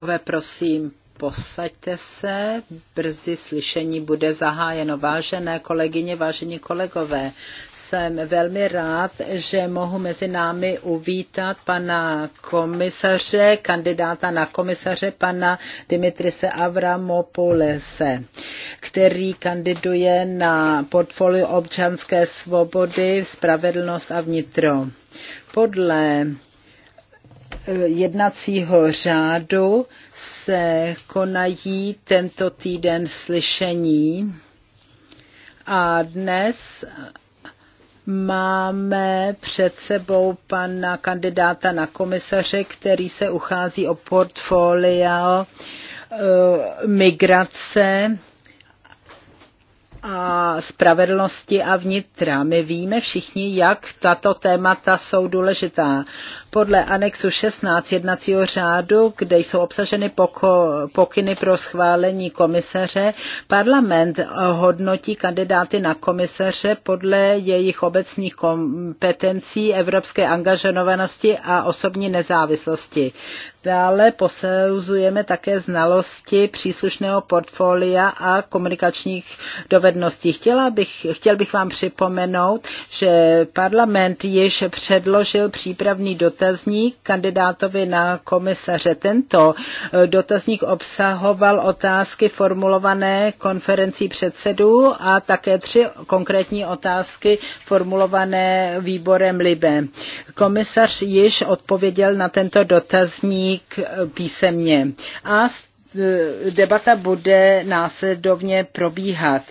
Pánové, prosím, posaďte se, brzy slyšení bude zahájeno. Vážené kolegyně, vážení kolegové, jsem velmi rád, že mohu mezi námi uvítat pana komisaře, kandidáta na komisaře, pana Dimitrise Avramopoulese, který kandiduje na portfolio občanské svobody, spravedlnost a vnitro. Podle jednacího řádu se konají tento týden slyšení a dnes máme před sebou pana kandidáta na komisaře, který se uchází o portfolio eh, migrace a spravedlnosti a vnitra. My víme všichni, jak tato témata jsou důležitá podle anexu 16 jednacího řádu, kde jsou obsaženy pokyny pro schválení komisaře, parlament hodnotí kandidáty na komisaře podle jejich obecných kompetencí, evropské angažovanosti a osobní nezávislosti. Dále posouzujeme také znalosti příslušného portfolia a komunikačních dovedností. Chtěla bych, chtěl bych vám připomenout, že parlament již předložil přípravný dotaz dotazník kandidátovi na komisaře. Tento eh, dotazník obsahoval otázky formulované konferencí předsedů a také tři konkrétní otázky formulované výborem Libe. Komisař již odpověděl na tento dotazník eh, písemně. A eh, debata bude následovně probíhat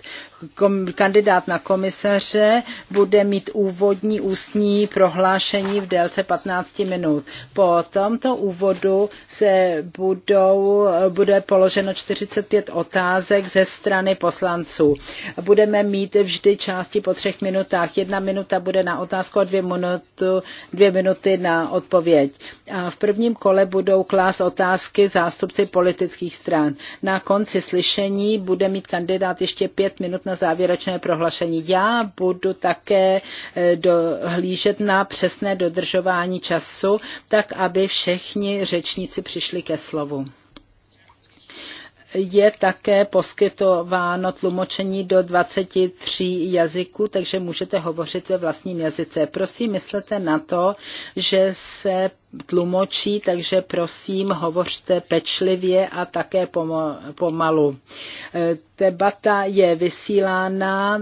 kandidát na komisaře bude mít úvodní ústní prohlášení v délce 15 minut. Po tomto úvodu se budou, bude položeno 45 otázek ze strany poslanců. Budeme mít vždy části po třech minutách. Jedna minuta bude na otázku a dvě, minutu, dvě minuty na odpověď. A v prvním kole budou klás otázky zástupci politických stran. Na konci slyšení bude mít kandidát ještě pět minut na závěrečné prohlašení. Já budu také eh, dohlížet na přesné dodržování času, tak aby všichni řečníci přišli ke slovu je také poskytováno tlumočení do 23 jazyků, takže můžete hovořit ve vlastním jazyce. Prosím, myslete na to, že se tlumočí, takže prosím, hovořte pečlivě a také pomalu. E, debata je vysílána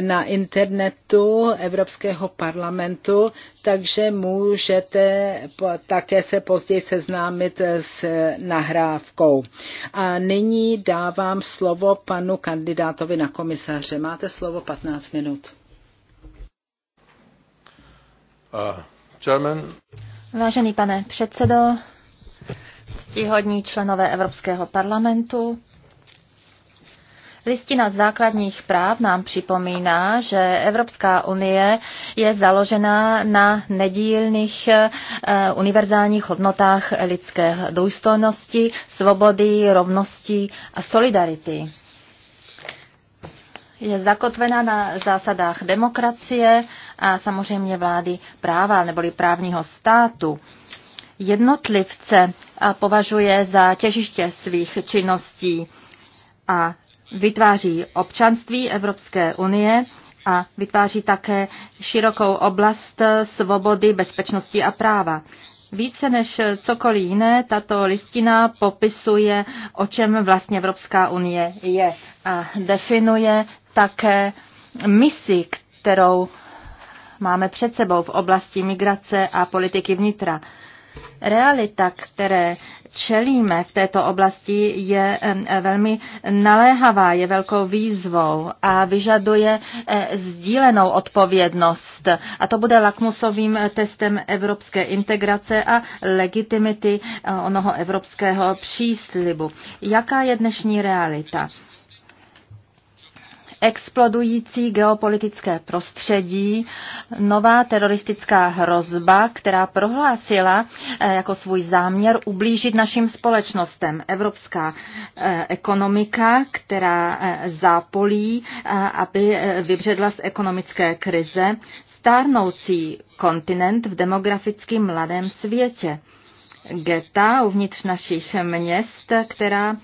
na internetu Evropského parlamentu, takže můžete také se později seznámit s nahrávkou. A nyní dávám slovo panu kandidátovi na komisaře. Máte slovo 15 minut. Uh, Chairman. Vážený pane předsedo, ctihodní členové Evropského parlamentu, Listina základních práv nám připomíná, že Evropská unie je založena na nedílných eh, univerzálních hodnotách lidské důstojnosti, svobody, rovnosti a solidarity je zakotvena na zásadách demokracie a samozřejmě vlády práva neboli právního státu. Jednotlivce považuje za těžiště svých činností a vytváří občanství Evropské unie a vytváří také širokou oblast svobody, bezpečnosti a práva. Více než cokoliv jiné tato listina popisuje, o čem vlastně Evropská unie je a definuje také misi, kterou máme před sebou v oblasti migrace a politiky vnitra. Realita, které čelíme v této oblasti, je eh, velmi naléhavá, je velkou výzvou a vyžaduje eh, sdílenou odpovědnost. A to bude lakmusovým eh, testem evropské integrace a legitimity onoho evropského příslibu. Jaká je dnešní realita? explodující geopolitické prostředí, nová teroristická hrozba, která prohlásila eh, jako svůj záměr ublížit našim společnostem. Evropská eh, ekonomika, která eh, zápolí, aby vybředla z ekonomické krize, stárnoucí kontinent v demograficky mladém světě geta uvnitř našich měst, která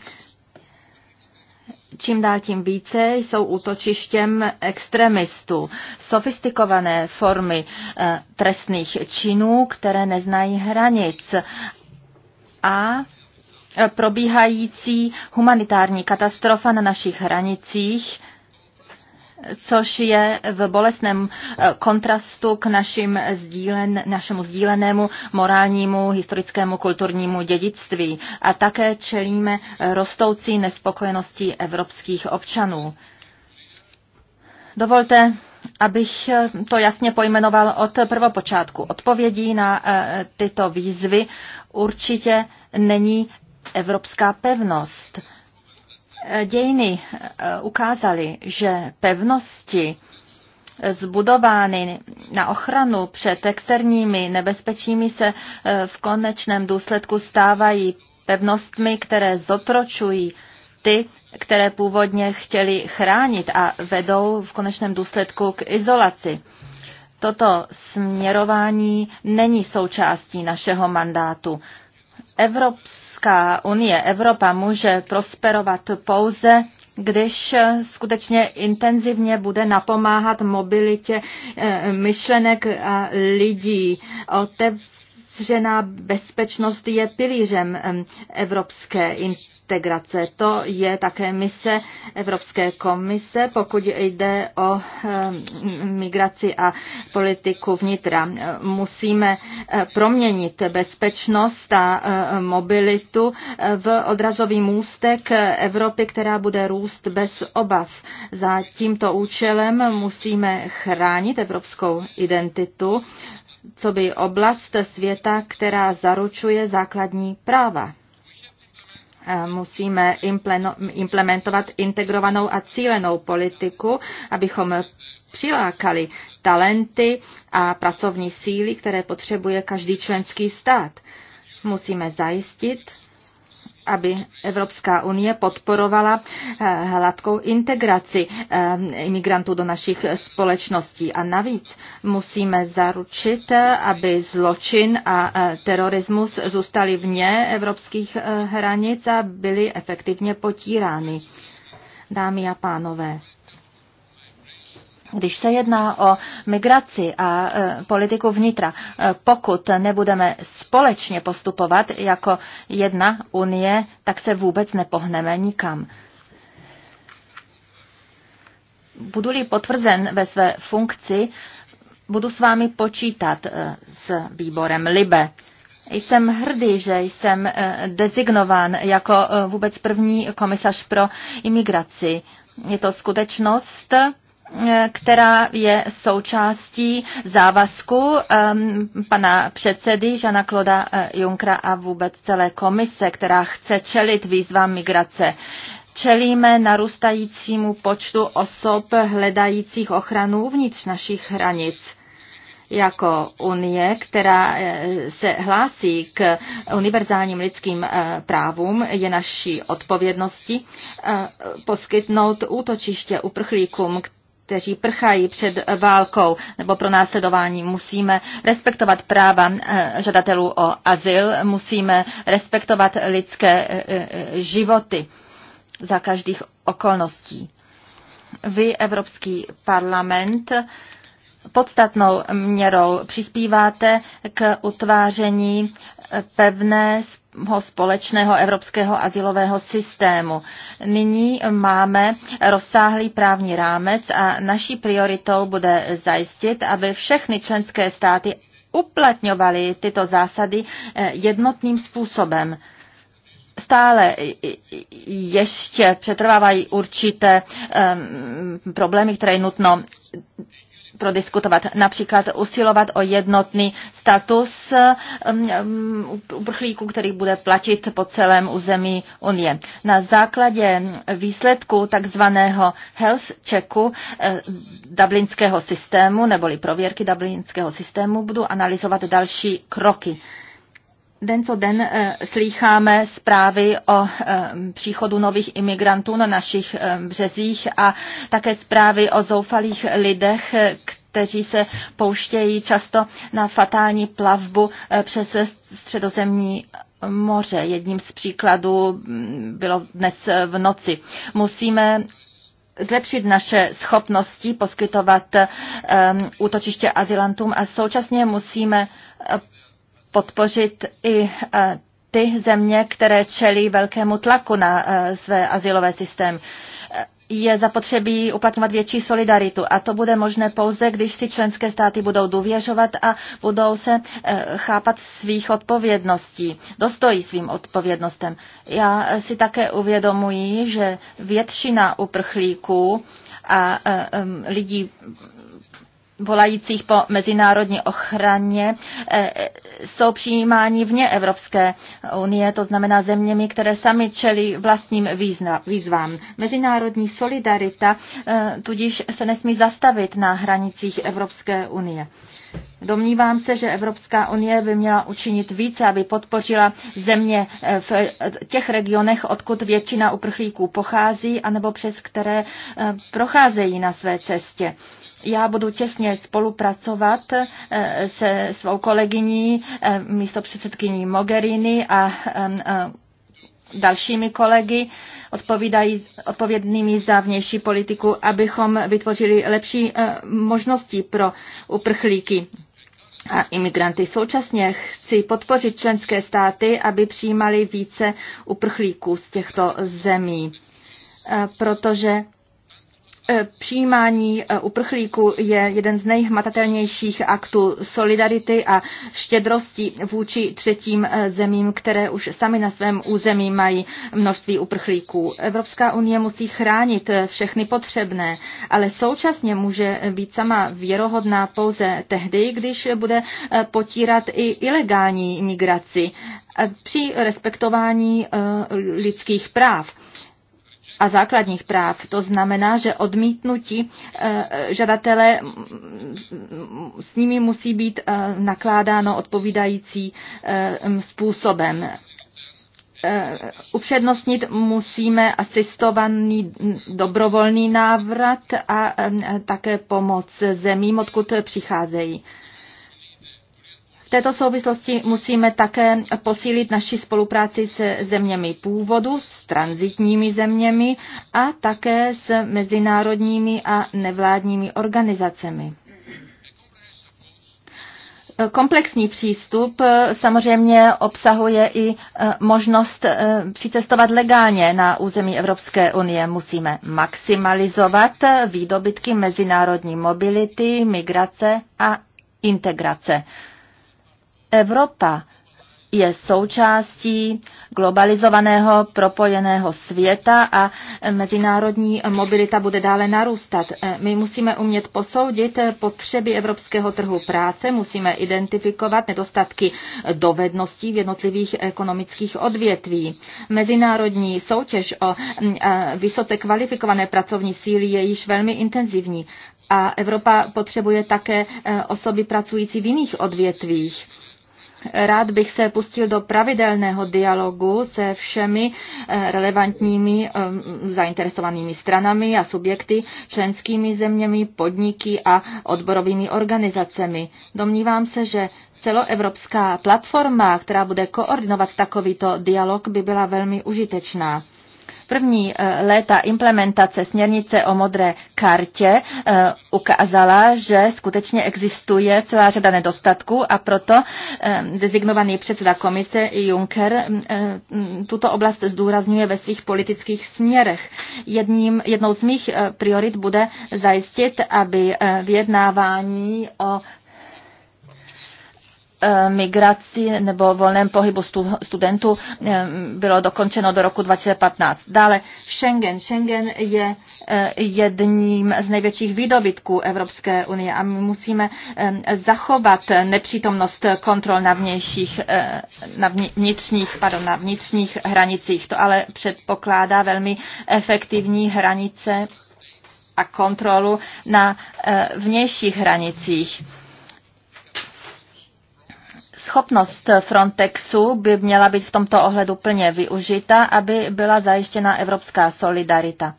čím dál tím více jsou útočištěm extremistů. Sofistikované formy eh, trestných činů, které neznají hranic a eh, probíhající humanitární katastrofa na našich hranicích což je v bolestném eh, kontrastu k našim sdílen, našemu sdílenému morálnímu, historickému, kulturnímu dědictví. A také čelíme rostoucí nespokojenosti evropských občanů. Dovolte, abych to jasně pojmenoval od prvopočátku. Odpovědí na eh, tyto výzvy určitě není evropská pevnost. Eh, dějiny eh, ukázaly, že pevnosti eh, zbudovány na ochranu před externími nebezpečími se v konečném důsledku stávají pevnostmi, které zotročují ty, které původně chtěli chránit a vedou v konečném důsledku k izolaci. Toto směrování není součástí našeho mandátu. Evropská Evropská unie, Evropa může prosperovat pouze když skutečně intenzivně bude napomáhat mobilitě eh, myšlenek a lidí. Otev Žena bezpečnost je pilířem evropské integrace. To je také mise Evropské komise, pokud jde o migraci a politiku vnitra. Musíme e, proměnit bezpečnost a e, mobilitu e, v odrazový můstek Evropy, která bude růst bez obav. Za tímto účelem musíme chránit evropskou identitu, co by oblast světa, která zaručuje základní práva. Eh, musíme implementovat integrovanou a cílenou politiku, abychom přilákali talenty a pracovní síly, které potřebuje každý členský stát. Musíme zajistit, aby Evropská unie podporovala eh, hladkou integraci eh, imigrantů do našich společností. A navíc musíme zaručit, eh, aby zločin a terorismus zůstali vně evropských hranic a byly efektivně potírány. Dámy a pánové, když se jedná o migraci a e, politiku vnitra, e, pokud nebudeme společně postupovat jako jedna unie, tak se vůbec nepohneme nikam. Budu-li potvrzen ve své funkci, budu s vámi počítat e, s výborem LIBE. Jsem hrdý, že jsem dezignován jako vůbec první komisař pro imigraci. Je to skutečnost, která je součástí závazku um, pana předsedy Žana Kloda uh, Junkra a vůbec celé komise, která chce čelit výzvám migrace. Čelíme narůstajícímu počtu osob hledajících ochranu vnitř našich hranic jako Unie, která eh, se hlásí k univerzálním lidským eh, právům, je naší odpovědnosti eh, poskytnout útočiště uprchlíkům, kteří prchají před válkou nebo pro následování. Musíme respektovat práva eh, žadatelů o azyl, musíme respektovat lidské eh, eh, životy za každých okolností. Vy, Evropský parlament, podstatnou měrou přispíváte k utváření pevné společného evropského azylového systému. Nyní máme rozsáhlý právní rámec a naší prioritou bude zajistit, aby všechny členské státy uplatňovaly tyto zásady eh, jednotným způsobem stále ještě přetrvávají určité um, problémy, které je nutno prodiskutovat. Například usilovat o jednotný status um, um, uprchlíků, který bude platit po celém území Unie. Na základě výsledku takzvaného health checku eh, dublinského systému, neboli prověrky dublinského systému, budu analyzovat další kroky. Den co den eh, slýcháme zprávy o eh, příchodu nových imigrantů na našich eh, březích a také zprávy o zoufalých lidech, kteří se pouštějí často na fatální plavbu přes středozemní moře. Jedním z příkladů mm, bylo dnes v noci. Musíme zlepšit naše schopnosti poskytovat um, útočiště azylantům a současně musíme podpořit i e, ty země, které čelí velkému tlaku na e, své asilové systémy e, je zapotřebí uplatňovat větší solidaritu a to bude možné pouze, když si členské státy budou důvěřovat a budou se chápat svých odpovědností, dostojí svým odpovědnostem. Já si také uvědomuji, že většina uprchlíků a lidí volajících po mezinárodní ochraně eh, jsou přijímáni vně Evropské unie, to znamená zeměmi, které sami čelí vlastním výzvám. Mezinárodní solidarita eh, tudíž se nesmí zastavit na hranicích Evropské unie. Domnívám se, že Evropská unie by měla učinit více, aby podpořila země eh, v těch regionech, odkud většina uprchlíků pochází, anebo přes které procházejí na své cestě. Já budu těsně spolupracovat eh, se svou kolegyní, eh, místopředsedkyní Mogherini a eh, dalšími kolegy odpovídají, odpovědnými za vnější politiku, abychom vytvořili lepší možnosti pro uprchlíky a imigranty. Současně chci podpořit členské státy, aby přijímali více uprchlíků z těchto zemí, protože Eh, přijímání eh, uprchlíků je jeden z nejhmatatelnějších aktů solidarity a štědrosti vůči třetím eh, zemím, které už sami na svém území mají množství uprchlíků. Evropská unie musí chránit všechny potřebné, ale současně může být sama věrohodná pouze tehdy, když bude potírat i ilegální migraci při respektování lidských práv a základních práv. To znamená, že odmítnutí eh, žadatele s nimi musí být eh, nakládáno odpovídající eh, způsobem upřednostnit musíme asistovaný dobrovolný návrat a také pomoc zemím, odkud přicházejí této souvislosti musíme také posílit naši spolupráci s zeměmi původu, s transitními zeměmi a také s mezinárodními a nevládními organizacemi. Komplexní přístup eh, samozřejmě obsahuje i eh, možnost eh, přicestovat legálně na území Evropské unie. Musíme maximalizovat výdobytky mezinárodní mobility, migrace a integrace. Evropa je součástí globalizovaného propojeného světa a mezinárodní mobilita bude dále narůstat. My musíme umět posoudit potřeby evropského trhu práce, musíme identifikovat nedostatky dovedností v jednotlivých ekonomických odvětví. Mezinárodní soutěž o vysoce kvalifikované pracovní síly je již velmi intenzivní a Evropa potřebuje také e, osoby pracující v jiných odvětvích Rád bych se pustil do pravidelného dialogu se všemi eh, relevantními eh, zainteresovanými stranami a subjekty, členskými zeměmi, podniky a odborovými organizacemi. Domnívám se, že celoevropská platforma, která bude koordinovat takovýto dialog, by byla velmi užitečná. První eh, léta implementace směrnice o modré kartě eh, ukázala, že skutečně existuje celá řada nedostatků a proto eh, designovaný předseda komise Juncker mm, tuto oblast zdůrazňuje ve svých politických směrech. Jedním, jednou z mých priorit bude zajistit, aby vyjednávání o Eh, migraci nebo volném pohybu studentů eh, bylo dokončeno do roku 2015. Dále Schengen. Schengen je eh, jedním z největších výdobytků Evropské unie a my musíme zachovat nepřítomnost kontrol na, vnějších, na vnitřních, pardon, na vnitřních hranicích. To ale předpokládá velmi efektivní hranice a kontrolu na vnějších hranicích Schopnost Frontexu by měla být v tomto ohledu plně využita, aby byla zajištěna evropská solidarita.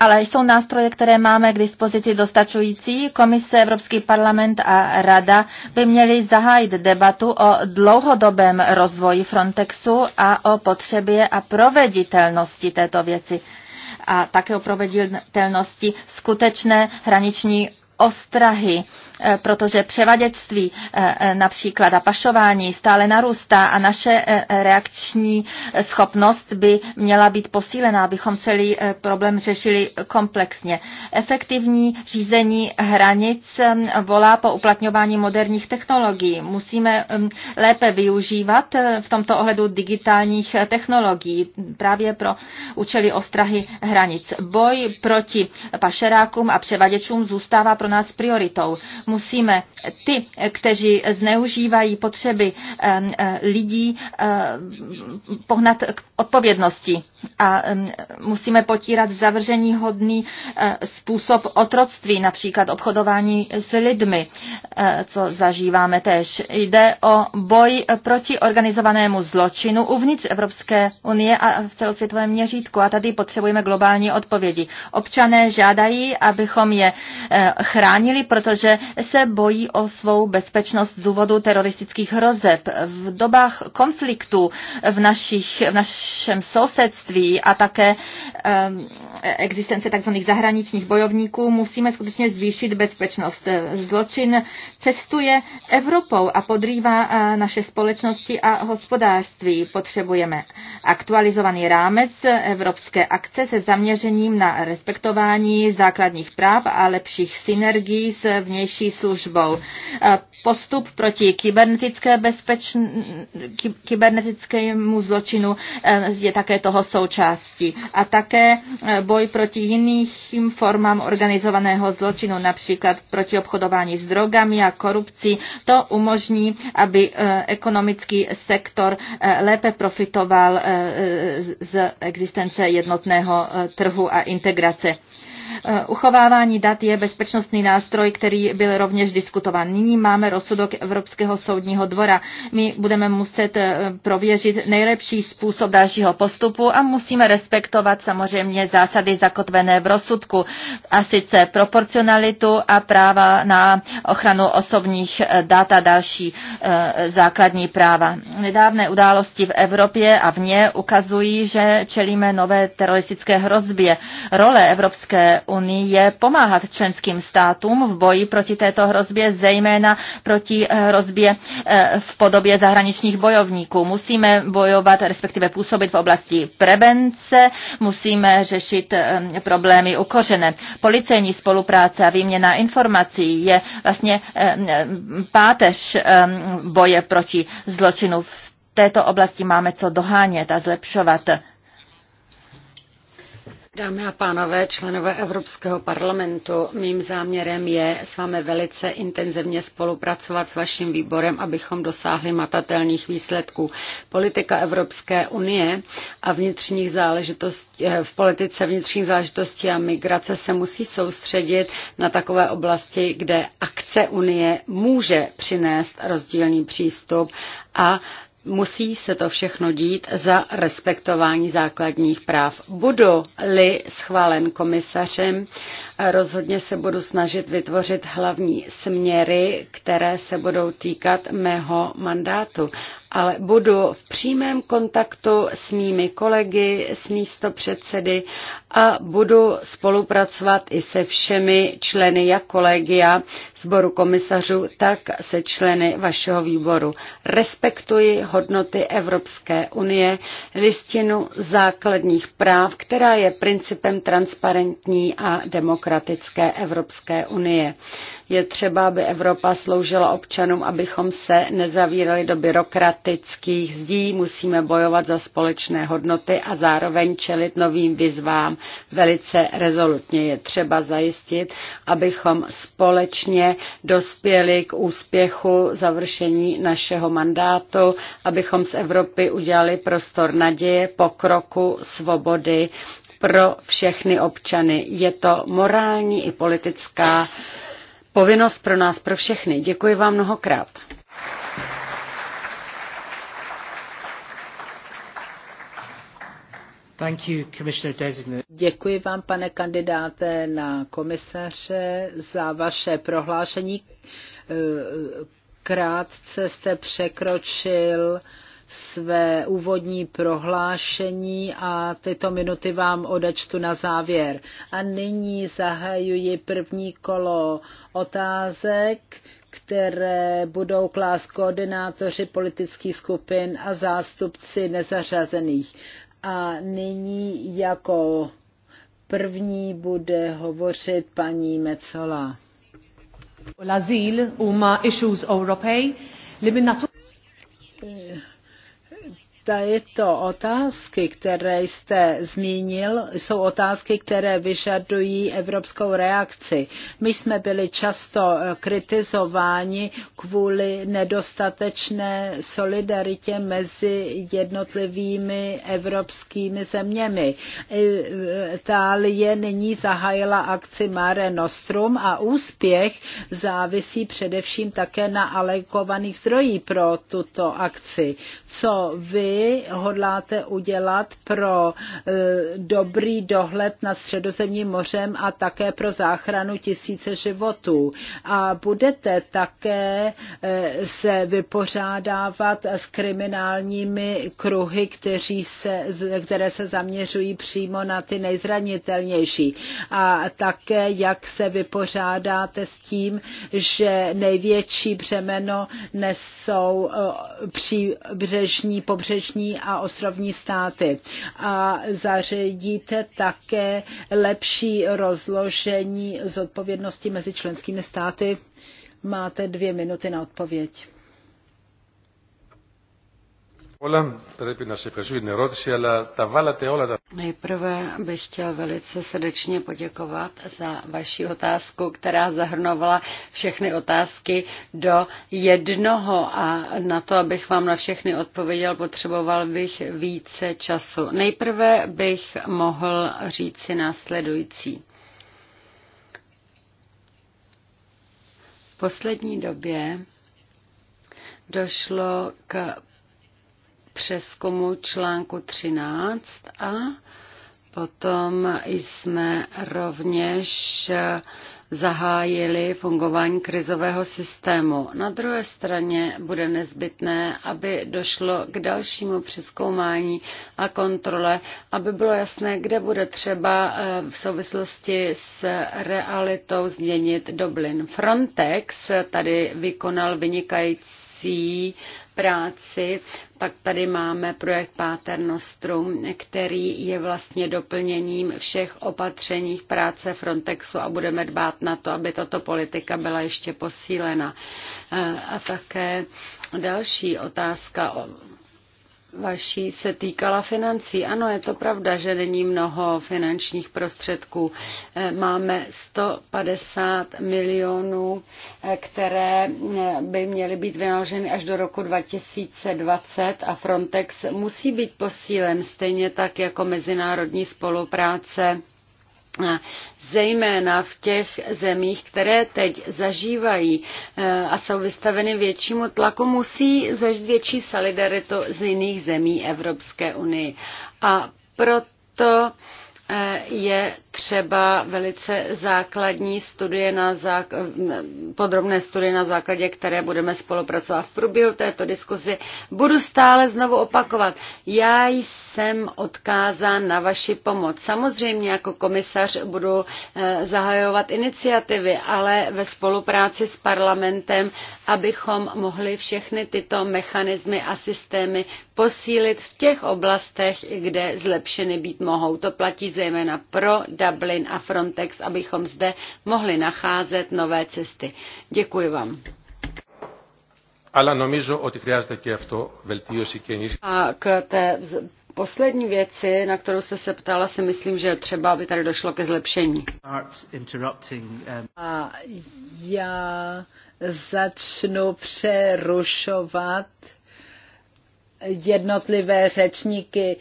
Ale jsou nástroje, které máme k dispozici dostačující. Komise, Evropský parlament a Rada by měly zahájit debatu o dlouhodobém rozvoji Frontexu a o potřebě a proveditelnosti této věci a také o proveditelnosti skutečné hraniční ostrahy Eh, protože převaděčství eh, eh, například a pašování stále narůstá a naše reakční schopnost by měla být posílená, abychom celý problém řešili komplexně. Efektivní řízení hranic volá po uplatňování moderních technologií. Musíme hm, lépe využívat v tomto ohledu digitálních technologií hm, právě pro účely ostrahy hranic. Boj proti pašerákům a převaděčům zůstává pro nás prioritou musíme ty, kteří zneužívají potřeby eh, eh, lidí, eh, pohnat k odpovědnosti. A musíme potírat zavržení hodný způsob otroctví, například obchodování s lidmi, co zažíváme též. Jde o boj proti organizovanému zločinu uvnitř Evropské unie a v celosvětovém měřítku. A tady potřebujeme globální odpovědi. Občané žádají, abychom je chránili, protože se bojí o svou bezpečnost z důvodu teroristických hrozeb. V dobách konfliktu v, našich, v našem sousedství a také um, existence tzv. zahraničních bojovníků, musíme skutečně zvýšit bezpečnost. Zločin cestuje Evropou a podrývá eh, naše společnosti a hospodářství. Potřebujeme aktualizovaný rámec evropské akce se zaměřením na respektování základních práv a lepších synergií s vnější službou. Eh, postup proti kybernetické bezpečn... kybernetickému zločinu eh, je také toho součástí. A také boj proti jiným formám organizovaného zločinu, například proti obchodování s drogami a korupcí. To umožní, aby eh, ekonomický sektor eh, lépe profitoval eh, z existence jednotného trhu a integrace. Eh, uchovávání dat je bezpečnostný nástroj, který byl rovněž diskutován. Nyní máme rozsudok Evropského soudního dvora. My budeme muset eh, prověřit nejlepší způsob dalšího postupu a musíme respektovat samozřejmě zásady zakotvené v rozsudku, a sice proporcionalitu a práva na ochranu osobních eh, dat a další základní práva. Nedávné události v Evropě a v ně ukazují, že čelíme nové teroristické hrozbě. Role Evropské unie pomáhat členským státům v boji proti této hrozbě, zejména proti eh, hrozbě eh, v podobě zahraničních bojovníků. Musíme bojovat, respektive působit v oblasti prevence, musíme řešit eh, problémy ukořené. Policejní spolupráce a výměna informací je vlastně páteř boje proti zločinu. V této oblasti máme co dohánět a zlepšovat. Dámy a pánové, členové Evropského parlamentu, mým záměrem je s vámi velice intenzivně spolupracovat s vaším výborem, abychom dosáhli matatelných výsledků. Politika Evropské unie a vnitřních záležitostí, eh, v politice vnitřních záležitostí a migrace se musí soustředit na takové oblasti, kde akce unie může přinést rozdílný přístup a musí se to všechno dít za respektování základních práv. Budu-li schválen komisařem, rozhodně se budu snažit vytvořit hlavní směry, které se budou týkat mého mandátu ale budu v přímém kontaktu s mými kolegy, s místopředsedy a budu spolupracovat i se všemi členy jak kolegia sboru komisařů, tak se členy vašeho výboru. Respektuji hodnoty Evropské unie, listinu základních práv, která je principem transparentní a demokratické Evropské unie. Je třeba, aby Evropa sloužila občanům, abychom se nezavírali do byrokratických zdí. Musíme bojovat za společné hodnoty a zároveň čelit novým výzvám velice rezolutně. Je třeba zajistit, abychom společně dospěli k úspěchu završení našeho mandátu, abychom z Evropy udělali prostor naděje, pokroku, svobody pro všechny občany. Je to morální i politická povinnost pro nás, pro všechny. Děkuji vám mnohokrát. You, Děkuji vám, pane kandidáte na komisaře, za vaše prohlášení. Krátce jste překročil své úvodní prohlášení a tyto minuty vám odečtu na závěr. A nyní zahajuji první kolo otázek, které budou klást koordinátoři politických skupin a zástupci nezařazených. A nyní jako první bude hovořit paní Mecola. L'azil uma issues europei, li minna eh, Tyto otázky, které jste zmínil, jsou otázky, které vyžadují evropskou reakci. My jsme byli často kritizováni kvůli nedostatečné solidaritě mezi jednotlivými evropskými zeměmi. E, Itálie nyní zahájila akci Mare Nostrum a úspěch závisí především také na alekovaných zdrojích pro tuto akci. Co vy hodláte udělat pro eh, dobrý dohled nad Středozemním mořem a také pro záchranu tisíce životů. A budete také eh, se vypořádávat s kriminálními kruhy, kteří se, které se zaměřují přímo na ty nejzranitelnější. A také, jak se vypořádáte s tím, že největší břemeno nesou eh, příbřežní pobřežní pobřežní a ostrovní státy. A zařídíte také lepší rozložení zodpovědnosti mezi členskými státy? Máte dvě minuty na odpověď. Hola, πρέπει να σε ευχαριστώ για την ερώτηση, αλλά τα βάλατε όλα τα... Nejprve bych chtěl velice srdečně poděkovat za vaši otázku, která zahrnovala všechny otázky do jednoho a na to, abych vám na všechny odpověděl, potřeboval bych více času. Nejprve bych mohl říci následující. V poslední době došlo k přeskumu článku 13 a potom jsme rovněž zahájili fungování krizového systému. Na druhé straně bude nezbytné, aby došlo k dalšímu přeskoumání a kontrole, aby bylo jasné, kde bude třeba eh, v souvislosti s realitou změnit Dublin. Frontex tady vykonal vynikající budoucí práci. Pak tady máme projekt Pater Nostrum, který je vlastně doplněním všech opatření práce Frontexu a budeme dbát na to, aby tato politika byla ještě posílena. E, a také další otázka o vaší se týkala financí. Ano, je to pravda, že není mnoho finančních prostředků. Eh, máme 150 milionů, eh, které eh, by měly být vynaloženy až do roku 2020 a Frontex musí být posílen stejně tak jako mezinárodní spolupráce zejména v těch zemích, které teď zažívají e, a jsou vystaveny většímu tlaku, musí zažít větší solidaritu z jiných zemí Evropské unie. A proto je třeba velice základní studie na zák- podrobné studie na základě, které budeme spolupracovat v průběhu této diskuzi. Budu stále znovu opakovat. Já jsem odkázán na vaši pomoc. Samozřejmě jako komisař budu eh, zahajovat iniciativy, ale ve spolupráci s parlamentem, abychom mohli všechny tyto mechanismy a systémy posílit v těch oblastech, kde zlepšeny být mohou. To platí ze zejména pro Dublin a Frontex, abychom zde mohli nacházet nové cesty. Děkuji vám. Ale nomizu, ότι χρειάζεται και αυτό A k té poslední věci, na kterou jste se ptala, si myslím, že třeba by tady došlo ke zlepšení. Um, a já začnu přerušovat jednotlivé řečníky,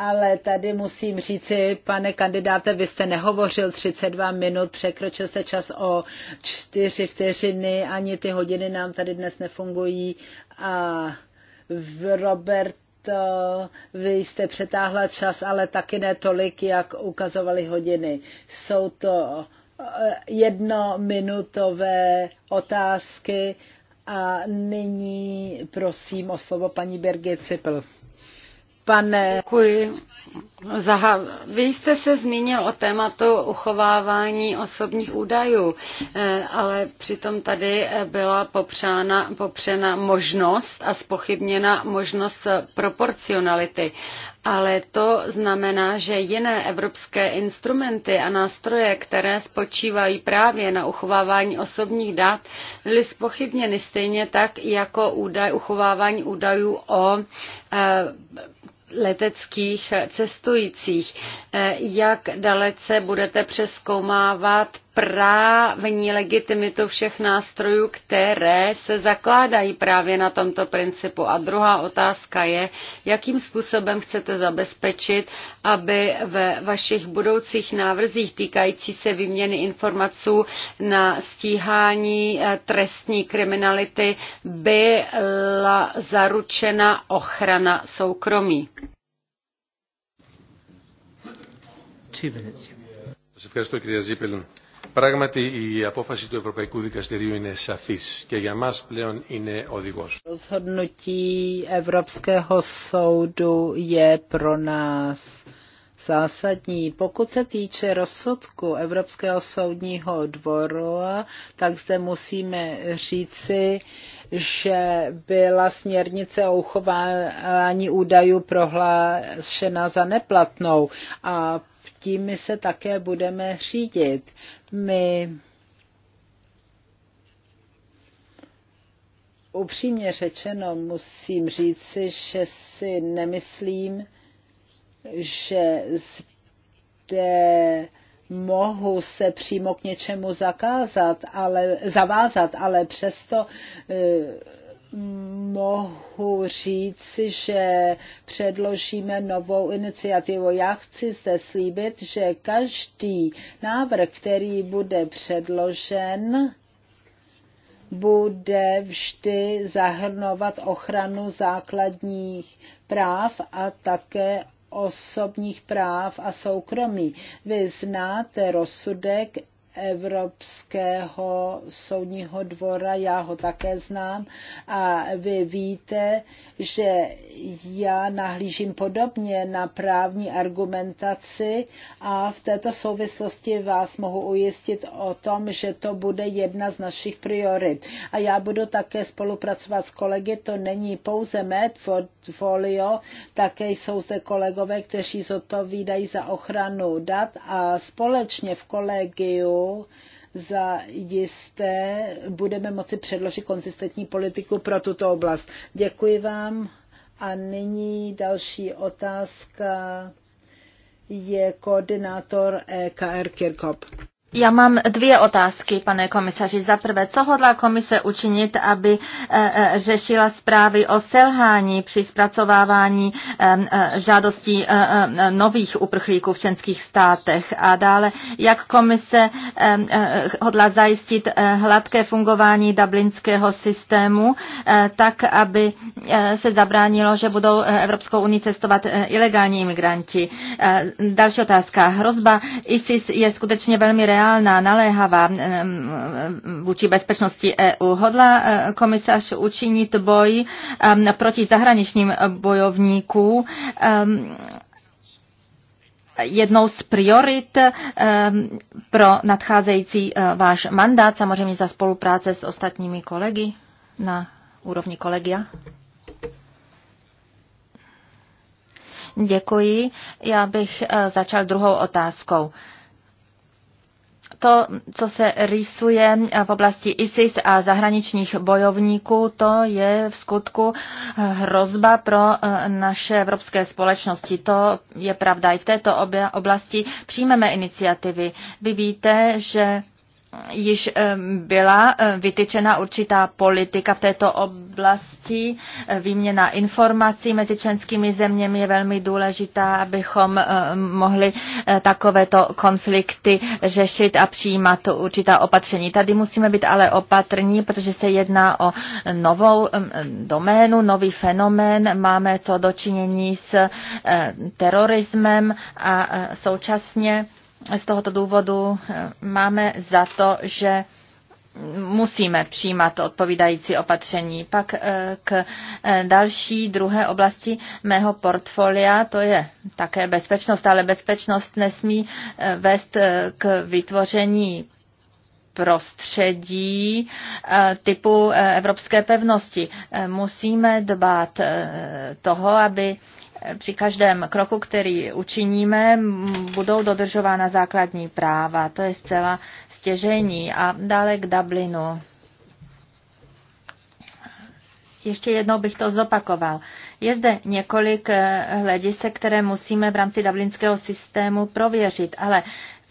ale tady musím říci, pane kandidáte, vy jste nehovořil 32 minut, překročil jste čas o 4 vteřiny, ani ty hodiny nám tady dnes nefungují a Robert to vy jste přetáhla čas, ale taky ne tolik, jak ukazovaly hodiny. Jsou to eh, jednominutové otázky a nyní prosím o slovo paní Berge Cipl. Pane... Děkuji. Zaha, vy jste se zmínil o tématu uchovávání osobních údajů, eh, ale přitom tady byla popřána, popřena možnost a spochybněna možnost proporcionality ale to znamená, že jiné evropské instrumenty a nástroje, které spočívají právě na uchovávání osobních dat, byly spochybněny stejně tak jako údaj, uchovávání údajů o e, leteckých cestujících. Eh, jak dalece budete přeskoumávat právní legitimitu všech nástrojů, které se zakládají právě na tomto principu. A druhá otázka je, jakým způsobem chcete zabezpečit, aby ve vašich budoucích návrzích týkající se výměny informací na stíhání eh, trestní kriminality byla zaručena ochrana soukromí. Two minutes. Πράγματι η απόφαση του Ευρωπαϊκού Δικαστηρίου είναι σαφής και για μας πλέον είναι οδηγός. Rozhodnutí Evropského soudu je pro nás zásadní. Pokud se týče rozsudku Evropského soudního dvoru, tak zde musíme říci, že byla směrnice o uchování údajů prohlášena za neplatnou a tím my se také budeme řídit. My upřímně řečeno musím říci, že si nemyslím, že zde mohu se přímo k něčemu zakázat, ale, zavázat, ale přesto eh, mohu říci, že předložíme novou iniciativu. Já chci se slíbit, že každý návrh, který bude předložen, bude vždy zahrnovat ochranu základních práv a také osobních práv a soukromí. Vy znáte rozsudek Evropského soudního dvora, já ho také znám a vy víte, že já nahlížím podobně na právní argumentaci a v této souvislosti vás mohu ujistit o tom, že to bude jedna z našich priorit. A já budu také spolupracovat s kolegy, to není pouze mé portfolio, také jsou zde kolegové, kteří zodpovídají za ochranu dat a společně v kolegiu za jisté budeme moci předložit konzistentní politiku pro tuto oblast. Děkuji vám. A nyní další otázka je koordinátor EKR Kirkop. Já mám dvě otázky, pane komisaři. Za prvé, co hodlá komise učinit, aby eh, eh, řešila zprávy o selhání při zpracovávání eh, žádostí nových uprchlíků v členských státech? A dále, jak komise hodlá zajistit hladké fungování dublinského systému, tak, aby se zabránilo, že budou Evropskou unii cestovat ilegální imigranti? Další otázka. Hrozba ISIS je skutečně velmi reálná reálná, naléhavá vůči bezpečnosti EU. Hodla e, komisař učinit boj proti zahraničním bojovníkům jednou z priorit pro nadcházející e, váš mandát, samozřejmě za spolupráce s ostatními kolegy na úrovni kolegia? Děkuji. Já bych e, začal druhou otázkou to, co se rýsuje v oblasti ISIS a zahraničních bojovníků, to je v skutku hrozba pro eh, naše evropské společnosti. To je pravda. I v této oblasti přijmeme iniciativy. Vy víte, že již eh, byla eh, vytyčena určitá politika v této oblasti. Eh, výměna informací mezi členskými zeměmi je velmi důležitá, abychom mohli takovéto konflikty řešit a přijímat určitá opatření. Tady musíme být ale opatrní, protože se jedná o novou doménu, nový fenomén. Máme co dočinění s terorismem a současně z tohoto důvodu eh, máme za to, že musíme přijímat odpovídající opatření. Pak eh, k eh, další druhé oblasti mého portfolia, to je také bezpečnost, ale bezpečnost nesmí vést k vytvoření prostředí typu evropské pevnosti. Musíme dbát toho, aby při každém kroku, který učiníme, budou dodržována základní práva. To je zcela stěžení. A dále k Dublinu. Ještě jednou bych to zopakoval. Je zde několik eh, hledisek, které musíme v rámci dublinského systému prověřit, ale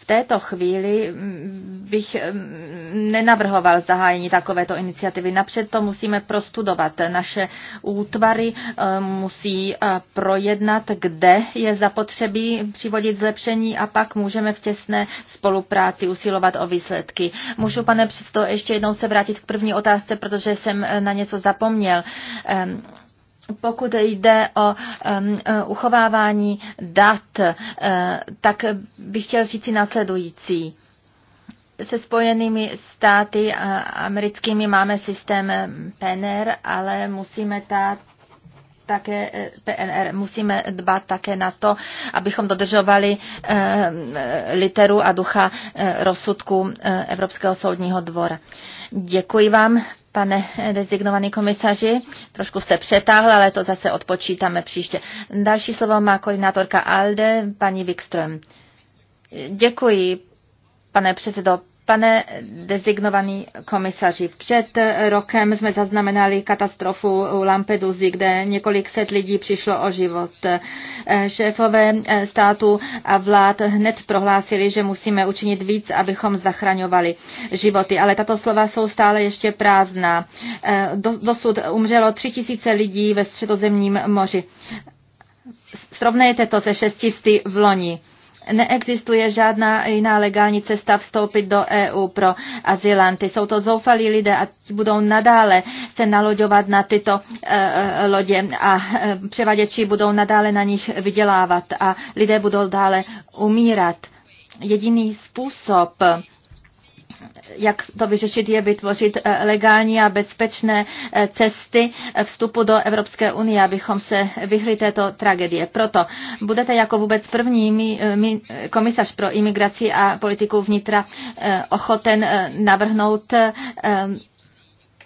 této chvíli mm, bych mm, nenavrhoval zahájení takovéto iniciativy. Napřed to musíme prostudovat. Naše útvary eh, musí eh, projednat, kde je zapotřebí přivodit zlepšení a pak můžeme v těsné spolupráci usilovat o výsledky. Můžu, pane přesto ještě jednou se vrátit k první otázce, protože jsem eh, na něco zapomněl pokud jde o um, uchovávání dat, uh, tak bych chtěl říci následující. Se spojenými státy uh, americkými máme systém PNR, ale musíme ta také PNR. Musíme dbat také na to, abychom dodržovali literu a ducha rozsudku Evropského soudního dvora. Děkuji vám, Pane designovaný komisaři, trošku jste přetáhl, ale to zase odpočítáme příště. Další slovo má koordinátorka ALDE, paní Wikström. Děkuji, pane předsedo. Pane dezignovaný komisaři, před rokem jsme zaznamenali katastrofu u Lampedusy, kde několik set lidí přišlo o život. Šéfové státu a vlád hned prohlásili, že musíme učinit víc, abychom zachraňovali životy. Ale tato slova jsou stále ještě prázdná. Dosud umřelo tři tisíce lidí ve středozemním moři. Srovnejte to se šestisty v loni neexistuje žádná jiná legální cesta vstoupit do EU pro azylanty. Jsou to zoufalí lidé a budou nadále se naloďovat na tyto e, e lodě a e, převaděči budou nadále na nich vydělávat a lidé budou dále umírat. Jediný způsob, jak to vyřešit, je vytvořit eh, legální a bezpečné eh, cesty eh, vstupu do Evropské unie, abychom se vyhli této tragedie. Proto budete jako vůbec první komisař pro imigraci a politiku vnitra ochoten navrhnout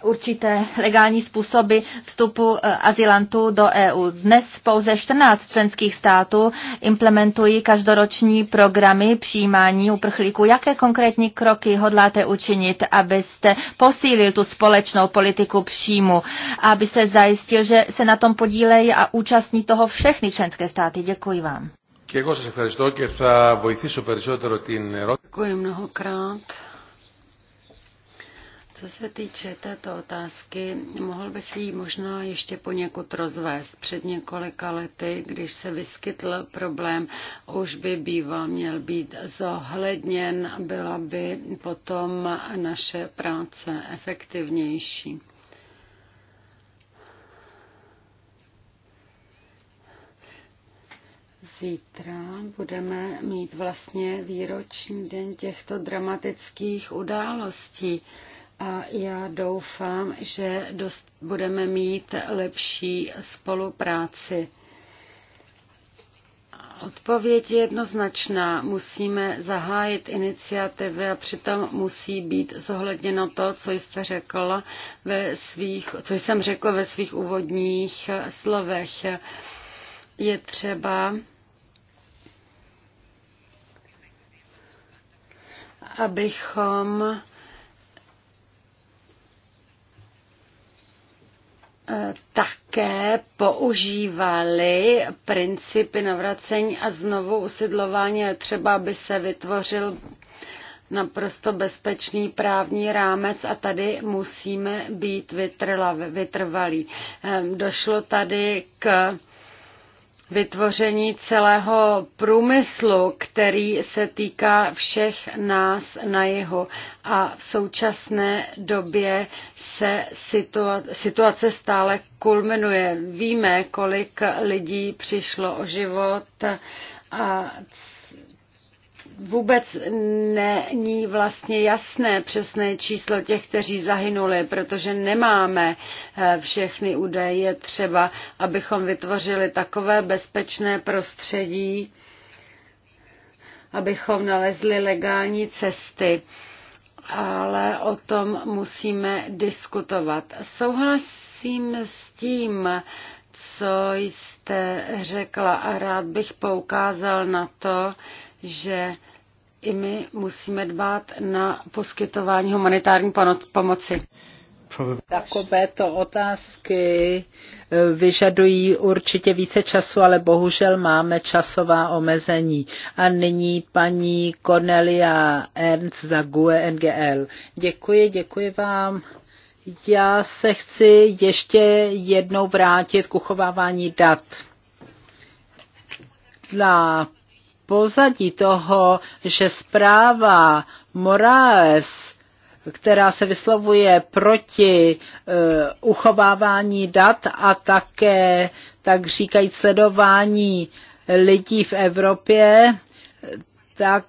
určité legální způsoby vstupu e, azylantů do EU. Dnes pouze 14 členských států implementují každoroční programy přijímání uprchlíků. Jaké konkrétní kroky hodláte učinit, abyste posílil tu společnou politiku příjmu, aby se zajistil, že se na tom podílejí a účastní toho všechny členské státy? Děkuji vám. Děkuji mnohokrát. Co se týče této otázky, mohl bych ji možná ještě poněkud rozvést. Před několika lety, když se vyskytl problém, už by býval měl být zohledněn, byla by potom naše práce efektivnější. Zítra budeme mít vlastně výroční den těchto dramatických událostí a já doufám, že dost budeme mít lepší spolupráci. Odpověď je jednoznačná. Musíme zahájit iniciativy a přitom musí být zohledněno to, co jste řekl ve svých, co jsem řekl ve svých úvodních slovech. Je třeba abychom také používali principy navracení a znovu usidlování, třeba aby se vytvořil naprosto bezpečný právní rámec a tady musíme být vytrvalí. Ehm, došlo tady k vytvoření celého průmyslu, který se týká všech nás na jihu. A v současné době se situace stále kulminuje. Víme, kolik lidí přišlo o život a vůbec není vlastně jasné přesné číslo těch, kteří zahynuli, protože nemáme eh, všechny údaje. Je třeba, abychom vytvořili takové bezpečné prostředí, abychom nalezli legální cesty ale o tom musíme diskutovat. Souhlasím s tím, co jste řekla a rád bych poukázal na to, že i my musíme dbát na poskytování humanitární pomoci. Takovéto otázky eh, vyžadují určitě více času, ale bohužel máme časová omezení. A nyní paní Cornelia Ernst za GUE NGL. Děkuji, děkuji vám. Já se chci ještě jednou vrátit k uchovávání dat. Dla pozadí toho, že zpráva Moraes která se vyslovuje proti uh, uchovávání dat a také, tak říkají, sledování lidí v Evropě, tak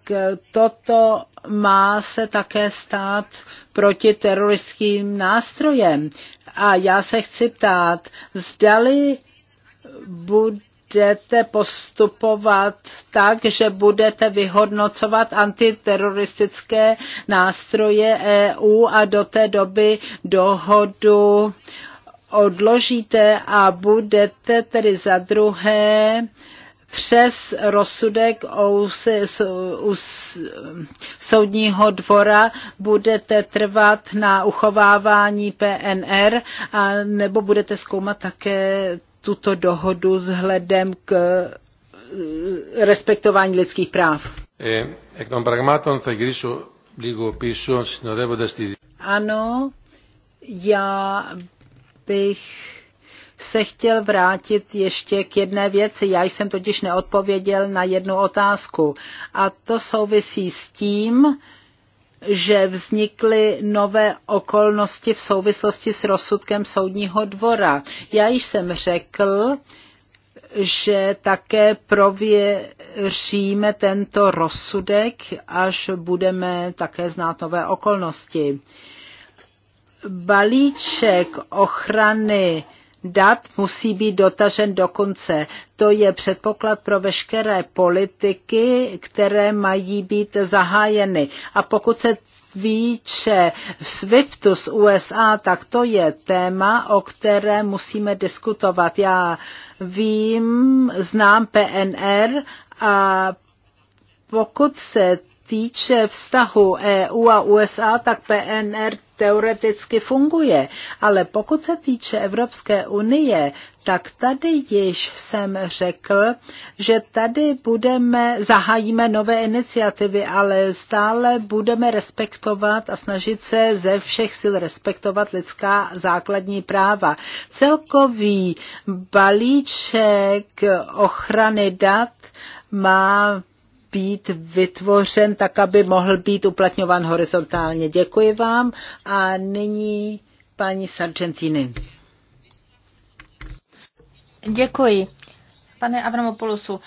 toto má se také stát proti teroristickým nástrojem. A já se chci ptát, zdali bude budete postupovat tak, že budete vyhodnocovat antiteroristické nástroje EU a do té doby dohodu odložíte a budete tedy za druhé přes rozsudek soudního dvora budete trvat na uchovávání PNR a nebo budete zkoumat také tuto dohodu vzhledem k eh, respektování lidských práv. Ano, já bych se chtěl vrátit ještě k jedné věci. Já jsem totiž neodpověděl na jednu otázku. A to souvisí s tím, že vznikly nové okolnosti v souvislosti s rozsudkem soudního dvora. Já již jsem řekl, že také prověříme tento rozsudek, až budeme také znát nové okolnosti. Balíček ochrany dat musí být dotažen do konce. To je předpoklad pro veškeré politiky, které mají být zahájeny. A pokud se výče SWIFTu z USA, tak to je téma, o které musíme diskutovat. Já vím, znám PNR a pokud se týče vztahu EU a USA, tak PNR teoreticky funguje. Ale pokud se týče Evropské unie, tak tady již jsem řekl, že tady budeme, zahájíme nové iniciativy, ale stále budeme respektovat a snažit se ze všech sil respektovat lidská základní práva. Celkový balíček ochrany dat má být vytvořen tak, aby mohl být uplatňován horizontálně. Děkuji vám a nyní paní Sargentini. Děkuji. Pane Avramopoulosu,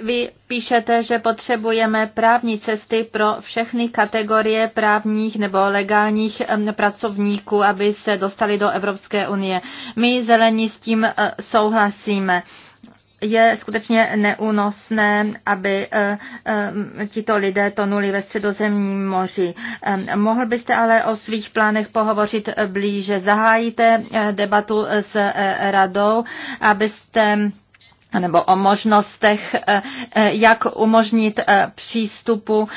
vy píšete, že potřebujeme právní cesty pro všechny kategorie právních nebo legálních pracovníků, aby se dostali do Evropské unie. My zelení s tím e, souhlasíme je skutečně neúnosné, aby eh, eh, tito lidé tonuli ve středozemním moři. Eh, mohl byste ale o svých plánech pohovořit blíže. Zahájíte debatu s radou, abyste nebo o možnostech, jak umožnit přístupu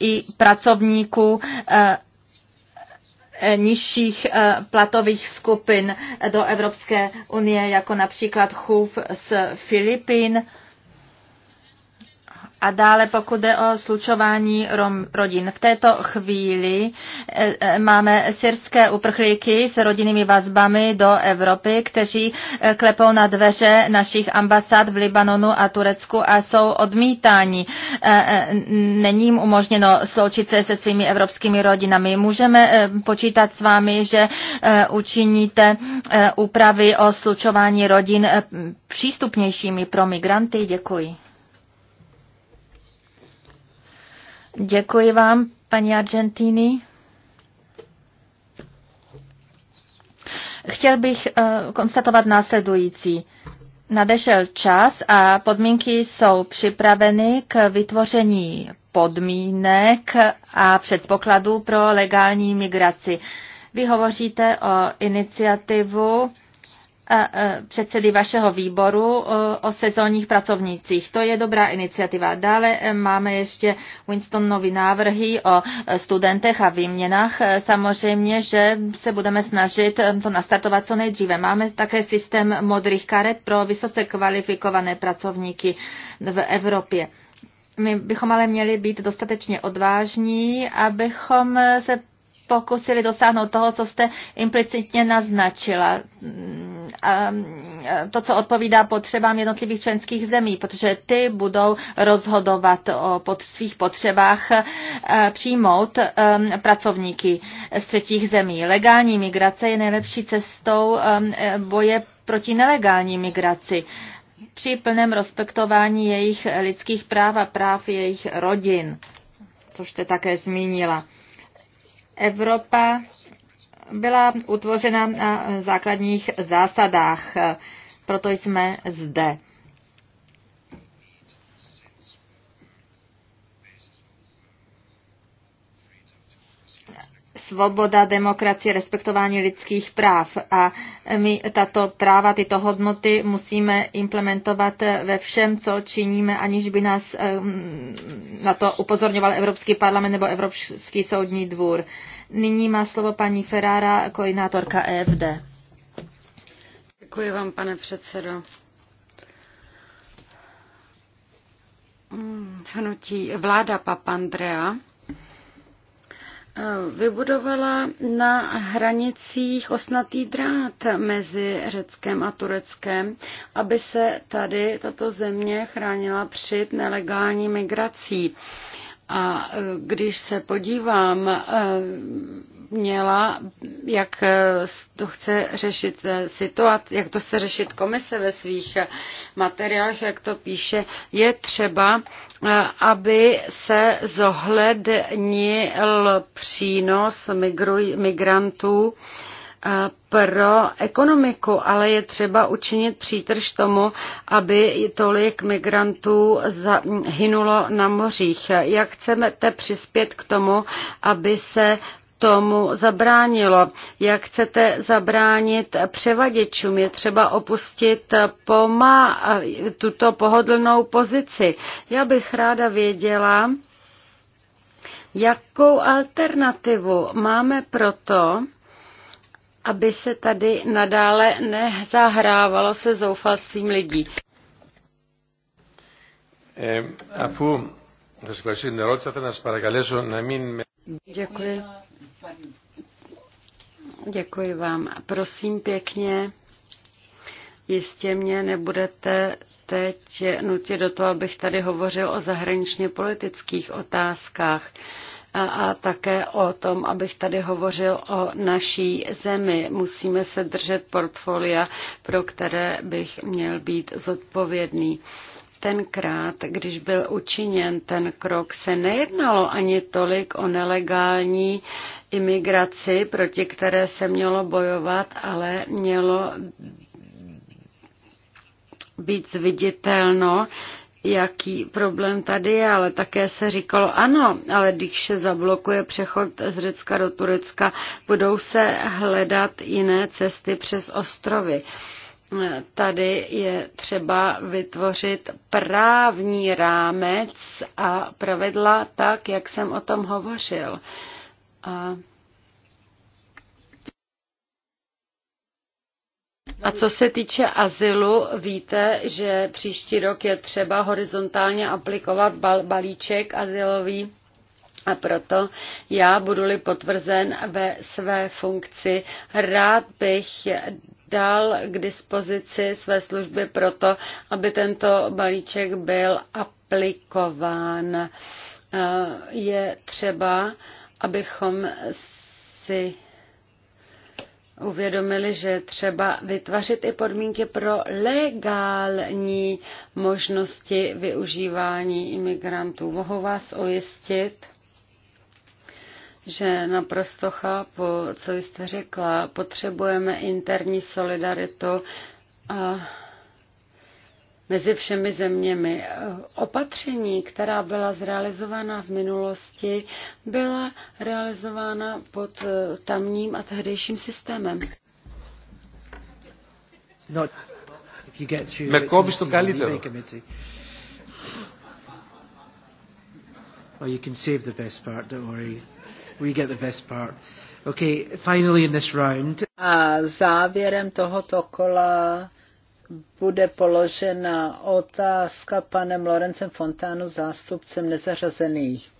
i pracovníků Eh, nižších eh, platových skupin do Evropské unie, jako například chův z Filipín. A dále pokud jde o slučování rom, rodin. V této chvíli eh, eh, máme syrské uprchlíky s rodinnými vazbami do Evropy, kteří eh, klepou na dveře našich ambasád v Libanonu a Turecku a jsou odmítáni. Není jim umožněno sloučit se se svými evropskými rodinami. Můžeme počítat s vámi, že učiníte úpravy o slučování rodin přístupnějšími pro migranty? Děkuji. Děkuji vám, paní Argentini. Chtěl bych eh, konstatovat následující. Nadešel čas a podmínky jsou připraveny k vytvoření podmínek a předpokladů pro legální migraci. Vy hovoříte o iniciativu předsedy vašeho výboru o sezónních pracovnících. To je dobrá iniciativa. Dále e, máme ještě Winstonovi návrhy o e, studentech a výměnách. E, samozřejmě, že se budeme snažit to nastartovat co nejdříve. Máme také systém modrých karet pro vysoce kvalifikované pracovníky v Evropě. My bychom ale měli být dostatečně odvážní, abychom se pokusili dosáhnout toho, co jste implicitně naznačila. A to, co odpovídá potřebám jednotlivých členských zemí, protože ty budou rozhodovat o pod svých potřebách přijmout pracovníky z třetích zemí. Legální migrace je nejlepší cestou e, boje proti nelegální migraci při plném respektování jejich lidských práv a práv jejich rodin, což jste také zmínila. Evropa byla utvořena na základních zásadách, proto jsme zde. svoboda, demokracie, respektování lidských práv. A my tato práva, tyto hodnoty musíme implementovat ve všem, co činíme, aniž by nás na to upozorňoval Evropský parlament nebo Evropský soudní dvůr. Nyní má slovo paní Ferrara, koordinátorka EFD. Děkuji vám, pane předsedo. Hmm, hnutí vláda Papandrea Eh, vybudovala na hranicích osnatý drát mezi Řeckem a Tureckem, aby se tady tato země chránila před nelegální migrací. A eh, když se podívám eh, měla, eh, eh, jak to chce řešit situace, jak to se řešit komise ve svých eh, materiálech, jak to píše, je třeba, aby se zohlednil přínos migruj, migrantů pro ekonomiku, ale je třeba učinit přítrž tomu, aby tolik migrantů hynulo na mořích. Jak chcete přispět k tomu, aby se tomu zabránilo. Jak chcete zabránit převaděčům? Je třeba opustit poma, tuto pohodlnou pozici. Já bych ráda věděla, jakou alternativu máme proto, aby se tady nadále nezahrávalo se zoufalstvím lidí. Αφού θα σας σας παρακαλέσω να μην με Děkuji. Děkuji vám. Prosím pěkně, jistě mě nebudete teď nutit do toho, abych tady hovořil o zahraničně politických otázkách a, a také o tom, abych tady hovořil o naší zemi. Musíme se držet portfolia, pro které bych měl být zodpovědný tenkrát, když byl učiněn ten krok, se nejednalo ani tolik o nelegální imigraci, proti které se mělo bojovat, ale mělo být zviditelno, jaký problém tady je, ale také se říkalo, ano, ale když se zablokuje přechod z Řecka do Turecka, budou se hledat jiné cesty přes ostrovy. Uh, tady je třeba vytvořit právní rámec a pravidla tak, jak jsem o tom hovořil. A A co se týče azylu, víte, že příští rok je třeba horizontálně aplikovat balíček azylový a proto já budu-li potvrzen ve své funkci, rád bych dal k dispozici své služby proto, aby tento balíček byl aplikován. Eh, je třeba, abychom si uvědomili, že třeba vytvořit i podmínky pro legální možnosti využívání imigrantů. Mohu vás ujistit, že naprosto chápu, co jste řekla. Potřebujeme interní solidaritu a mezi všemi zeměmi. Opatření, která byla zrealizována v minulosti, byla realizována pod tamním a tehdejším systémem. Με κόβεις καλύτερο. Well, you can save the best part, don't worry we get the best part. Okay, finally in this round. A závěrem tohoto kola bude položena otázka panem Lorencem Fontánu, zástupcem nezařazených.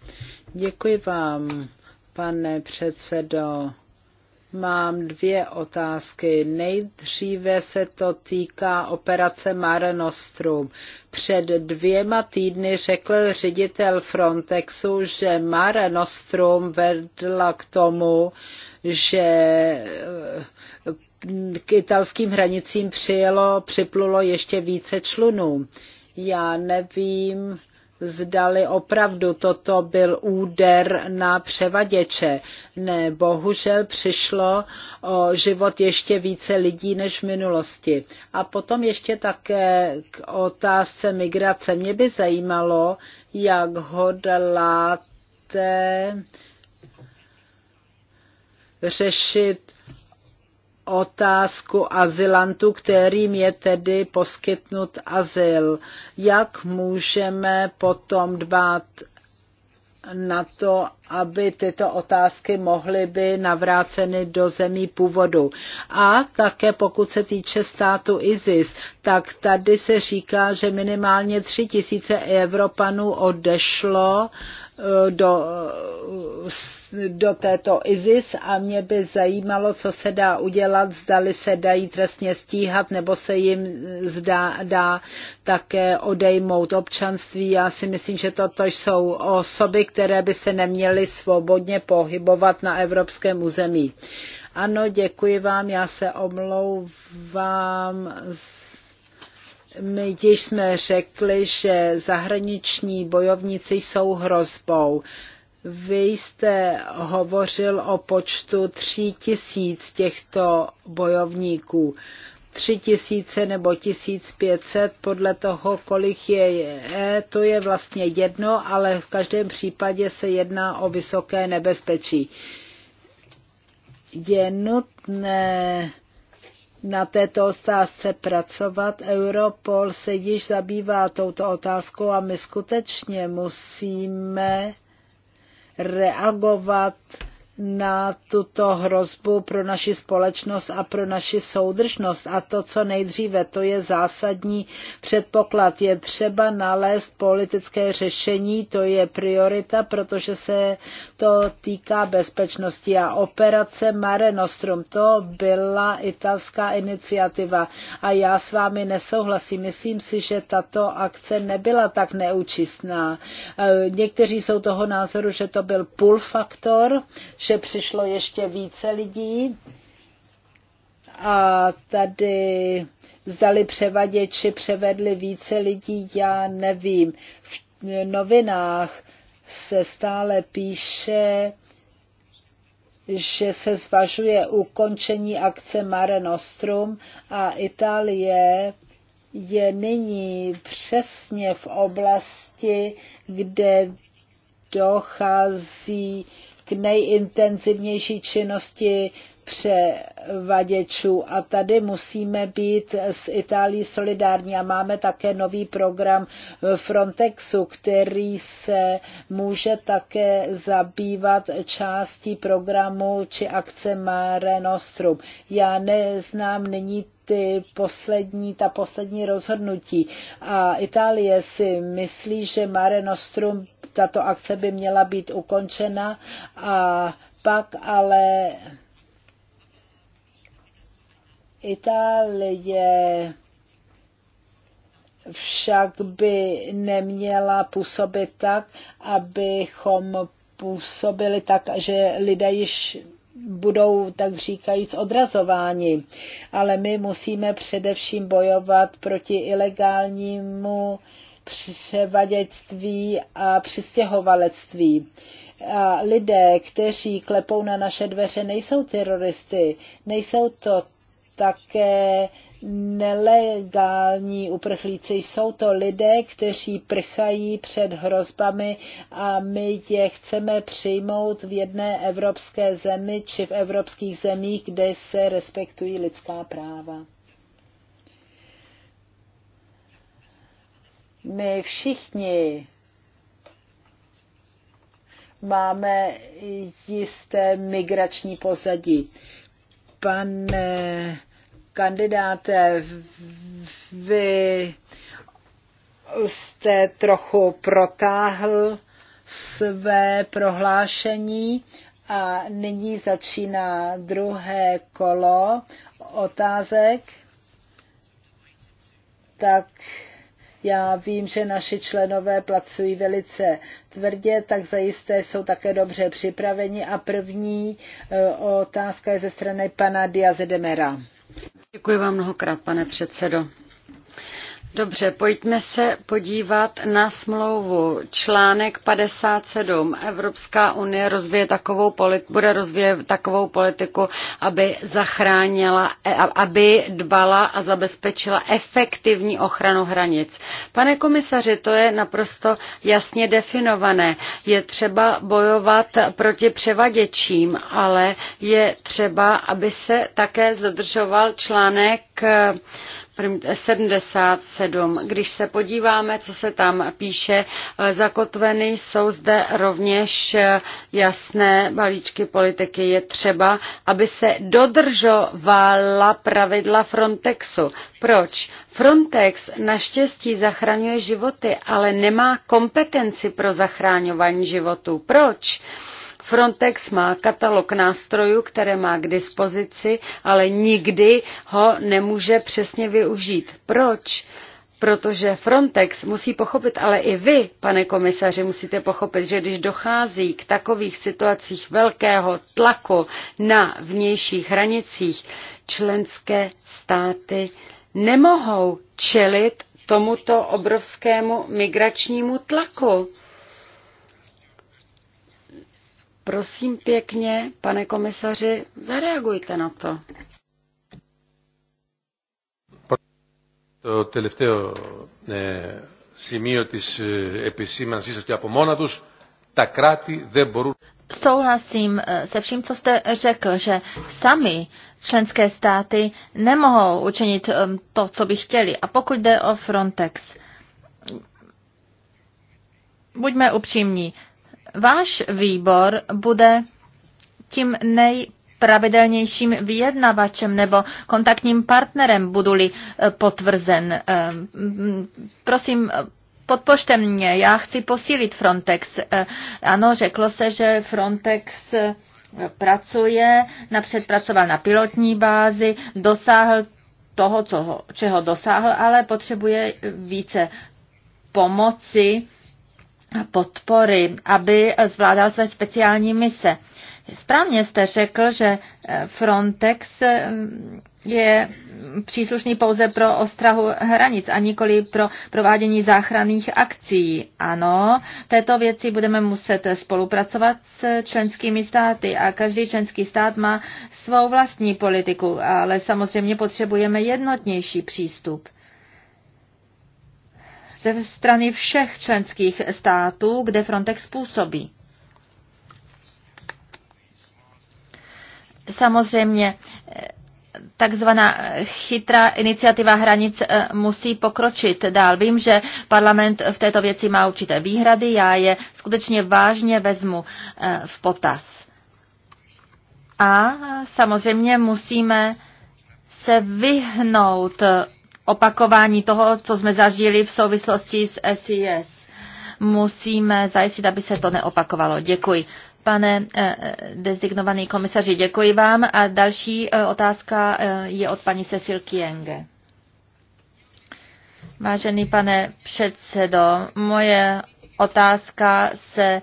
Děkuji vám, pane předsedo. Mám dvě otázky. Nejdříve se to týká operace Mare Nostrum. Před dvěma týdny řekl ředitel Frontexu, že Mare Nostrum vedla k tomu, že eh, k italským hranicím přijelo, připlulo ještě více člunů. Já nevím, zdali opravdu toto byl úder na převaděče. Ne, bohužel přišlo o život ještě více lidí než v minulosti. A potom ještě také k otázce migrace. Mě by zajímalo, jak hodláte řešit otázku azylantů, kterým je tedy poskytnut azyl. Jak můžeme potom dbát na to, aby tyto otázky mohly by navráceny do zemí původu. A také pokud se týče státu ISIS, tak tady se říká, že minimálně tři tisíce Evropanů odešlo uh, Eh, do, do této ISIS a mě by zajímalo, co se dá udělat, zdali se dají trestně stíhat nebo se jim zdá, dá také odejmout občanství. Já si myslím, že toto jsou osoby, které by se neměly svobodně pohybovat na evropském území. Ano, děkuji vám, já se omlouvám my již jsme řekli, že zahraniční bojovníci jsou hrozbou. Vy jste hovořil o počtu tří tisíc těchto bojovníků. Tři tisíce nebo tisíc pětset, podle toho, kolik je, to je vlastně jedno, ale v každém případě se jedná o vysoké nebezpečí. Je nutné na této otázce pracovat. Europol se již zabývá touto otázkou a my skutečně musíme reagovat na tuto hrozbu pro naši společnost a pro naši soudržnost. A to, co nejdříve, to je zásadní předpoklad. Je třeba nalézt politické řešení, to je priorita, protože se to týká bezpečnosti. A operace Mare Nostrum, to byla italská iniciativa. A já s vámi nesouhlasím. Myslím si, že tato akce nebyla tak neúčistná. E, někteří jsou toho názoru, že to byl pull faktor, že přišlo ještě více lidí a tady zdali převaděči převedli více lidí, já nevím. V novinách se stále píše, že se zvažuje ukončení akce Mare Nostrum a Itálie je nyní přesně v oblasti, kde dochází k nejintenzivnější činnosti převaděčů a tady musíme být s Itálií solidární a máme také nový program Frontexu, který se může také zabývat částí programu či akce Mare Nostrum. Já neznám nyní ty poslední, ta poslední rozhodnutí. A Itálie si myslí, že Mare Nostrum tato akce by měla být ukončena a pak ale Itálie však by neměla působit tak, abychom působili tak, že lidé již budou, tak říkajíc, odrazováni. Ale my musíme především bojovat proti ilegálnímu převaděctví a přistěhovalectví. A lidé, kteří klepou na naše dveře, nejsou teroristy, nejsou to také nelegální uprchlíci. Jsou to lidé, kteří prchají před hrozbami a my je chceme přijmout v jedné evropské zemi či v evropských zemích, kde se respektují lidská práva. My všichni máme jisté migrační pozadí. Pane kandidáte, vy jste trochu protáhl své prohlášení a nyní začíná druhé kolo otázek. Tak já vím, že naši členové pracují velice tvrdě, tak zajisté jsou také dobře připraveni. A první e, otázka je ze strany pana Diazedemera. Děkuji vám mnohokrát, pane předsedo. Dobře, pojďme se podívat na smlouvu. Článek 57. Evropská unie rozvíje takovou politi- bude rozvíjet takovou politiku, aby zachránila, e, aby dbala a zabezpečila efektivní ochranu hranic. Pane komisaři, to je naprosto jasně definované. Je třeba bojovat proti převaděčím, ale je třeba, aby se také zadržoval článek 77. Eh, Když se podíváme, co se tam píše, eh, zakotveny jsou zde rovněž eh, jasné balíčky politiky. Je třeba, aby se dodržovala pravidla Frontexu. Proč? Frontex naštěstí zachraňuje životy, ale nemá kompetenci pro zachráňování životů. Proč? Frontex má katalog nástrojů, které má k dispozici, ale nikdy ho nemůže přesně využít. Proč? protože Frontex musí pochopit, ale i vy, pane komisaři, musíte pochopit, že když dochází k takových situacích velkého tlaku na vnějších hranicích, členské státy nemohou čelit tomuto obrovskému migračnímu tlaku. Prosím pěkně, pane komisaři, zareagujte na to. To τελευταίο ε, σημείο της επισήμανσής σας και από μόνα τους, τα κράτη δεν μπορούν... Souhlasím se vším, co jste řekl, že sami členské státy nemohou učinit to, co by chtěli. A pokud jde o Frontex, buďme upřímní, Váš výbor bude tím nejpravidelnějším vyjednavačem nebo kontaktním partnerem, budu-li eh, potvrzen. Eh, prosím, podpořte mě, já chci posílit Frontex. Eh, ano, řeklo se, že Frontex pracuje, napřed pracoval na pilotní bázi, dosáhl toho, co, čeho dosáhl, ale potřebuje více pomoci podpory, aby zvládal své speciální mise. Správně jste řekl, že eh, Frontex eh, je příslušný pouze pro ostrahu hranic a nikoli pro provádění záchranných akcí. Ano, této věci budeme muset spolupracovat s členskými státy a každý členský stát má svou vlastní politiku, ale samozřejmě potřebujeme jednotnější přístup ze strany všech členských států, kde Frontex působí. Samozřejmě takzvaná chytrá iniciativa hranic eh, musí pokročit dál. Vím, že parlament v této věci má určité výhrady, já je skutečně vážně vezmu eh, v potaz. A samozřejmě musíme se vyhnout opakování toho, co jsme zažili v souvislosti s SIS. Musíme zajistit, aby se to neopakovalo. Děkuji. Pane eh, eh, designovaný komisaři, děkuji vám. A další eh, otázka je od paní Cecil Kienge. Vážený pane předsedo, moje otázka se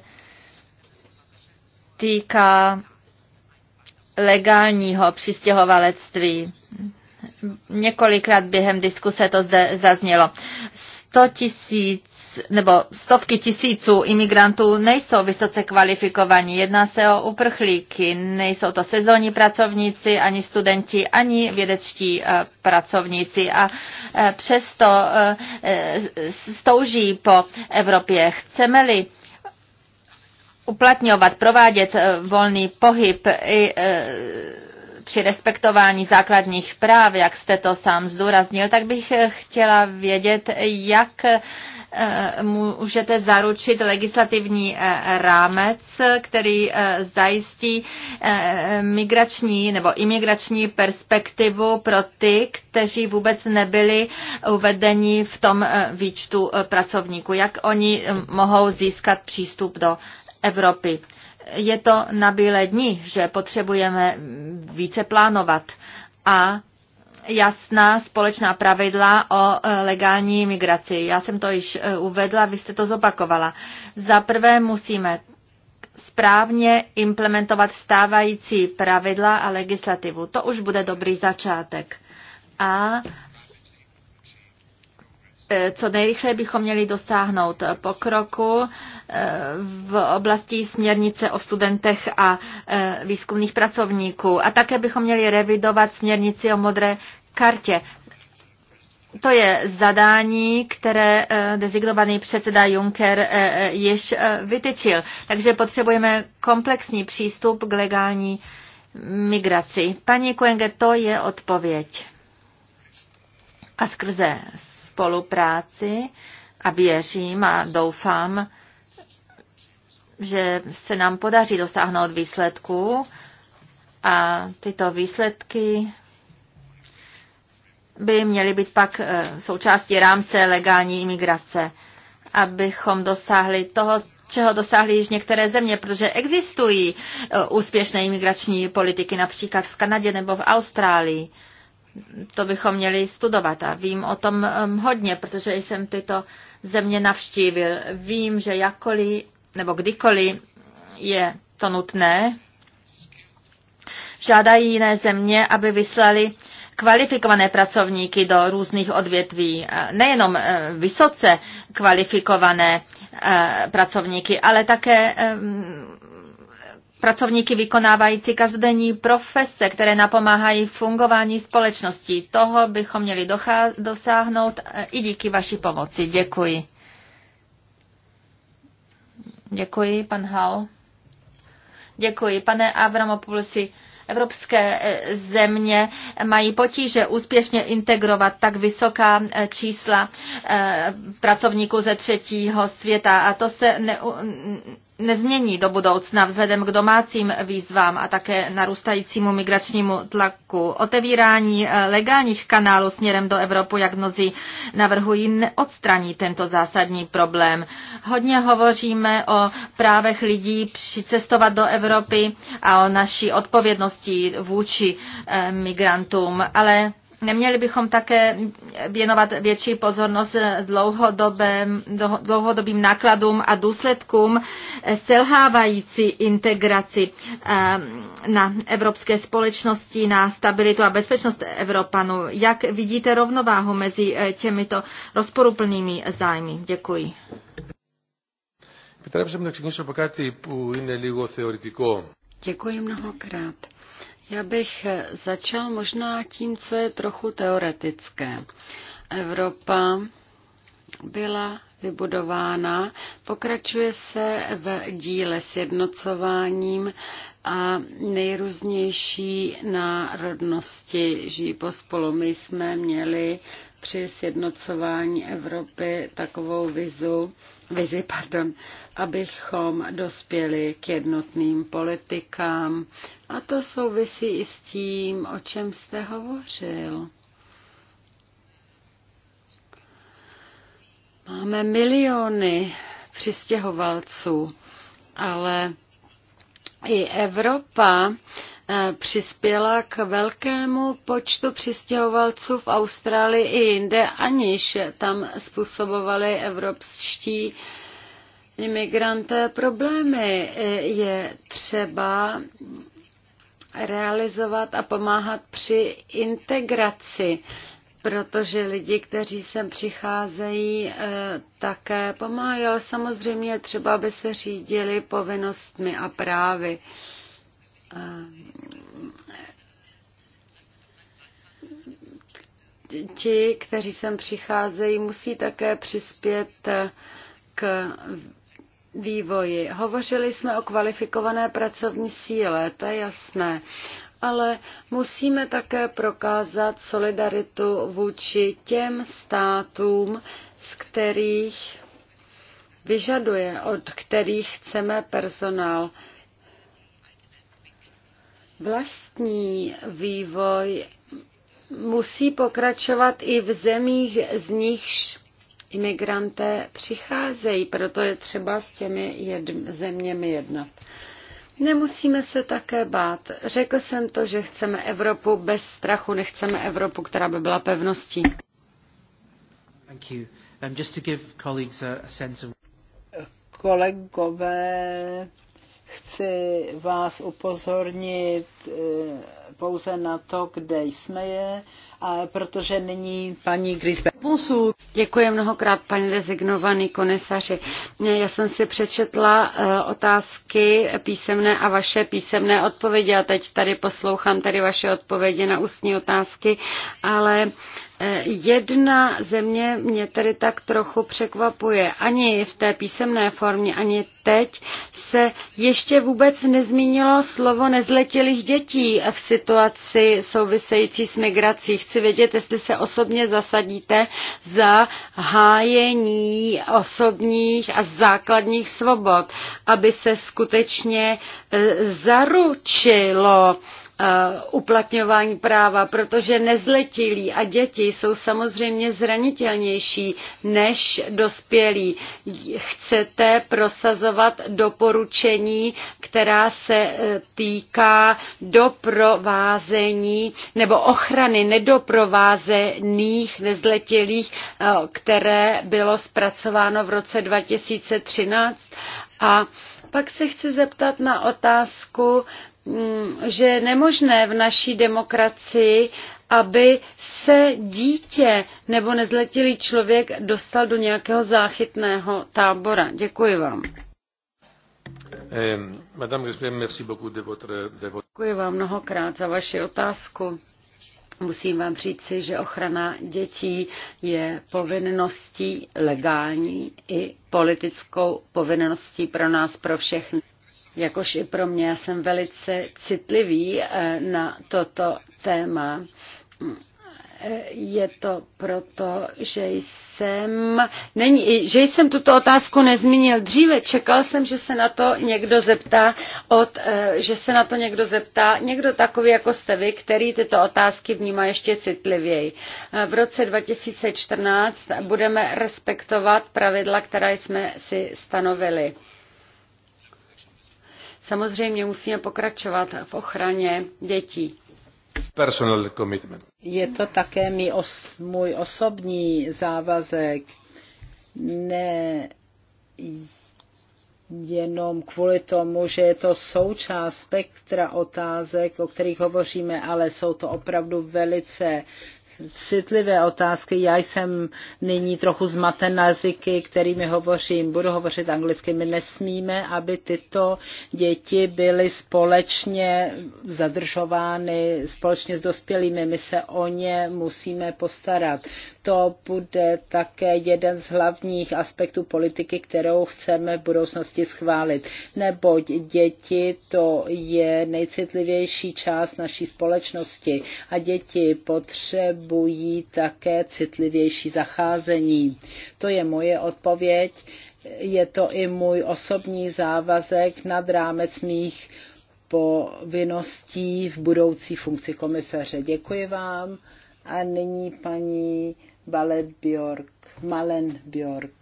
týká legálního přistěhovalectví. Několikrát během diskuse to zde zaznělo. 100 tisíc nebo stovky tisíců imigrantů nejsou vysoce kvalifikovaní. Jedná se o uprchlíky, nejsou to sezónní pracovníci, ani studenti, ani vědečtí eh, pracovníci. A eh, přesto eh, stouží po Evropě. Chceme-li uplatňovat, provádět volný pohyb i při respektování základních práv, jak jste to sám zdůraznil, tak bych eh, chtěla vědět, jak eh, můžete zaručit legislativní eh, rámec, který zajistí migrační nebo imigrační perspektivu pro ty, kteří vůbec nebyli uvedeni v tom výčtu pracovníků. Jak oni mohou získat přístup do Evropy je to na bílé dní, že potřebujeme více plánovat a jasná společná pravidla o e, legální migraci. Já jsem to již e, uvedla, vy jste to zopakovala. Za prvé musíme správně implementovat stávající pravidla a legislativu. To už bude dobrý začátek. A Eh, co nejrychleji bychom měli dosáhnout pokroku eh, v oblasti směrnice o studentech a eh, výzkumných pracovníků. A také bychom měli revidovat směrnici o modré kartě. To je zadání, které designovaný předseda Juncker již vytyčil. Takže potřebujeme komplexní přístup k legální migraci. Paní Kuenge, to je odpověď. A skrze spolupráci a věřím a doufám, že se nám podaří dosáhnout výsledků a tyto výsledky by měly být pak eh, součástí rámce legální imigrace, abychom dosáhli toho, čeho dosáhly již některé země, protože existují eh, úspěšné imigrační politiky například v Kanadě nebo v Austrálii to bychom měli studovat a vím o tom um, hodně, protože jsem tyto země navštívil. Vím, že jakkoliv nebo kdykoliv je to nutné, žádají jiné země, aby vyslali kvalifikované pracovníky do různých odvětví. Nejenom eh, vysoce kvalifikované eh, pracovníky, ale také pracovníky vykonávající každodenní profese, které napomáhají fungování společnosti. Toho bychom měli dosáhnout e, i díky vaší pomoci. Děkuji. Děkuji, pan Hal. Děkuji, pane Avramopoulosi. Evropské e, země mají potíže úspěšně integrovat tak vysoká e, čísla pracovníků ze třetího světa a to se ne, nezmění do budoucna vzhledem k domácím výzvám a také narůstajícímu migračnímu tlaku. Otevírání eh, legálních kanálů směrem do Evropy, jak mnozí navrhují, neodstraní tento zásadní problém. Hodně hovoříme o právech lidí přicestovat do Evropy a o naší odpovědnosti vůči eh, migrantům, ale Neměli bychom také věnovat větší pozornost dlouhodobým, dlouhodobým nákladům a důsledkům selhávající integraci eh, na evropské společnosti, na stabilitu a bezpečnost Evropanů. Jak vidíte rovnováhu mezi eh, těmito rozporuplnými zájmy? Děkuji. Děkuji mnohokrát. Já bych eh, začal možná tím, co je trochu teoretické. Evropa byla vybudována, pokračuje se v díle s jednocováním a nejrůznější národnosti žijí pospolu. My jsme měli při sjednocování Evropy takovou vizu, vizi, pardon, abychom dospěli k jednotným politikám. A to souvisí i s tím, o čem jste hovořil. Máme miliony přistěhovalců, ale i Evropa Eh, přispěla k velkému počtu přistěhovalců v Austrálii i jinde, aniž tam způsobovali evropští imigranté problémy. Eh, je třeba realizovat a pomáhat při integraci, protože lidi, kteří sem přicházejí, eh, také pomáhají, ale samozřejmě třeba, aby se řídili povinnostmi a právy. E, ti, kteří sem přicházejí, musí také přispět e, k vývoji. Hovořili jsme o kvalifikované pracovní síle, to je jasné, ale musíme také prokázat solidaritu vůči těm státům, z kterých vyžaduje, od kterých chceme personál. Vlastní vývoj musí pokračovat i v zemích, z nichž imigranté přicházejí, proto je třeba s těmi jed- zeměmi jednat. Nemusíme se také bát. Řekl jsem to, že chceme Evropu bez strachu, nechceme Evropu, která by byla pevností. Thank you. Um, just to give colleagues a, a sense of... Kolegové, Chci vás upozornit eh, pouze na to, kde jsme je, a protože nyní paní Grisbe. Děkuji mnohokrát, paní designovaný konesaři. Já jsem si přečetla eh, otázky písemné a vaše písemné odpovědi a teď tady poslouchám tady vaše odpovědi na ústní otázky, ale Jedna země mě tedy tak trochu překvapuje. Ani v té písemné formě, ani teď se ještě vůbec nezmínilo slovo nezletilých dětí v situaci související s migrací. Chci vědět, jestli se osobně zasadíte za hájení osobních a základních svobod, aby se skutečně eh, zaručilo Uh, uplatňování práva, protože nezletilí a děti jsou samozřejmě zranitelnější než dospělí. Chcete prosazovat doporučení, která se eh, týká doprovázení nebo ochrany nedoprovázených nezletilých, eh, které bylo zpracováno v roce 2013 a pak se chci zeptat na otázku Mm, že je nemožné v naší demokracii, aby se dítě nebo nezletilý člověk dostal do nějakého záchytného tábora. Děkuji vám. Eh, Děkuji vám mnohokrát za vaši otázku. Musím vám říci, že ochrana dětí je povinností legální i politickou povinností pro nás, pro všechny jakož i pro mě. Já jsem velice citlivý eh, na toto téma. Eh, je to proto, že jsem, není, že jsem tuto otázku nezmínil dříve. Čekal jsem, že se na to někdo zeptá, od, eh, že se na to někdo zeptá, někdo takový jako jste vy, který tyto otázky vnímá ještě citlivěji. V roce 2014 budeme respektovat pravidla, která jsme si stanovili Samozřejmě musíme pokračovat v ochraně dětí. Personal commitment. Je to také mý os, můj osobní závazek. Ne jenom kvůli tomu, že je to součást spektra otázek, o kterých hovoříme, ale jsou to opravdu velice citlivé otázky. Já jsem nyní trochu zmaten na jazyky, kterými hovořím. Budu hovořit anglicky. My nesmíme, aby tyto děti byly společně zadržovány, společně s dospělými. My se o ně musíme postarat. To bude také jeden z hlavních aspektů politiky, kterou chceme v budoucnosti schválit. Neboť děti to je nejcitlivější část naší společnosti a děti potřebují potřebují také citlivější zacházení. To je moje odpověď. Je to i můj osobní závazek nad rámec mých povinností v budoucí funkci komisaře. Děkuji vám. A nyní paní Balet Bjork, Malen Bjork.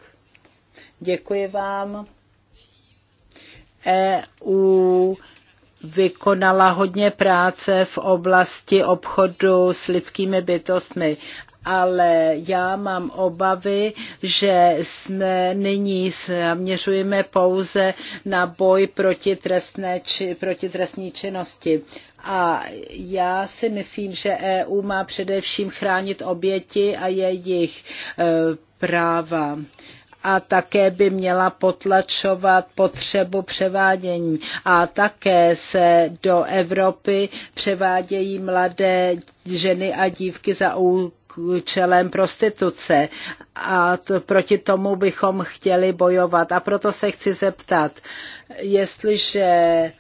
Děkuji vám. EU vykonala hodně práce v oblasti obchodu s lidskými bytostmi ale já mám obavy, že jsme nyní zaměřujeme pouze na boj proti, trestné, či, proti trestní činnosti. A já si myslím, že EU má především chránit oběti a jejich eh, práva. E, a také by měla potlačovat potřebu převádění. A také se do Evropy převádějí mladé ženy a dívky za účelem prostituce a to, proti tomu bychom chtěli bojovat. A proto se chci zeptat, jestliže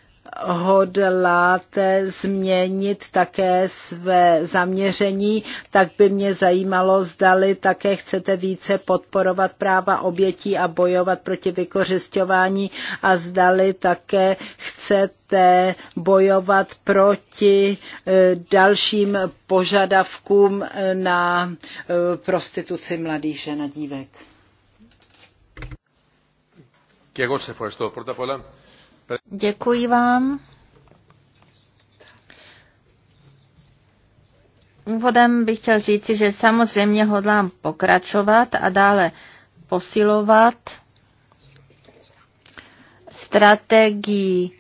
hodláte změnit také své zaměření, tak by mě zajímalo, zdali také chcete více podporovat práva obětí a bojovat proti vykořišťování a zdali také chcete bojovat proti eh, dalším požadavkům eh, na eh, prostituci mladých žen a dívek. Děkuji Děkuji vám. Úvodem bych chtěl říci, že samozřejmě hodlám pokračovat a dále posilovat strategii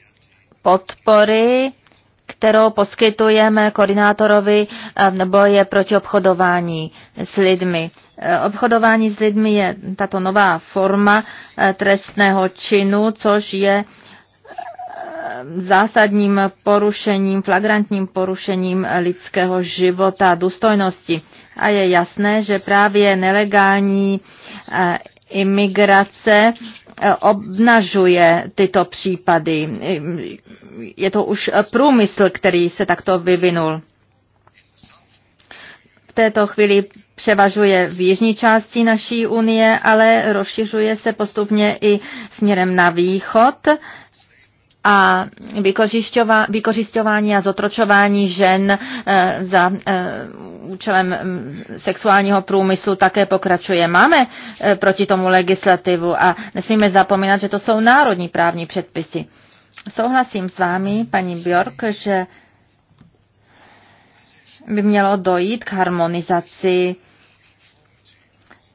podpory, kterou poskytujeme koordinátorovi eh, nebo je proti obchodování s lidmi. Eh, obchodování s lidmi je tato nová forma eh, trestného činu, což je zásadním porušením, flagrantním porušením lidského života, důstojnosti. A je jasné, že právě nelegální eh, imigrace eh, obnažuje tyto případy. Je to už průmysl, který se takto vyvinul. V této chvíli převažuje v jižní části naší unie, ale rozšiřuje se postupně i směrem na východ a vykořišťování a zotročování žen eh, za eh, účelem mm, sexuálního průmyslu také pokračuje. Máme eh, proti tomu legislativu a nesmíme zapomínat, že to jsou národní právní předpisy. Souhlasím s vámi, paní Bjork, že by mělo dojít k harmonizaci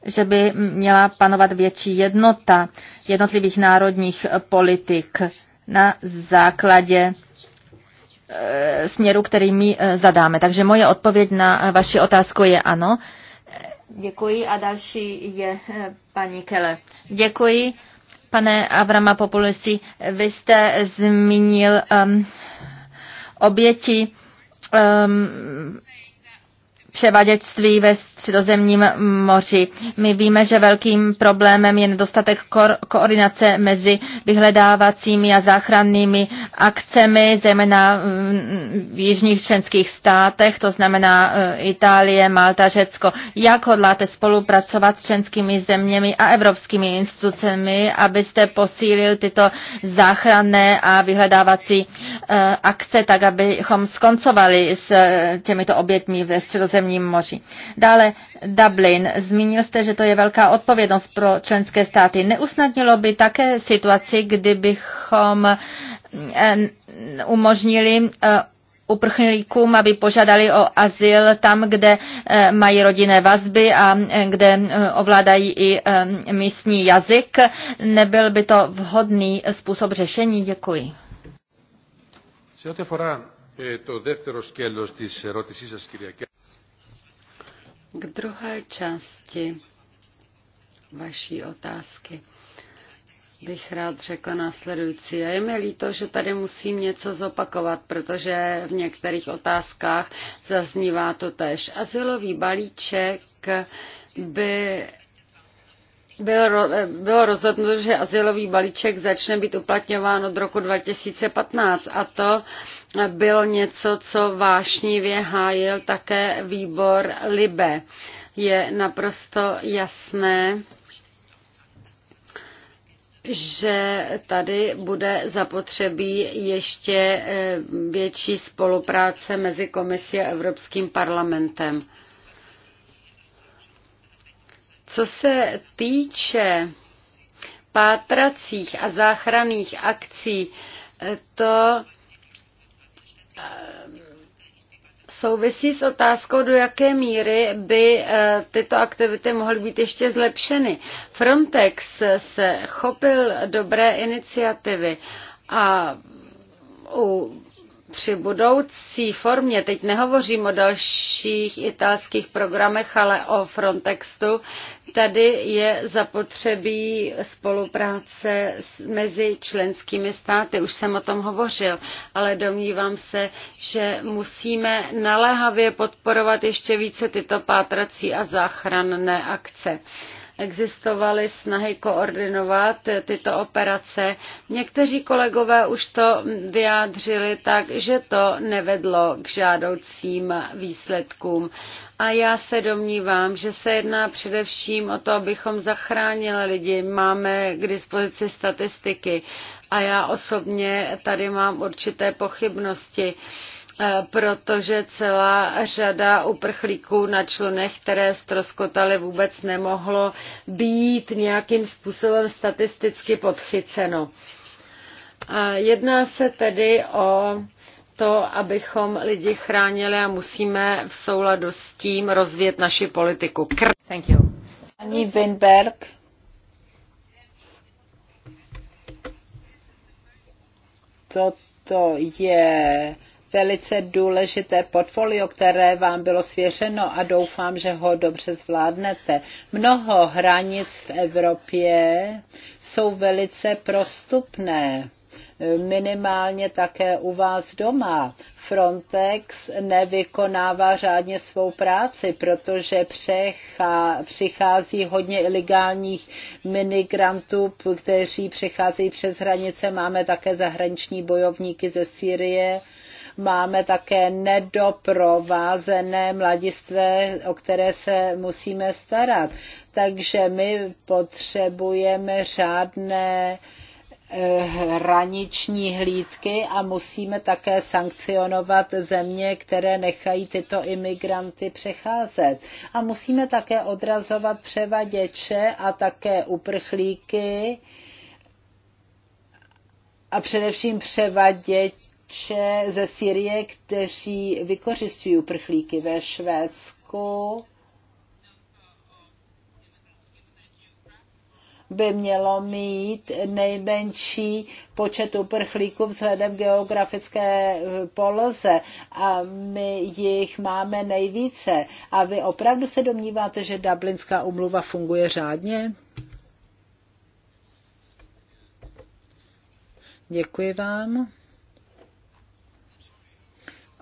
že by měla panovat větší jednota jednotlivých národních politik na základě e, směru, který my e, zadáme. Takže moje odpověď na vaši otázku je ano. Děkuji a další je e, paní Kele. Děkuji. Pane Avrama Populisi, vy jste zmínil um, oběti um, převaděčství ve středozemním moři. My víme, že velkým problémem je nedostatek koordinace mezi vyhledávacími a záchrannými akcemi, zejména v jižních členských státech, to znamená eh, Itálie, Malta, Řecko. Jak hodláte spolupracovat s členskými zeměmi a evropskými institucemi, abyste posílil tyto záchranné a vyhledávací eh, akce, tak abychom skoncovali s eh, těmito obětmi ve středozemním Středozemním moři. Dále Dublin. Zmínil jste, že to je velká odpovědnost pro členské státy. Neusnadnilo by také situaci, kdybychom eh, umožnili eh, uprchlíkům, aby požadali o azyl tam, kde eh, mají rodinné vazby a kde ovládají i místní jazyk. Nebyl by to vhodný způsob řešení? Děkuji. K druhé části vaší otázky bych rád řekla následující. A je mi líto, že tady musím něco zopakovat, protože v některých otázkách zaznívá to tež. Azylový balíček by bylo, bylo rozhodnuto, že azylový balíček začne být uplatňován od roku 2015 a to bylo něco, co vášnivě hájil také výbor Libe. Je naprosto jasné, že tady bude zapotřebí ještě eh, větší spolupráce mezi komisí a Evropským parlamentem. Co se týče pátracích a záchranných akcí, eh, to souvisí s otázkou, do jaké míry by eh, tyto aktivity mohly být ještě zlepšeny. Frontex se chopil dobré iniciativy a u při budoucí formě, teď nehovořím o dalších italských programech, ale o Frontextu, Tady je zapotřebí spolupráce mezi členskými státy. Už jsem o tom hovořil, ale domnívám se, že musíme naléhavě podporovat ještě více tyto pátrací a záchranné akce. Uh, existovaly snahy koordinovat tyto operace. Někteří kolegové už to vyjádřili tak, že to nevedlo k žádoucím výsledkům. A já se domnívám, že se jedná především o to, abychom zachránili lidi. Máme k dispozici statistiky a já osobně tady mám určité pochybnosti. Uh, Eh, protože celá řada uprchlíků na člunech, které stroskotaly, vůbec nemohlo být nějakým způsobem statisticky podchyceno. A jedná se tedy o to, abychom lidi chránili a musíme v souladu s tím rozvíjet naši politiku. Kr- Thank you. Ani Winberg. Toto je velice důležité portfolio, které vám bylo svěřeno a doufám, že ho dobře zvládnete. Mnoho hranic v Evropě jsou velice prostupné minimálně také u vás doma. Frontex nevykonává řádně svou práci, protože přechá, přichází hodně ilegálních migrantů, kteří přecházejí přes hranice. Máme také zahraniční bojovníky ze Syrie. Máme také nedoprovázené mladistvé, o které se musíme starat. Takže my potřebujeme řádné eh, hraniční hlídky a musíme také sankcionovat země, které nechají tyto imigranty přecházet. A musíme také odrazovat převaděče a také uprchlíky a především převaděče uprchliče ze Syrie, kteří vykořistují prchlíky ve Švédsku. by mělo mít nejmenší počet uprchlíků vzhledem k geografické eh, poloze a my jich máme nejvíce. A vy opravdu se domníváte, že Dublinská umluva funguje řádně? Děkuji vám.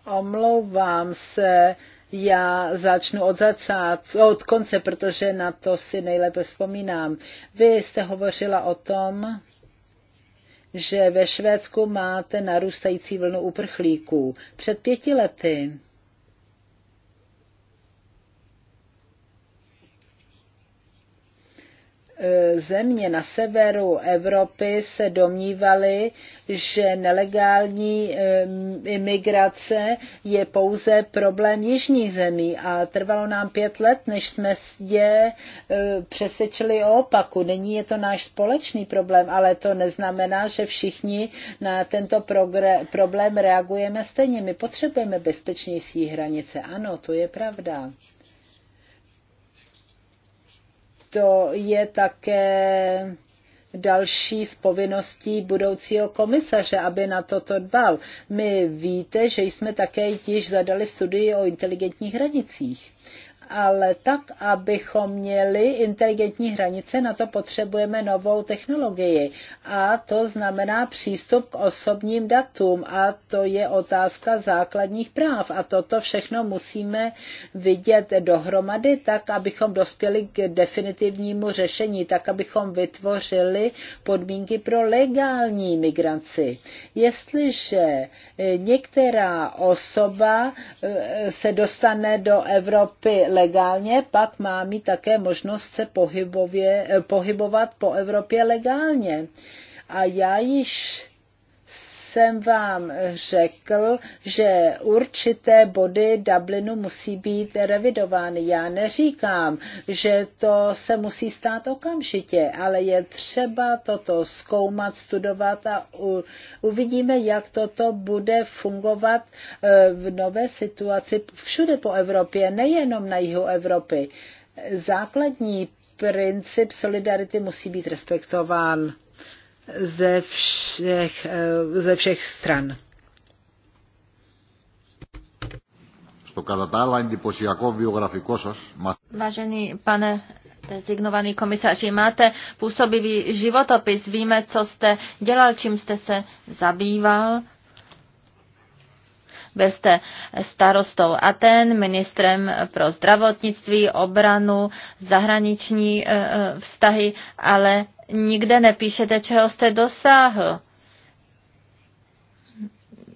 Omlouvám se, já začnu od, začát, od konce, protože na to si nejlépe vzpomínám. Vy jste hovořila o tom, že ve Švédsku máte narůstající vlnu uprchlíků. Před pěti lety E, země na severu Evropy se domnívaly, že nelegální e, imigrace je pouze problém jižních zemí a trvalo nám pět let, než jsme je e, přesvědčili o opaku. Není je to náš společný problém, ale to neznamená, že všichni na tento problém reagujeme stejně. My potřebujeme bezpečnější hranice. Ano, to je pravda to je také další z povinností budoucího komisaře, aby na toto dbal. My víte, že jsme také již zadali studii o inteligentních hranicích ale tak, abychom měli inteligentní hranice, na to potřebujeme novou technologii. A to znamená přístup k osobním datům a to je otázka základních práv. A toto všechno musíme vidět dohromady, tak abychom dospěli k definitivnímu řešení, tak abychom vytvořili podmínky pro legální migraci. Jestliže některá osoba eh, se dostane do Evropy legálně, pak má mít také možnost se pohybově, eh, pohybovat po Evropě legálně. A já již jsem vám řekl, že určité body Dublinu musí být revidovány. Já neříkám, že to se musí stát okamžitě, ale je třeba toto zkoumat, studovat a uvidíme, jak toto bude fungovat eh, v nové situaci všude po Evropě, nejenom na jihu Evropy. Základní princip solidarity musí být respektován ze všech, eh, ze všech stran. Vážený pane designovaný komisaři, máte působivý životopis, víme, co jste dělal, čím jste se zabýval. Byl jste starostou Aten, ministrem pro zdravotnictví, obranu, zahraniční eh, eh, vztahy, ale nikde nepíšete, čeho jste dosáhl.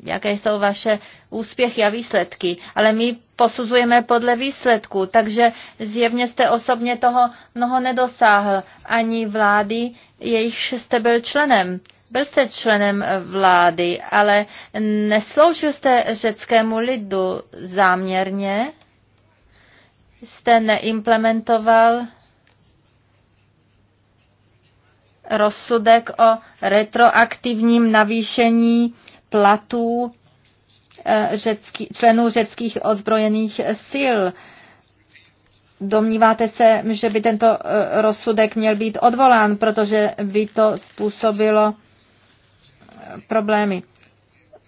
Jaké jsou vaše úspěchy a výsledky, ale my posuzujeme podle výsledku, takže zjevně jste osobně toho mnoho nedosáhl, ani vlády, jejich jste byl členem. Byl jste členem vlády, ale nesloužil jste řeckému lidu záměrně, jste neimplementoval rozsudek o retroaktivním navýšení platů eh, řecký, členů řeckých ozbrojených sil. Domníváte se, že by tento eh, rozsudek měl být odvolán, protože by to způsobilo eh, problémy.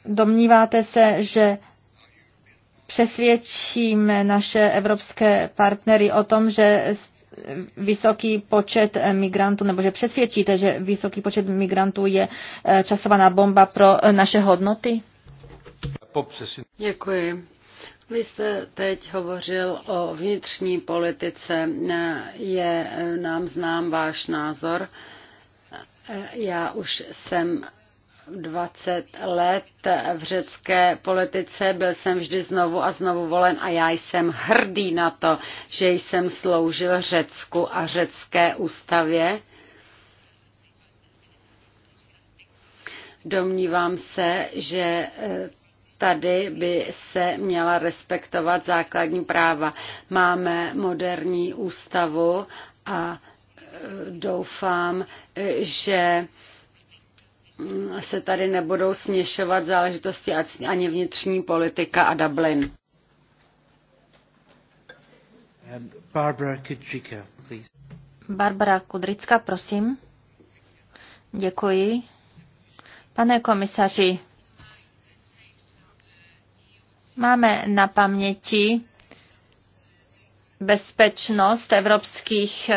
Domníváte se, že přesvědčíme naše evropské partnery o tom, že s vysoký počet eh, migrantů, nebo že přesvědčíte, že vysoký počet migrantů je eh, časovaná bomba pro eh, naše hodnoty? Děkuji. Vy jste teď hovořil o vnitřní politice. Je nám znám váš názor. Já už jsem 20 let v řecké politice, byl jsem vždy znovu a znovu volen a já jsem hrdý na to, že jsem sloužil Řecku a řecké ústavě. Domnívám se, že eh, tady by se měla respektovat základní práva. Máme moderní ústavu a eh, doufám, eh, že se tady nebudou směšovat záležitosti ani vnitřní politika a Dublin. Um, Barbara Kudricka, please. Barbara Kudricka, prosím. Děkuji. Pane komisaři, máme na paměti bezpečnost evropských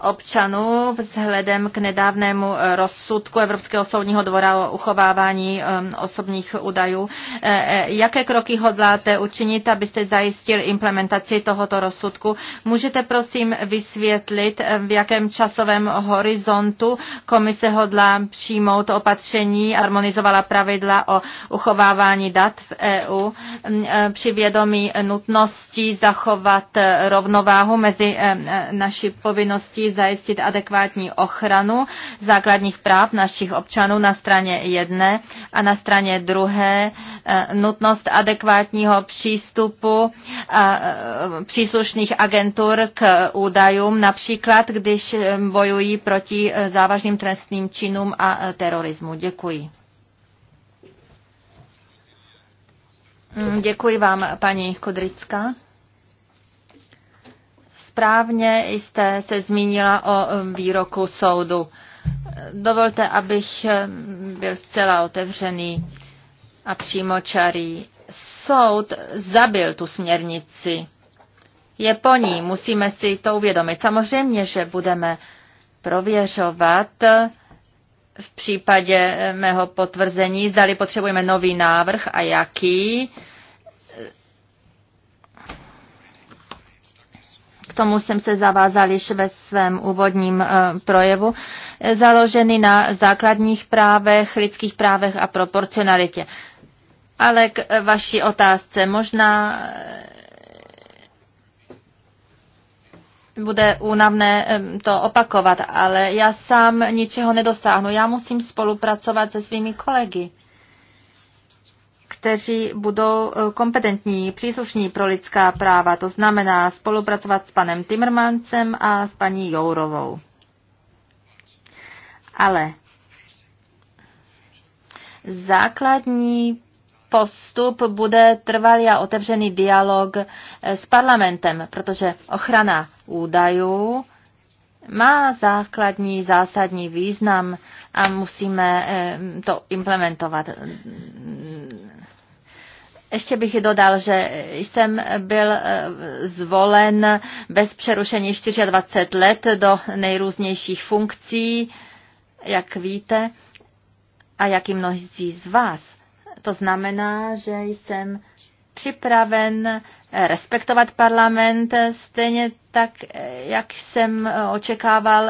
občanů vzhledem k nedávnému eh, rozsudku Evropského soudního dvora o uchovávání eh, osobních údajů. Eh, jaké kroky hodláte učinit, abyste zajistil implementaci tohoto rozsudku? Můžete prosím vysvětlit, v jakém časovém horizontu komise hodlá přijmout opatření a harmonizovala pravidla o uchovávání dat v EU mm, při vědomí nutnosti zachovat rovnováhu mezi naší povinností zajistit adekvátní ochranu základních práv našich občanů na straně jedné a na straně druhé eh, nutnost adekvátního přístupu eh, příslušných agentur k údajům, například když eh, bojují proti závažným trestným činům a terorismu. Děkuji. Děkuji vám, paní Kudrická. Správně jste se zmínila o um, výroku soudu. Dovolte, abych um, byl zcela otevřený a čarý. Soud zabil tu směrnici. Je po ní, musíme si to uvědomit. Samozřejmě, že budeme prověřovat v případě eh, mého potvrzení, zdali potřebujeme nový návrh a jaký. tomu jsem se zavázal již ve svém úvodním eh, projevu, eh, založeny na základních právech, lidských právech a proporcionalitě. Ale k eh, vaší otázce možná bude únavné to opakovat, ale já sám ničeho nedosáhnu. Já musím spolupracovat se svými kolegy kteří budou eh, kompetentní, příslušní pro lidská práva. To znamená spolupracovat s panem Timmermancem a s paní Jourovou. Ale základní postup bude trvalý a otevřený dialog eh, s parlamentem, protože ochrana údajů má základní zásadní význam a musíme eh, to implementovat. Ještě bych dodal, že jsem byl eh, zvolen bez přerušení 24 let do nejrůznějších funkcí, jak víte, a jak i mnozí z vás. To znamená, že jsem připraven respektovat parlament, stejně tak, eh, jak jsem eh, očekával,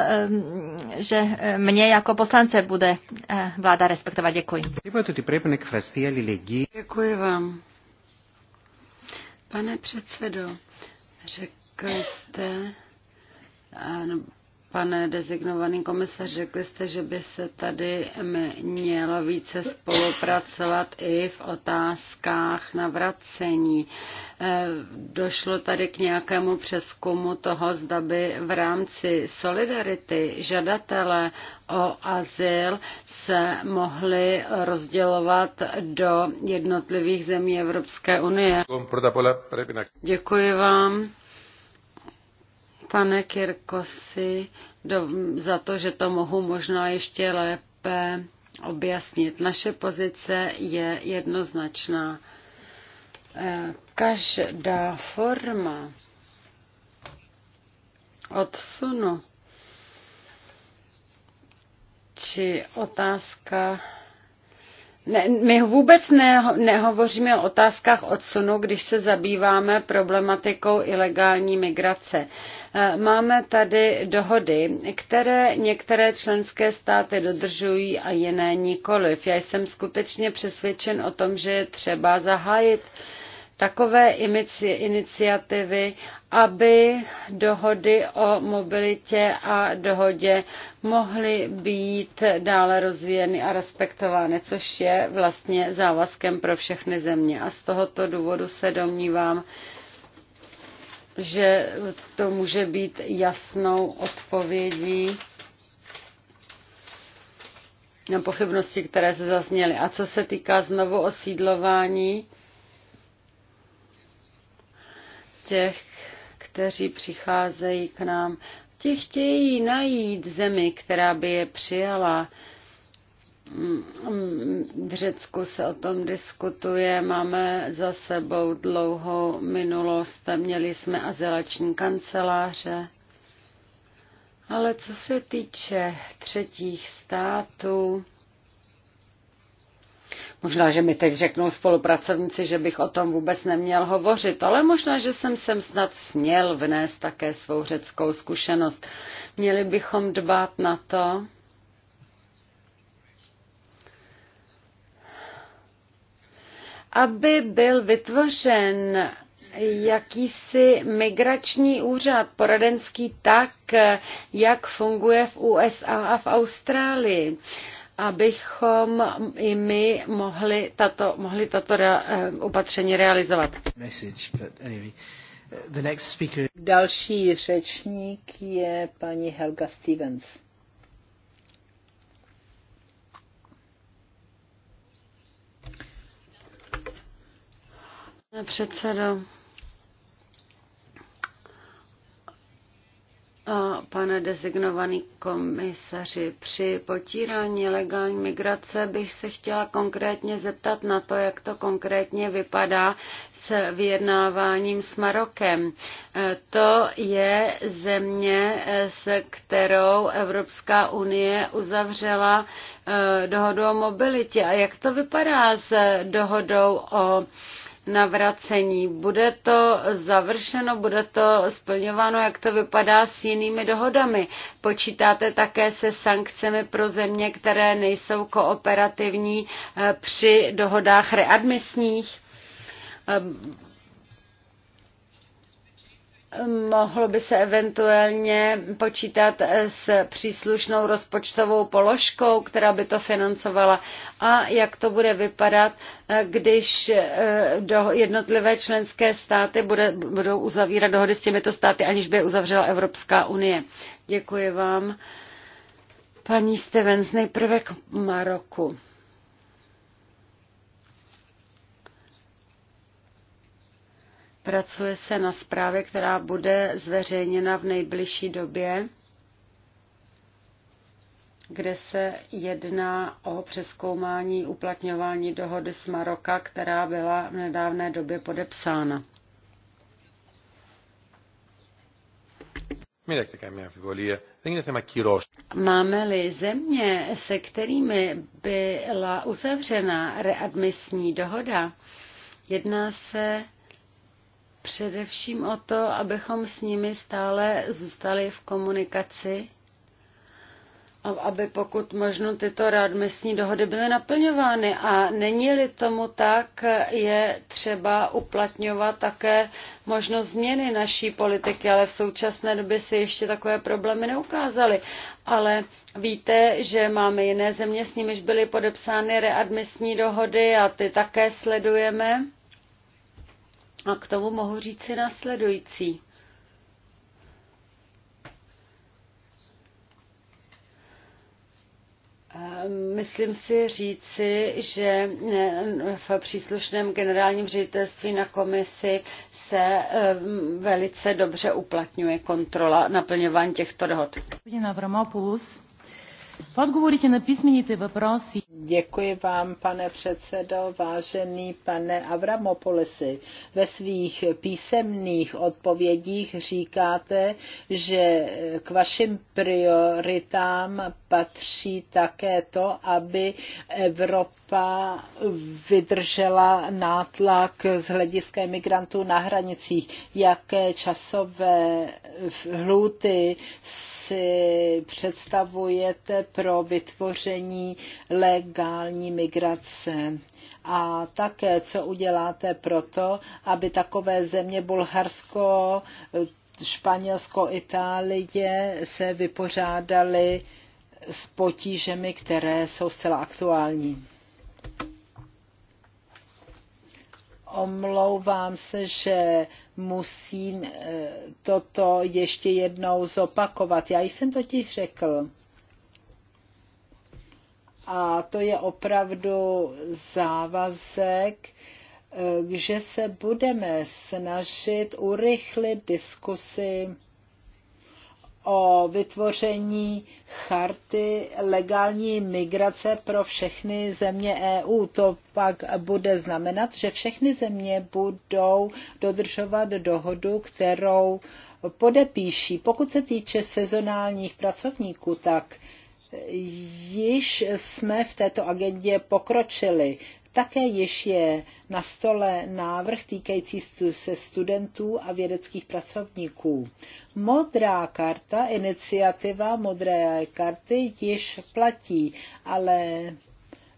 že mě jako poslance bude vláda respektovat. Děkuji. Děkuji vám. Pane předsedo, řekl jste, eh, Pane designovaný komisař, řekli jste, že by se tady mělo více spolupracovat i v otázkách navracení. Eh, došlo tady k nějakému přeskumu toho, zda by v rámci solidarity žadatele o azyl se mohli rozdělovat do jednotlivých zemí Evropské unie. Děkuji vám pane Kirkosi, do, za to, že to mohu možná ještě lépe objasnit. Naše pozice je jednoznačná. Eh, každá forma odsunu či otázka ne, my vůbec nehovoříme o otázkách odsunu, když se zabýváme problematikou ilegální migrace. E, máme tady dohody, které některé členské státy dodržují a jiné nikoliv. Já jsem skutečně přesvědčen o tom, že je třeba zahájit takové iniciativy, aby dohody o mobilitě a dohodě mohly být dále rozvíjeny a respektovány, což je vlastně závazkem pro všechny země. A z tohoto důvodu se domnívám, že to může být jasnou odpovědí na pochybnosti, které se zazněly. A co se týká znovu osídlování, těch, kteří přicházejí k nám. Ti chtějí najít zemi, která by je přijala. V Řecku se o tom diskutuje, máme za sebou dlouhou minulost, měli jsme azylační kanceláře. Ale co se týče třetích států, Možná, že mi teď řeknou spolupracovníci, že bych o tom vůbec neměl hovořit, ale možná, že jsem sem snad směl vnést také svou řeckou zkušenost. Měli bychom dbát na to, aby byl vytvořen jakýsi migrační úřad poradenský tak, jak funguje v USA a v Austrálii abychom i my mohli tato, mohli tato uh, opatření realizovat. Message, anyway. Eh, the next speaker... Další řečník je paní Helga Stevens. Pane předsedo, A pane designovaný komisaři, při potírání legální migrace bych se chtěla konkrétně zeptat na to, jak to konkrétně vypadá s vyjednáváním s Marokem. E, to je země, e, se kterou Evropská unie uzavřela e, dohodu o mobilitě. A jak to vypadá s dohodou o navracení. Bude to završeno, bude to splňováno, jak to vypadá s jinými dohodami. Počítáte také se sankcemi pro země, které nejsou kooperativní eh, při dohodách readmisních? Mohlo by se eventuálně počítat s příslušnou rozpočtovou položkou, která by to financovala. A jak to bude vypadat, když eh, do jednotlivé členské státy bude, budou uzavírat dohody s těmito státy, aniž by je uzavřela Evropská unie. Děkuji vám. Paní Stevens, nejprve k Maroku. Pracuje se na zprávě, která bude zveřejněna v nejbližší době, kde se jedná o přeskoumání uplatňování dohody s Maroka, která byla v nedávné době podepsána. Máme-li země, se kterými byla uzavřena readmisní dohoda, jedná se především o to, abychom s nimi stále zůstali v komunikaci, aby pokud možno tyto readmisní dohody byly naplňovány. A není-li tomu tak, je třeba uplatňovat také možnost změny naší politiky, ale v současné době se ještě takové problémy neukázaly. Ale víte, že máme jiné země, s nimiž byly podepsány readmisní dohody a ty také sledujeme. A k tomu mohu říct si následující. Ehm, myslím si říci, že eh, v příslušném generálním ředitelství na komisi se ehm, velice dobře uplatňuje kontrola naplňování těchto dohod. Avramopoulos. В отговорите на писмените въпроси. Děkuji vám, pane předsedo, vážený pane Avramopolisy. Ve svých písemných odpovědích říkáte, že k vašim prioritám patří také to, aby Evropa vydržela nátlak z hlediska migrantů na hranicích. Jaké časové hluty si představujete pro vytvoření legální migrace a také co uděláte proto, aby takové země Bulharsko, Španělsko, Itálie se vypořádaly s potížemi, které jsou zcela aktuální. Omlouvám se, že musím eh, toto ještě jednou zopakovat. Já jsem totiž řekl, a to je opravdu závazek, eh, že se budeme snažit urychlit diskusy o vytvoření charty legální migrace pro všechny země EU. To pak bude znamenat, že všechny země budou dodržovat dohodu, kterou podepíší. Pokud se týče sezonálních pracovníků, tak již jsme v této agendě pokročili. Také již je na stole návrh týkající se studentů a vědeckých pracovníků. Modrá karta, iniciativa modré karty již platí, ale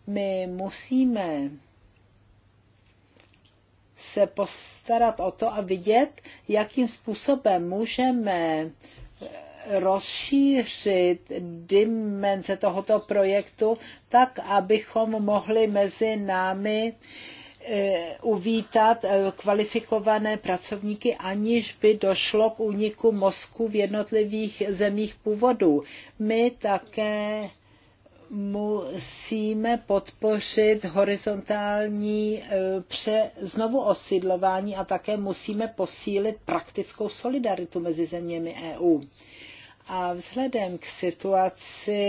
my musíme se postarat o to a vidět, jakým způsobem můžeme rozšířit dimenze tohoto projektu tak, abychom mohli mezi námi eh, uvítat eh, kvalifikované pracovníky, aniž by došlo k úniku mozku v jednotlivých zemích původu. My také musíme podpořit horizontální eh, pře, znovu osidlování a také musíme posílit praktickou solidaritu mezi zeměmi EU. A vzhledem k situaci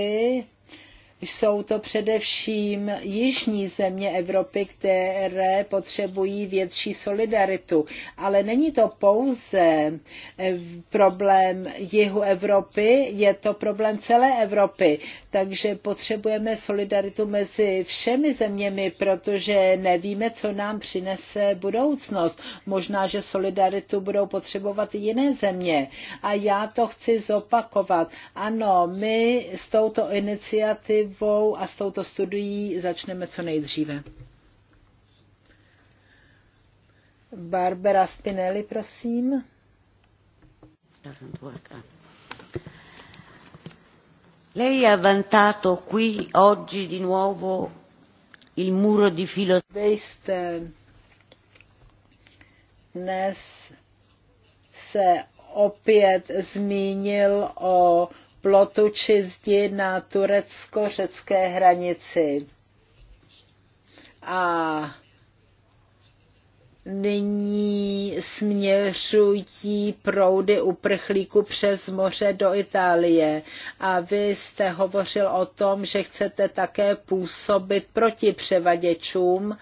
jsou to především jižní země Evropy, které potřebují větší solidaritu. Ale není to pouze eh, problém jihu Evropy, je to problém celé Evropy. Takže potřebujeme solidaritu mezi všemi zeměmi, protože nevíme, co nám přinese budoucnost. Možná, že solidaritu budou potřebovat i jiné země. A já to chci zopakovat. Ano, my s touto iniciativou modlitbou a s touto studií začneme co nejdříve. Barbara Spinelli, prosím. Eh? Lei ha vantato qui oggi di nuovo il muro di filo. Dnes se opět zmínil o plotu či zdi na turecko-řecké hranici. A nyní směřují proudy uprchlíků přes moře do Itálie. A vy jste hovořil o tom, že chcete také působit proti převaděčům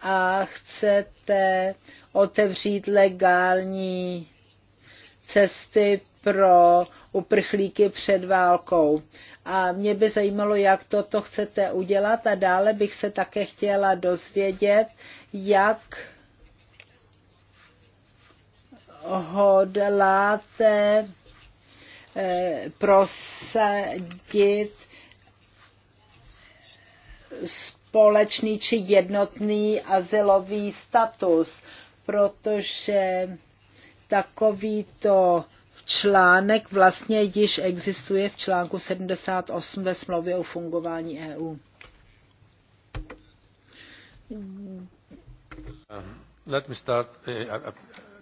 a chcete otevřít legální cesty pro uprchlíky před válkou. A mě by zajímalo, jak toto chcete udělat a dále bych se také chtěla dozvědět, jak hodláte eh, prosadit společný či jednotný azylový status, protože takovýto článek vlastně již existuje v článku 78 ve smlouvě o fungování EU. Uh, let me start,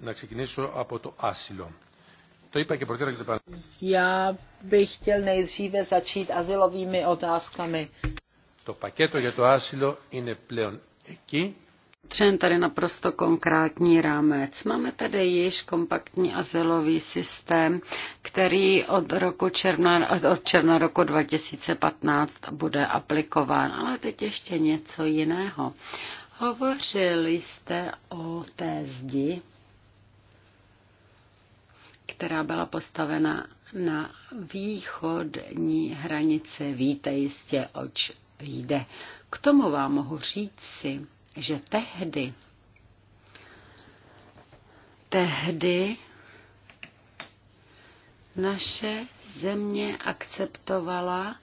na ξεκινήσω από το άσυλο. To είπα και προτείνω και το Já bych chtěl nejdříve začít azylovými otázkami. Το πακέτο για το άσυλο είναι πλέον εκεί Třen tady naprosto konkrétní rámec. Máme tady již kompaktní azylový systém, který od, roku června, od června roku 2015 bude aplikován. Ale teď ještě něco jiného. Hovořili jste o té zdi, která byla postavena na východní hranici. Víte jistě, oč jde. K tomu vám mohu si, že tehdy, tehdy naše země akceptovala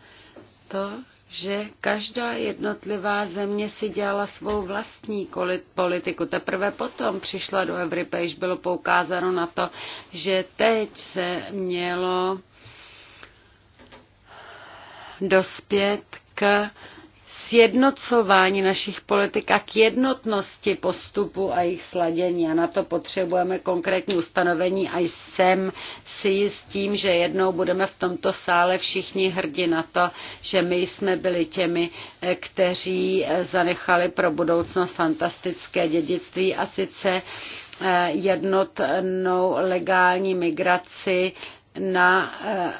to, že každá jednotlivá země si dělala svou vlastní politiku. Teprve potom přišla do Evropy, již bylo poukázáno na to, že teď se mělo dospět k sjednocování našich politik a k jednotnosti postupu a jejich sladění. A na to potřebujeme konkrétní ustanovení a jsem si tím, že jednou budeme v tomto sále všichni hrdí na to, že my jsme byli těmi, eh, kteří eh, zanechali pro budoucnost fantastické dědictví a sice eh, jednotnou legální migraci na eh,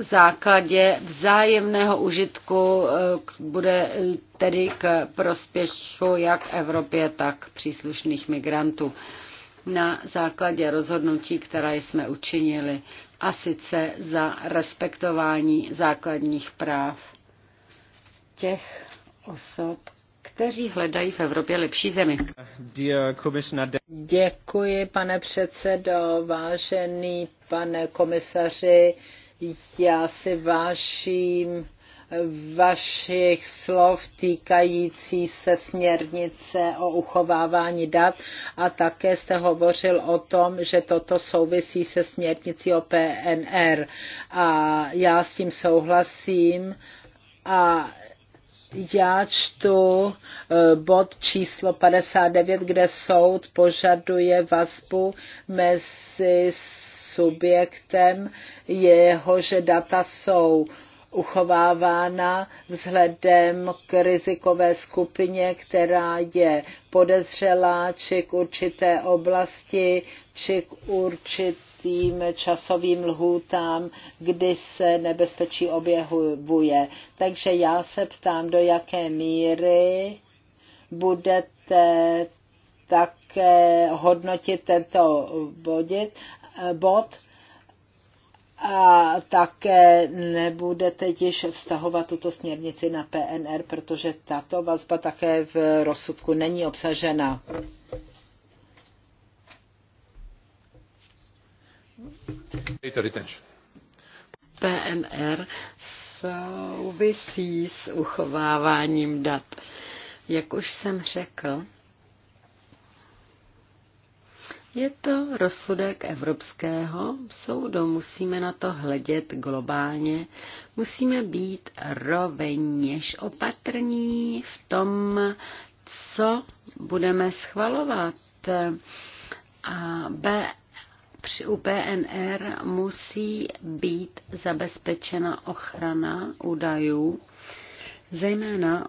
základě vzájemného užitku eh, bude tedy k prospěchu jak Evropě, tak příslušných migrantů na základě rozhodnutí, která jsme učinili, a sice za respektování základních práv těch osob, kteří hledají v Evropě lepší zemi. Děkuji, pane předsedo, vážený pane komisaři. Já si váším vašich slov týkající se směrnice o uchovávání dat a také jste hovořil o tom, že toto souvisí se směrnicí o PNR. A já s tím souhlasím a já čtu eh, bod číslo 59, kde soud požaduje vazbu mezi subjektem, jehož data jsou uchovávána vzhledem k rizikové skupině, která je podezřelá, či k určité oblasti, či k určité určitým časovým lhůtám, kdy se nebezpečí objevuje. Takže já se ptám, do jaké míry budete také hodnotit tento bodit, bod a také nebudete již vztahovat tuto směrnici na PNR, protože tato vazba také v rozsudku není obsažena. PNR souvisí s uchováváním dat. Jak už jsem řekl, je to rozsudek Evropského soudu. Musíme na to hledět globálně. Musíme být rovněž opatrní v tom, co budeme schvalovat. A B při UPNR musí být zabezpečena ochrana údajů, zejména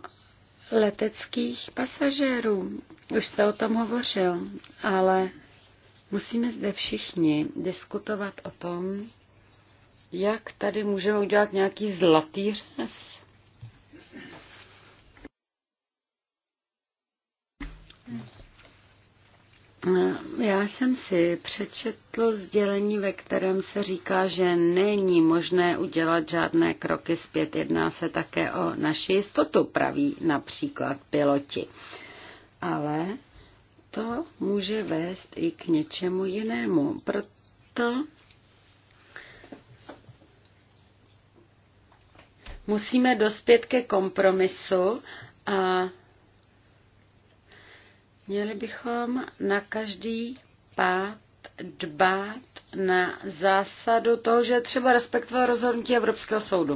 leteckých pasažérů. Už jste o tom hovořil, ale musíme zde všichni diskutovat o tom, jak tady můžeme udělat nějaký zlatý řez. Eh, já jsem si přečetl sdělení, ve kterém se říká, že není možné udělat žádné kroky zpět. Jedná se také o naši jistotu, praví například piloti. Ale to může vést i k něčemu jinému. Proto musíme dospět ke kompromisu a Měli bychom na každý pát dbát na zásadu toho, že třeba respektovat rozhodnutí Evropského soudu.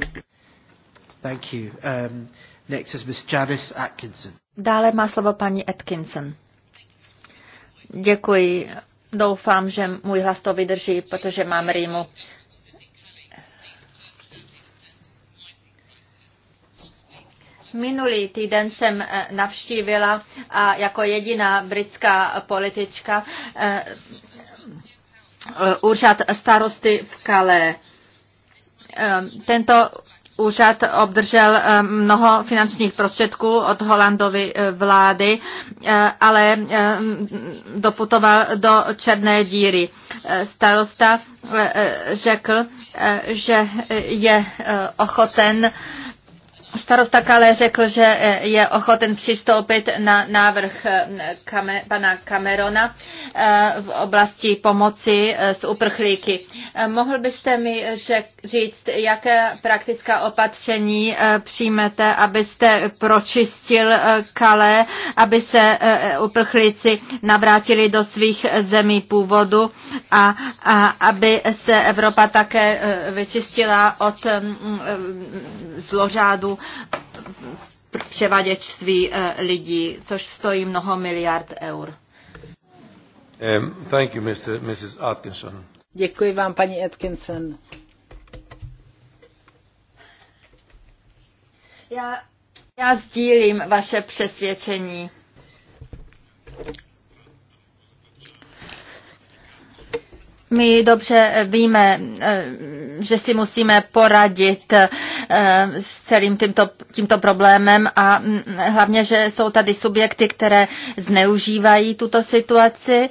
Thank you. Um, next is Ms. Janice Atkinson. Dále má slovo paní Atkinson. Děkuji. Doufám, že můj hlas to vydrží, protože mám rýmu. Uh, Minulý týden jsem eh, navštívila a jako jediná britská politička eh, eh, úřad starosty v Kalé. Tento úřad obdržel mnoho finančních prostředků od Holandovy vlády, ale doputoval do černé díry. Starosta řekl, že je ochoten Starosta Kale řekl, že eh, je ochoten přistoupit na návrh eh, Kame, pana Camerona eh, v oblasti pomoci s uprchlíky. Mohl byste mi říct, jaké praktická opatření přijmete, abyste pročistil Kale, aby se uprchlíci navrátili do svých zemí původu a, a aby se Evropa také vyčistila od mm, zlořádu převaděčství eh, lidí, což stojí mnoho miliard eur. Um, thank you, Mr. Mrs. Atkinson. Děkuji vám, paní Atkinson. Já, já sdílím vaše přesvědčení. My dobře víme, eh, že si musíme poradit eh, s celým tímto, tímto problémem a mm, hlavně, že jsou tady subjekty, které zneužívají tuto situaci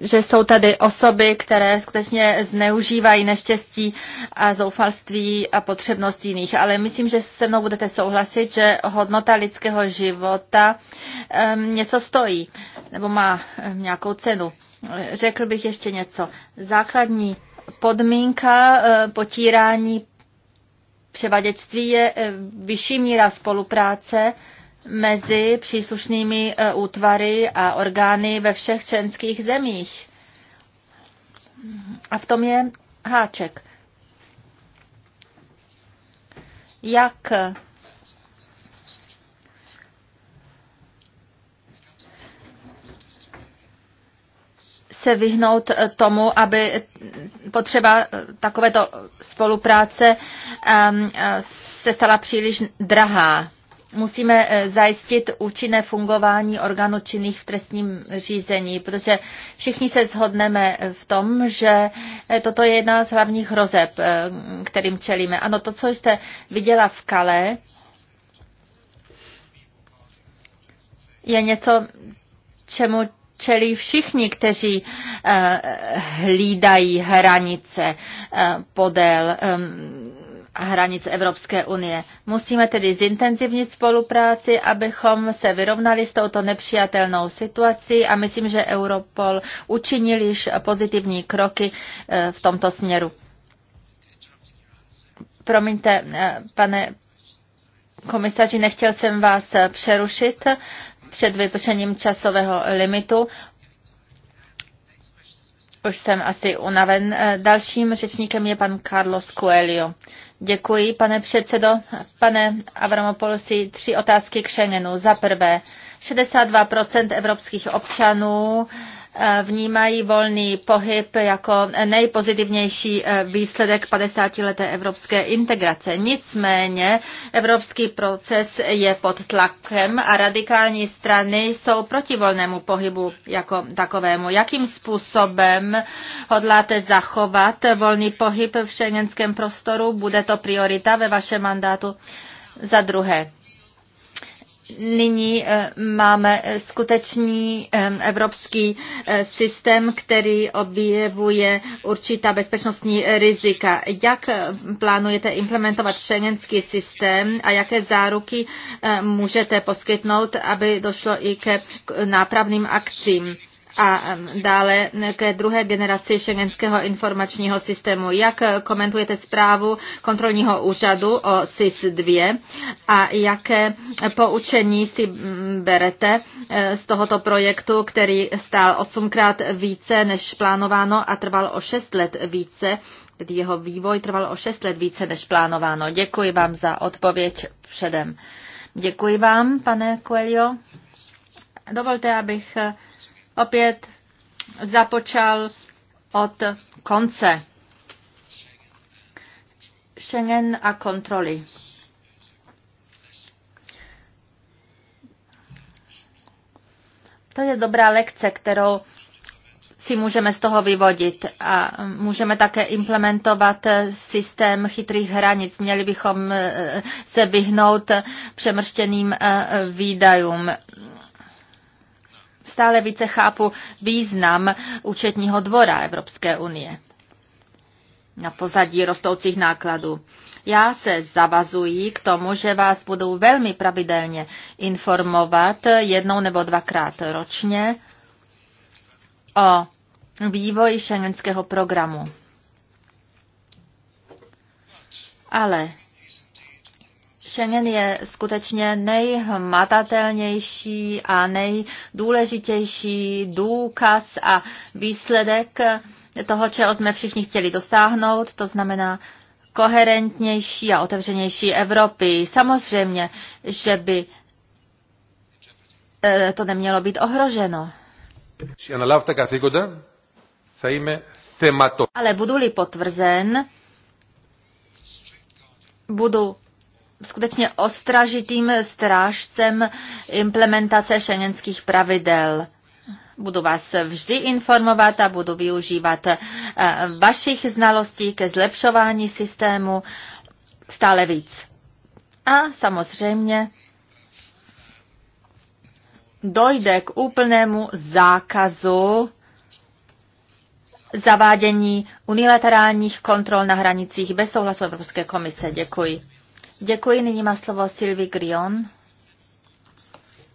že jsou tady osoby, které skutečně zneužívají neštěstí a zoufalství a potřebnost jiných. Ale myslím, že se mnou budete souhlasit, že hodnota lidského života um, něco stojí nebo má um, nějakou cenu. Řekl bych ještě něco. Základní podmínka um, potírání převaděčství je um, vyšší míra spolupráce mezi příslušnými e, útvary a orgány ve všech členských zemích. A v tom je háček. Jak e, se vyhnout e, tomu, aby potřeba takovéto spolupráce se stala příliš drahá musíme eh, zajistit účinné fungování orgánů činných v trestním řízení, protože všichni se shodneme eh, v tom, že eh, toto je jedna z hlavních hrozeb, kterým čelíme. Ano, to, co jste viděla v Kale, je něco, čemu čelí všichni, kteří hlídají hranice podél ehm, hranic Evropské unie. Musíme tedy zintenzivnit spolupráci, abychom se vyrovnali s touto nepřijatelnou situací a myslím, že Europol učinil již pozitivní kroky eh, v tomto směru. Promiňte, eh, pane komisaři, nechtěl jsem vás eh, přerušit před vypršením časového limitu. Už jsem asi unaven. Dalším řečníkem je pan Carlos Coelho. Děkuji, pane předsedo. Pane Avramopoulosi, tři otázky k Schengenu. Za prvé, 62% evropských občanů Eh, vnímají volný pohyb jako nejpozitivnější eh, výsledek 50 leté evropské integrace. Nicméně evropský proces je pod tlakem a radikální strany jsou proti volnému pohybu jako takovému. Jakým způsobem hodláte zachovat volný pohyb v šengenském prostoru? Bude to priorita ve vašem mandátu? Za druhé, nyní eh, máme eh, skutečný eh, evropský systém, který objevuje určitá bezpečnostní rizika. Jak plánujete implementovat šengenský systém a jaké záruky můžete poskytnout, aby došlo i ke nápravným akcím? a dále ke druhé generaci šengenského informačního systému. Jak komentujete zprávu kontrolního úřadu o SIS-2 a jaké poučení si berete e, z tohoto projektu, který stál osmkrát více než plánováno a trval o šest let více? kdy jeho vývoj trval o šest let více než plánováno. Děkuji vám za odpověď předem. Děkuji vám, pane Coelho. Dovolte, abych opět započal od konce. Schengen a kontroly. To je dobrá lekce, kterou si můžeme z toho vyvodit a můžeme také implementovat systém chytrých hranic. Měli bychom eh, se vyhnout přemrštěným eh, výdajům stále více chápu význam účetního dvora Evropské unie na pozadí rostoucích nákladů. Já se zavazuji k tomu, že vás budu velmi pravidelně informovat jednou nebo dvakrát ročně o vývoji šengenského programu. Ale Schengen je skutečně nejhmatatelnější a nejdůležitější důkaz a výsledek toho, čeho jsme všichni chtěli dosáhnout, to znamená koherentnější a otevřenější Evropy. Samozřejmě, že by eh, to nemělo být ohroženo. Ale budu-li potvrzen, budu skutečně ostražitým strážcem implementace šengenských pravidel. Budu vás vždy informovat a budu využívat eh, vašich znalostí ke zlepšování systému stále víc. A samozřejmě dojde k úplnému zákazu zavádění unilaterálních kontrol na hranicích bez souhlasu Evropské komise. Děkuji. Děkuji, nyní má slovo Sylvie Grion.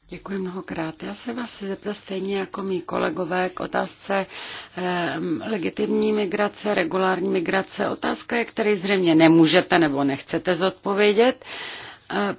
Děkuji mnohokrát. Já se vás zeptat stejně jako mý kolegové k otázce e, legitimní migrace, regulární migrace. Otázka je, který zřejmě nemůžete nebo nechcete zodpovědět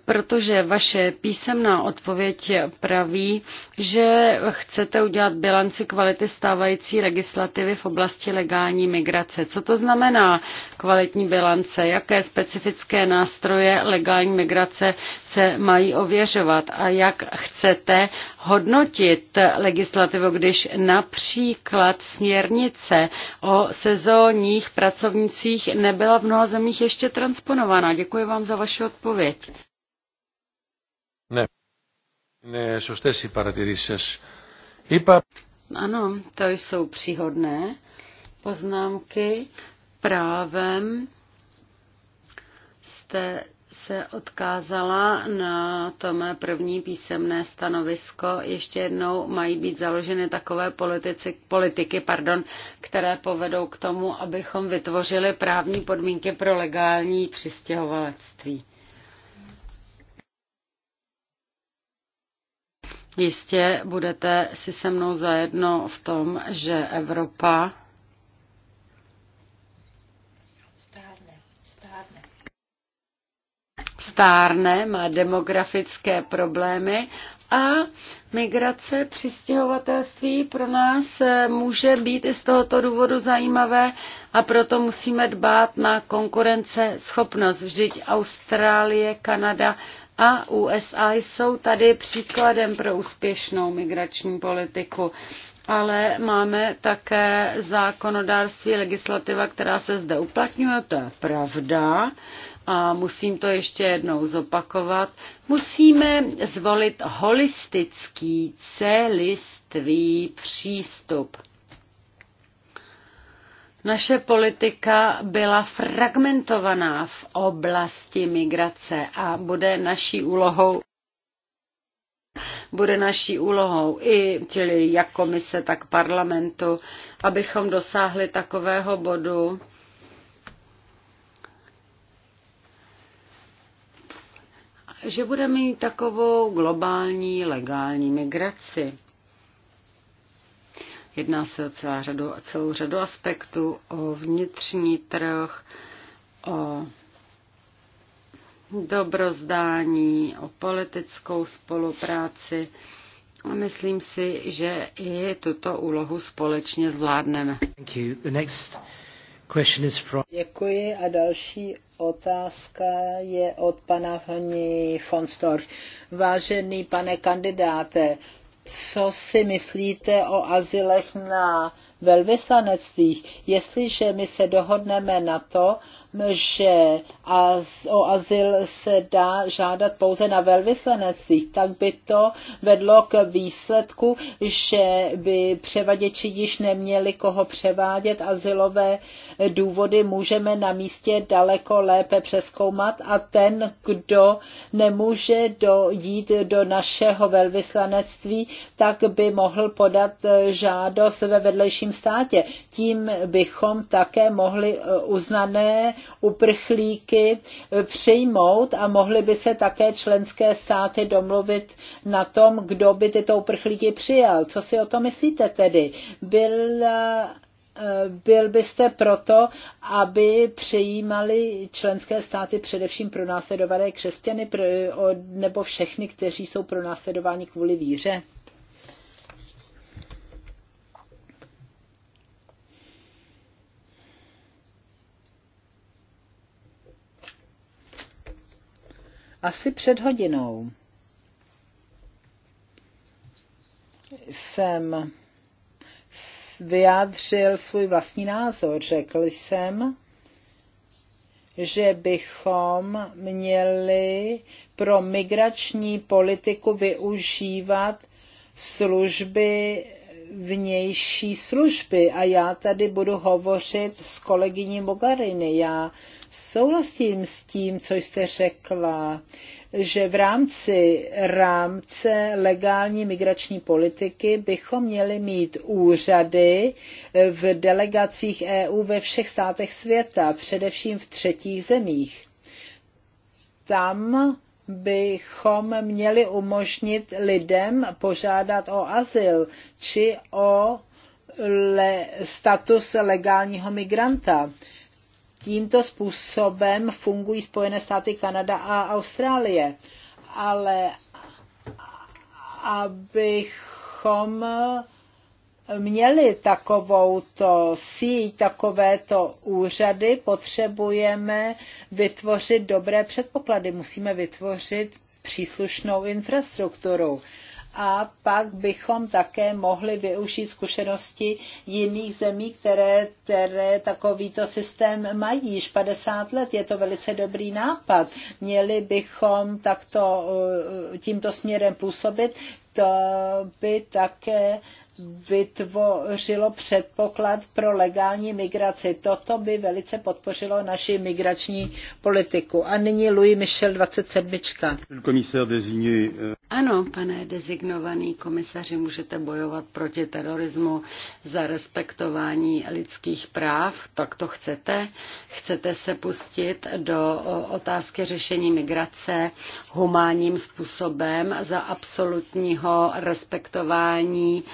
protože vaše písemná odpověď praví, že chcete udělat bilanci kvality stávající legislativy v oblasti legální migrace. Co to znamená kvalitní bilance? Jaké specifické nástroje legální migrace se mají ověřovat? A jak chcete hodnotit legislativu, když například směrnice o sezónních pracovnicích nebyla v mnoha zemích ještě transponována? Děkuji vám za vaši odpověď. Sostesi paratirises. Ipa... Ano, to jsou příhodné poznámky. Právem jste se odkázala na to mé první písemné stanovisko. Ještě jednou mají být založeny takové politici, politiky, pardon, které povedou k tomu, abychom vytvořili právní podmínky pro legální přistěhovalectví. Jistě budete si se mnou zajedno v tom, že Evropa stárne, má demografické problémy a migrace, přistěhovatelství pro nás eh, může být i z tohoto důvodu zajímavé a proto musíme dbát na konkurence schopnost. Vždyť Austrálie, Kanada a USA jsou tady příkladem pro úspěšnou migrační politiku. Ale máme také zákonodárství, legislativa, která se zde uplatňuje, to je pravda. A musím to ještě jednou zopakovat. Musíme zvolit holistický celistvý přístup naše politika byla fragmentovaná v oblasti migrace a bude naší úlohou bude naší úlohou i čili jak komise, tak parlamentu, abychom dosáhli takového bodu, že budeme mít takovou globální legální migraci. Jedná se o celá řadu, celou řadu aspektů, o vnitřní trh, o dobrozdání, o politickou spolupráci a myslím si, že i tuto úlohu společně zvládneme. From... Děkuji a další otázka je od pana paní von Storch. Vážený pane kandidáte, co si myslíte o azylech na velvyslanectvích. Jestliže my se dohodneme na to, že o azyl se dá žádat pouze na velvyslanectvích, tak by to vedlo k výsledku, že by převaděči již neměli koho převádět. Azylové důvody můžeme na místě daleko lépe přeskoumat a ten, kdo nemůže dojít do našeho velvyslanectví, tak by mohl podat žádost ve vedlejším státě. Tím bychom také mohli eh, uznané uprchlíky eh, přijmout a mohli by se také členské státy domluvit na tom, kdo by tyto uprchlíky přijal. Co si o to myslíte tedy? Byla eh, byl byste proto, aby přejímali členské státy především pro následované křesťany nebo všechny, kteří jsou pro následování kvůli víře? Asi před hodinou jsem vyjádřil svůj vlastní názor. Řekl jsem, že bychom měli pro migrační politiku využívat služby vnější služby a já tady budu hovořit s kolegyní Mogariny. Já Souhlasím s tím, co jste řekla, že v rámci rámce legální migrační politiky bychom měli mít úřady v delegacích EU ve všech státech světa, především v třetích zemích. Tam bychom měli umožnit lidem požádat o azyl či o le, status legálního migranta tímto způsobem fungují Spojené státy, Kanada a Austrálie. Ale abychom měli takovou to síť, takovéto úřady, potřebujeme vytvořit dobré předpoklady. Musíme vytvořit příslušnou infrastrukturu a pak bychom také mohli využít zkušenosti jiných zemí, které, které takovýto systém mají již 50 let. Je to velice dobrý nápad. Měli bychom takto eh, tímto směrem působit. To by také vytvořilo předpoklad pro legální migraci. Toto by velice podpořilo naši migrační politiku. A nyní Louis Michel 27. Eh, ano, pane designovaný komisaři, můžete bojovat proti terorismu za respektování lidských práv, tak to chcete. Chcete se pustit do otázky řešení migrace humánním způsobem za absolutního respektování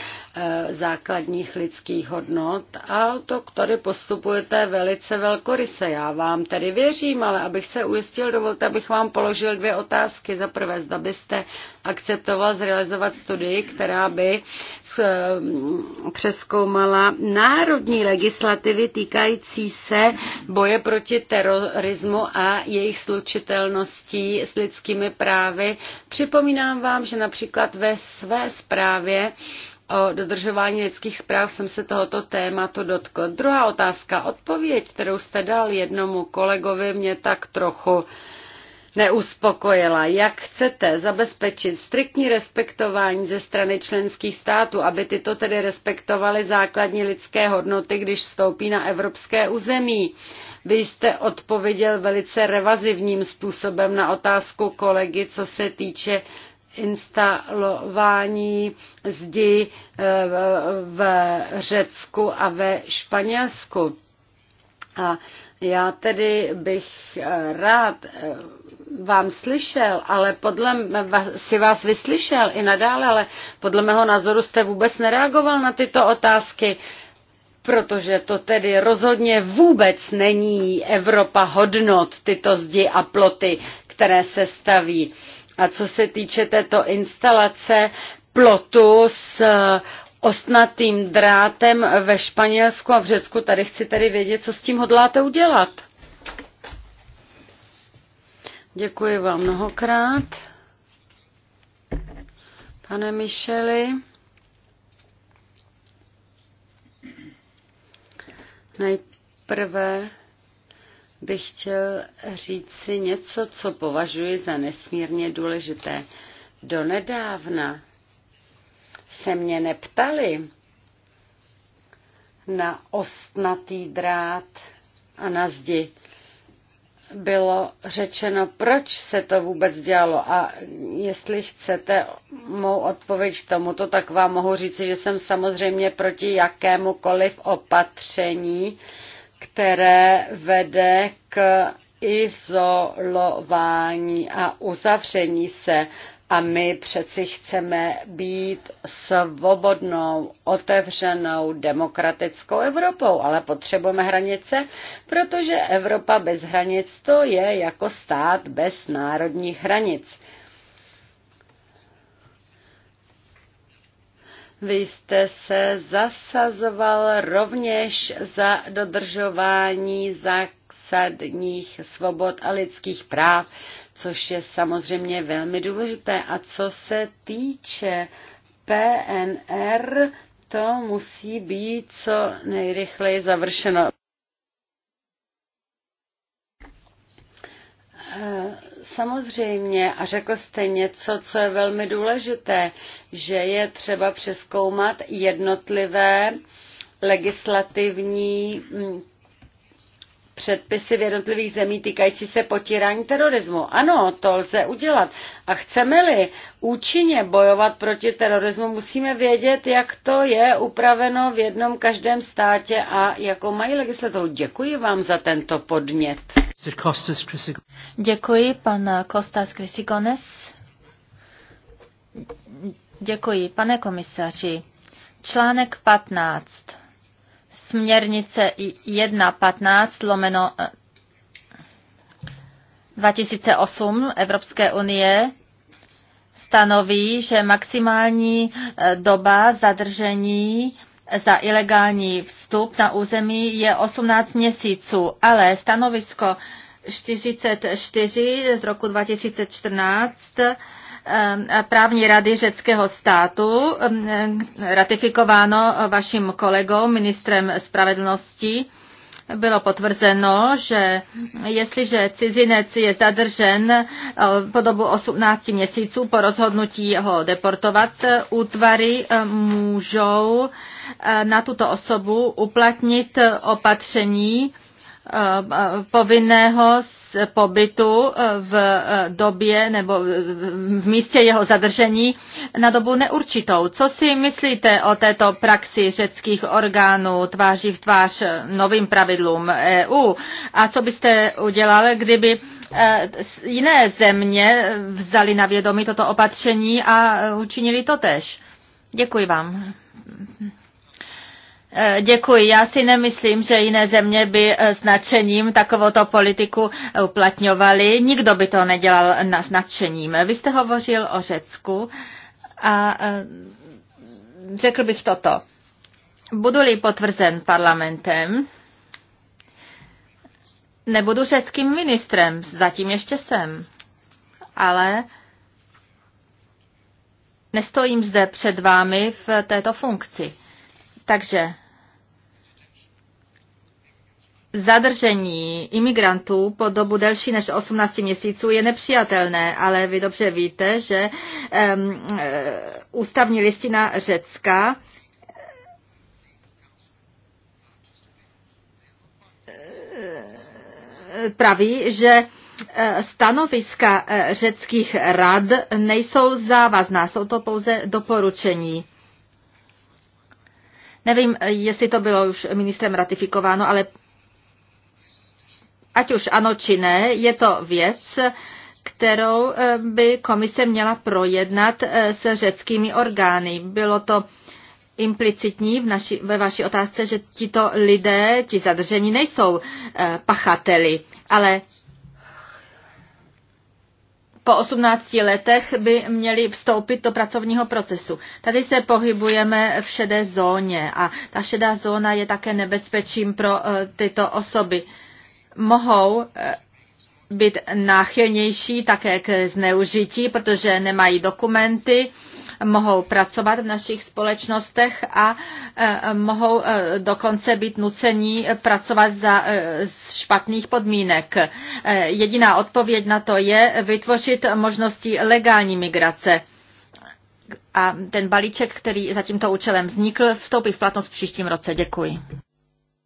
Eh, základních lidských hodnot a to tady postupujete velice velkoryse. Já vám tedy věřím, ale abych se ujistil, dovolte, abych vám položil dvě otázky. Za prvé, zda byste akceptoval zrealizovat studii, která by eh, přeskoumala národní legislativy týkající se boje proti terorismu a jejich slučitelností s lidskými právy. Připomínám vám, že například ve své zprávě o dodržování lidských zpráv, jsem se tohoto tématu dotkl. Druhá otázka. Odpověď, kterou jste dal jednomu kolegovi, mě tak trochu neuspokojila. Jak chcete zabezpečit striktní respektování ze strany členských států, aby tyto tedy respektovaly základní lidské hodnoty, když vstoupí na evropské území? Vy jste odpověděl velice revazivním způsobem na otázku kolegy, co se týče instalování zdi eh, v Řecku a ve Španělsku. A já tedy bych eh, rád eh, vám slyšel, ale podle si vás vyslyšel i nadále, ale podle mého názoru jste vůbec nereagoval na tyto otázky, protože to tedy rozhodně vůbec není Evropa hodnot, tyto zdi a ploty, které se staví. Uh, a co se týče této instalace plotu s eh, ostnatým drátem ve Španělsku a v Řecku, tady chci tady vědět, co s tím hodláte udělat. Děkuji vám mnohokrát. Pane Micheli. Nejprve bych chtěl říct si něco, co považuji za nesmírně důležité. Donedávna se mě neptali na ostnatý drát a na zdi. Bylo řečeno, proč se to vůbec dělalo a jestli chcete mou odpověď k tomuto, tak vám mohu říct, že jsem samozřejmě proti jakémukoliv opatření, které vede k izolování a uzavření se. A my přeci chceme být svobodnou, otevřenou, demokratickou Evropou, ale potřebujeme hranice, protože Evropa bez hranic to je jako stát bez národních hranic. Vy jste se zasazoval rovněž za dodržování zásadních svobod a lidských práv, což je samozřejmě velmi důležité. A co se týče PNR, to musí být co nejrychleji završeno. Samozřejmě, a řekl jste něco, co je velmi důležité, že je třeba přeskoumat jednotlivé legislativní předpisy v jednotlivých zemí týkající se potírání terorismu. Ano, to lze udělat. A chceme-li účinně bojovat proti terorismu, musíme vědět, jak to je upraveno v jednom každém státě a jakou mají legislativu. Děkuji vám za tento podnět. Děkuji, pan Kostas Krisigones. Děkuji, pane komisaři. Článek 15 směrnice 1.15 lomeno 2008 eh, Evropské unie stanoví, že maximální eh, doba zadržení za ilegální vstup na území je 18 měsíců, ale stanovisko 44 z roku 2014 Ehm, právní rady řeckého státu, ehm, ratifikováno vaším kolegou, ministrem spravedlnosti, bylo potvrzeno, že jestliže cizinec je zadržen eh, po dobu 18 měsíců po rozhodnutí ho deportovat, útvary eh, můžou eh, na tuto osobu uplatnit opatření, Eh, povinného pobytu eh, v eh, době nebo v místě jeho zadržení na dobu neurčitou. Co si myslíte o této praxi řeckých orgánů tváří v tvář novým pravidlům EU? A co byste udělali, kdyby jiné země vzali na vědomí toto opatření a učinili to tež? Děkuji vám. Eh, děkuji. Já si nemyslím, že jiné země by eh, s nadšením takovouto politiku eh, uplatňovaly. Nikdo by to nedělal s nadšením. Vy jste hovořil o Řecku a řekl bych toto. Budu-li potvrzen parlamentem, nebudu řeckým ministrem, zatím ještě jsem, ale nestojím zde před vámi v této funkci. Takže zadržení imigrantů po dobu delší než 18 měsíců je nepřijatelné, ale vy dobře víte, že um, ústavní listina Řecka eh, praví, že eh, stanoviska řeckých rad nejsou závazná, jsou to pouze doporučení. Nevím, jestli to bylo už ministrem ratifikováno, ale ať už ano či ne, je to věc, kterou eh, by komise měla projednat eh, s řeckými orgány. Bylo to implicitní v naši, ve vaší otázce, že tito lidé, ti zadržení, nejsou eh, pachateli, ale po 18 letech by měli vstoupit do pracovního procesu. Tady se pohybujeme v šedé zóně a ta šedá zóna je také nebezpečím pro eh, tyto osoby. Mohou eh, být náchylnější také k zneužití, protože nemají dokumenty, mohou pracovat v našich společnostech a e, mohou e, dokonce být nucení pracovat za e, špatných podmínek. Jediná odpověď na to je vytvořit možnosti legální migrace. A ten balíček, který za tímto účelem vznikl, vstoupí v platnost v příštím roce. Děkuji.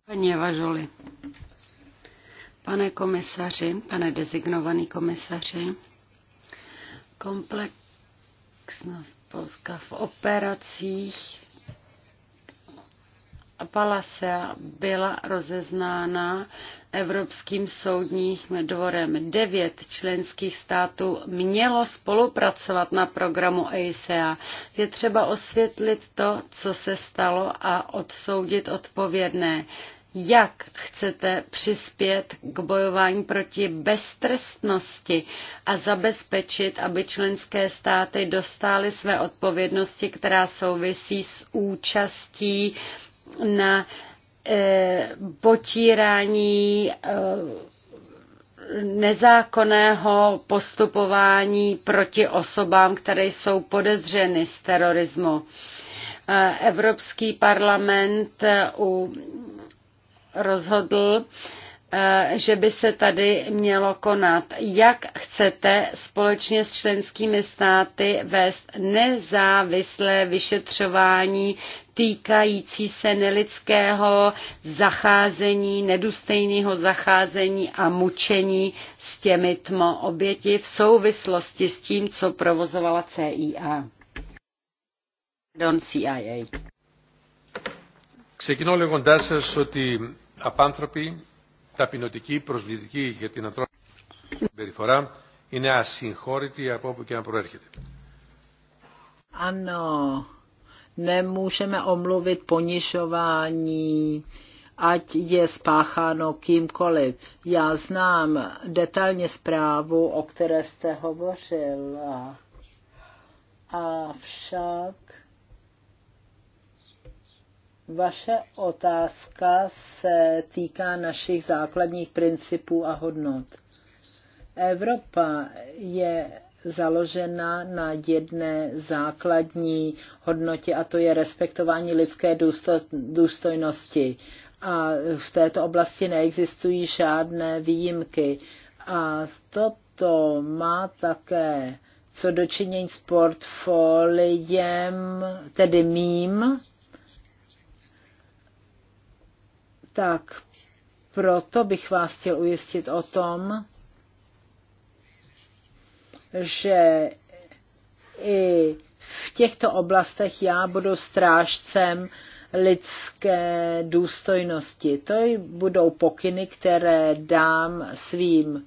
Paní Važuli. Pane komisaři, pane designovaný komisaři, komplexnost Polska v operacích Palasea byla rozeznána Evropským soudním dvorem. Devět členských států mělo spolupracovat na programu ASEA. Je třeba osvětlit to, co se stalo a odsoudit odpovědné jak chcete přispět k bojování proti beztrestnosti a zabezpečit, aby členské státy dostály své odpovědnosti, která souvisí s účastí na eh, potírání eh, nezákonného postupování proti osobám, které jsou podezřeny z terorismu. Eh, Evropský parlament eh, u rozhodl, eh, že by se tady mělo konat. Jak chcete společně s členskými státy vést nezávislé vyšetřování týkající se nelidského zacházení, nedůstejného zacházení a mučení s těmi tmo oběti v souvislosti s tím, co provozovala CIA. Don CIA. Ξεκινώ λέγοντάς σας ότι απάνθρωποι, ταπεινωτικοί, προσβλητικοί για την ανθρώπινη συμπεριφορά είναι ασυγχώρητη από όπου και αν προέρχεται. Ano, nemůžeme omluvit ponižování, ať je spácháno kýmkoliv. Já znám detailně zprávu, o které jste hovořil. a, však. Vaše otázka se týká našich základních principů a hodnot. Evropa je založena na jedné základní hodnotě a to je respektování lidské důstojnosti. A v této oblasti neexistují žádné výjimky. A toto má také co dočinění s portfoliem, tedy mým, tak proto bych vás chtěl ujistit o tom, že i v těchto oblastech já budu strážcem lidské důstojnosti. To budou pokyny, které dám svým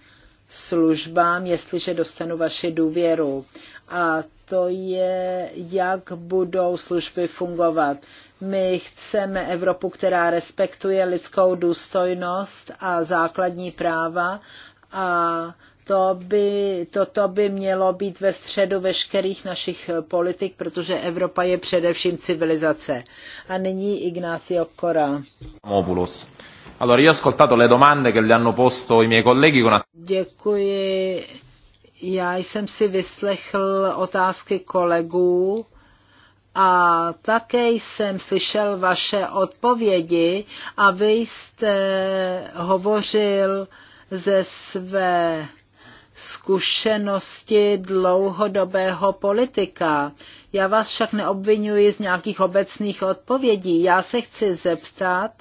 službám, jestliže dostanu vaši důvěru. A to je, jak budou služby fungovat. My chceme Evropu, která respektuje lidskou důstojnost a základní práva a to by, toto by mělo být ve středu veškerých našich politik, protože Evropa je především civilizace. A nyní Ignacio Cora. Allora, io ho ascoltato le domande che gli hanno posto i miei colleghi con Děkuji. Já jsem si vyslechl otázky kolegů a také jsem slyšel vaše odpovědi a vy jste hovořil ze své zkušenosti dlouhodobého politika. Já vás však neobvinuji z nějakých obecných odpovědí. Já se chci zeptat,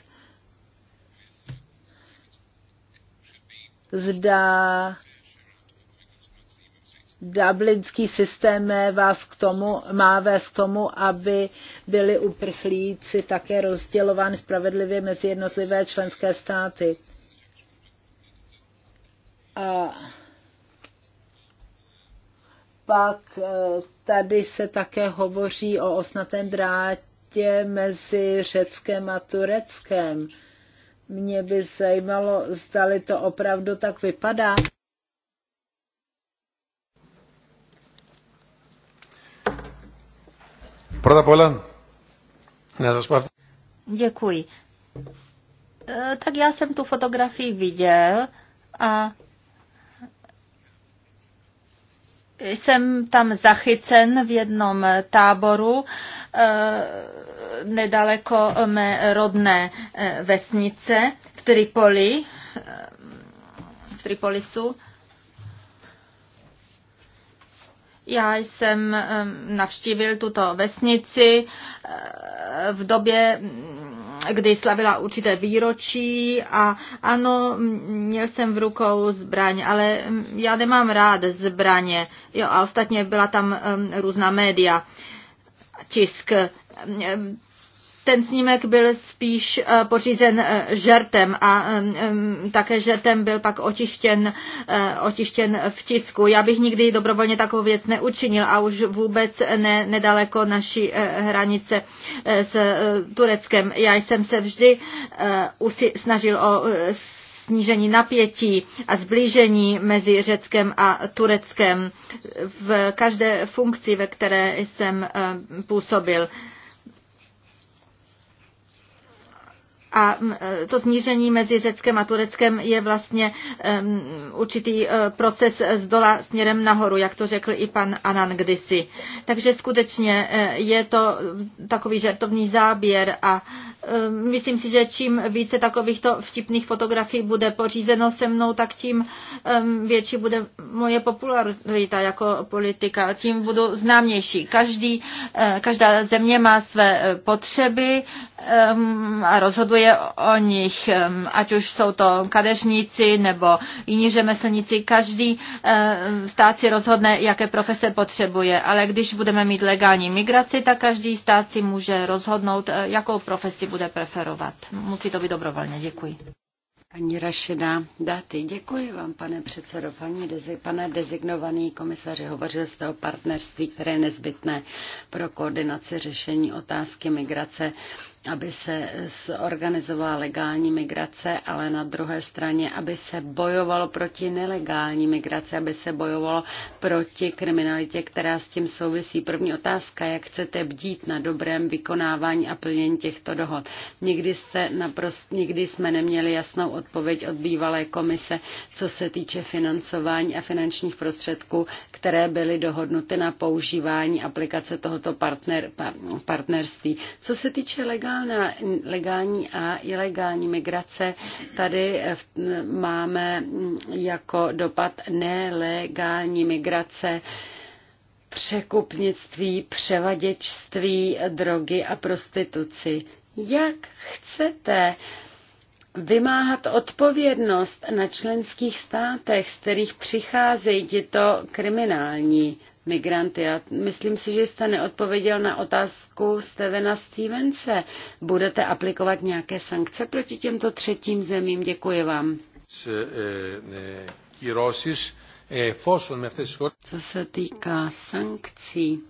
zda dublinský systém vás k tomu, má vést k tomu, aby byli uprchlíci také rozdělovány spravedlivě mezi jednotlivé členské státy. A pak eh, tady se také hovoří o osnatém drátě mezi Řeckem a Tureckem. Mě by zajímalo, zdali to opravdu tak vypadá. Πρώτα απ' όλα, να σας πω... Děkuji. Tak já jsem tu fotografii viděl a jsem tam zachycen v jednom táboru e, nedaleko mé rodné e, vesnice v Tripoli, e, v Tripolisu. Já jsem navštívil tuto vesnici eh, v době, mm, kdy slavila určité výročí a ano, měl jsem v rukou zbraň, ale já nemám rád zbraně. Jo, a ostatně byla tam různá média, tisk ten snímek byl spíš eh, pořízen eh, žertem a také žertem byl pak otištěn, eh, otištěn v tisku. Já bych nikdy dobrovolně takovou věc neučinil a už vůbec ne, nedaleko naší hranice s Tureckem. Já jsem se vždy snažil o snížení napětí a zblížení mezi Řeckem a Tureckem v každé funkci, ve které jsem působil. a mm, e, to smíření mezi Řeckem a Tureckem je vlastně určitý e, proces z dola směrem nahoru, jak to řekl i pan Anan kdysi. Takže skutečně e, je to takový žertovní záběr a myslím si, že čím více takovýchto vtipných fotografií bude pořízeno se mnou, tak tím větší bude moje popularita jako politika, tím budu známější. Každý, každá země má své potřeby a rozhoduje je o nich, ať už jsou to kadeřníci nebo jiní řemeslníci. Každý stát si rozhodne, jaké profese potřebuje, ale když budeme mít legální migraci, tak každý stát si může rozhodnout, eh, jakou profesi bude preferovat. Musí to být dobrovolně. Děkuji. Paní Rašina Dáty, děkuji vám, pane předsedo, paní, pane dezignovaný komisaři. Hovořil jste o partnerství, které je nezbytné pro koordinaci řešení otázky migrace aby se zorganizovala legální migrace, ale na druhé straně, aby se bojovalo proti nelegální migraci, aby se bojovalo proti kriminalitě, která s tím souvisí. První otázka, jak chcete bdít na dobrém vykonávání a plnění těchto dohod. Nikdy, jste naprost, nikdy jsme neměli jasnou odpověď od bývalé komise, co se týče financování a finančních prostředků, které byly dohodnuty na používání aplikace tohoto partner, partnerství. Co se týče legální legálna, legální a ilegální migrace tady eh, eh, máme mm, jako dopad nelegální migrace překupnictví, převaděčství, drogy a prostituci. Jak chcete vymáhat odpovědnost na členských státech, z kterých přicházejí tito kriminální migranty. Já myslím si, že jste neodpověděl na otázku Stevena Stevense. Budete aplikovat nějaké sankce proti těmto třetím zemím? Děkuji vám. Eh, eh, eh, co se týká sankcí,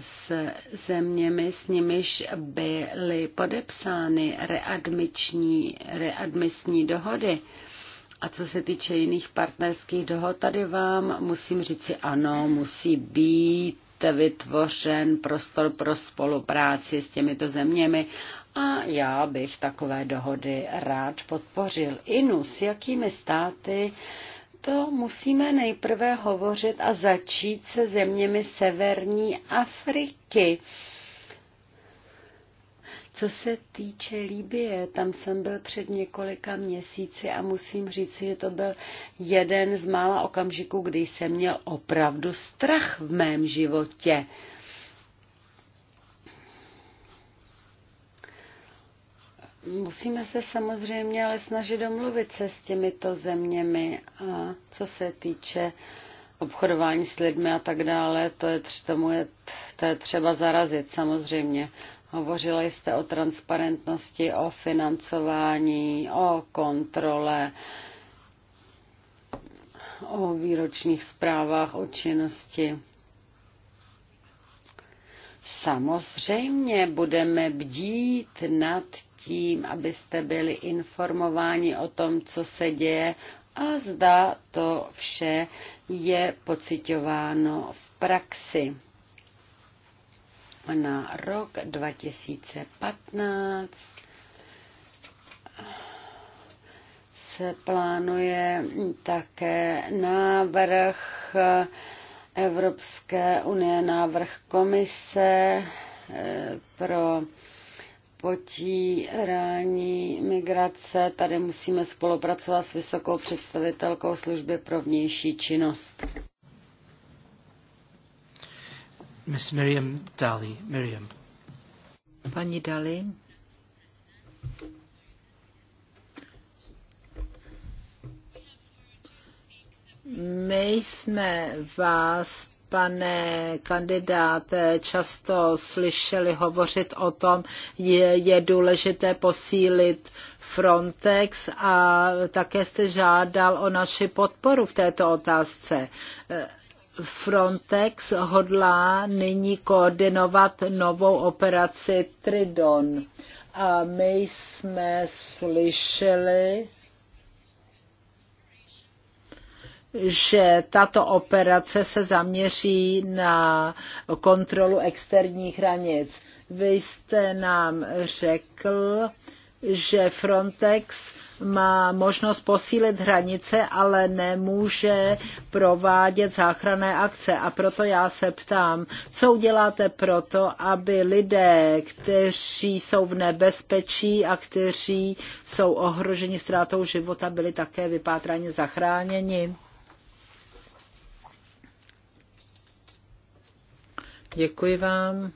s zeměmi, s nimiž byly podepsány readmiční, readmisní dohody. A co se týče jiných partnerských dohod, tady vám musím říci ano, musí být vytvořen prostor pro spolupráci s těmito zeměmi a já bych takové dohody rád podpořil. Inu, s jakými státy to musíme nejprve hovořit a začít se zeměmi severní Afriky co se týče Líbie, tam jsem byl před několika měsíci a musím říct, že to byl jeden z mála okamžiků, kdy jsem měl opravdu strach v mém životě. Musíme se samozřejmě ale snažit domluvit se s těmito zeměmi a co se týče obchodování s lidmi a tak dále, to je, tomu je, to je třeba zarazit samozřejmě. Hovořili jste o transparentnosti, o financování, o kontrole, o výročních zprávách o činnosti. Samozřejmě budeme bdít nad tím, abyste byli informováni o tom, co se děje a zda to vše je pocitováno v praxi na rok 2015 se plánuje také návrh Evropské unie, návrh komise eh, pro potírání migrace. Tady musíme spolupracovat s vysokou představitelkou služby pro vnější činnost. Miss Miriam Daly. Miriam. Paní Daly. My jsme vás, pane kandidáte, často slyšeli hovořit o tom, je, je důležité posílit Frontex a také jste žádal o naši podporu v této otázce. Frontex hodlá nyní koordinovat novou operaci Tridon. A my jsme slyšeli, že tato operace se zaměří na kontrolu externích hranic. Vy jste nám řekl, že Frontex má možnost posílit hranice, ale nemůže provádět záchranné akce. A proto já se ptám, co uděláte proto, aby lidé, kteří jsou v nebezpečí a kteří jsou ohroženi ztrátou života, byli také vypátráni zachráněni? Děkuji vám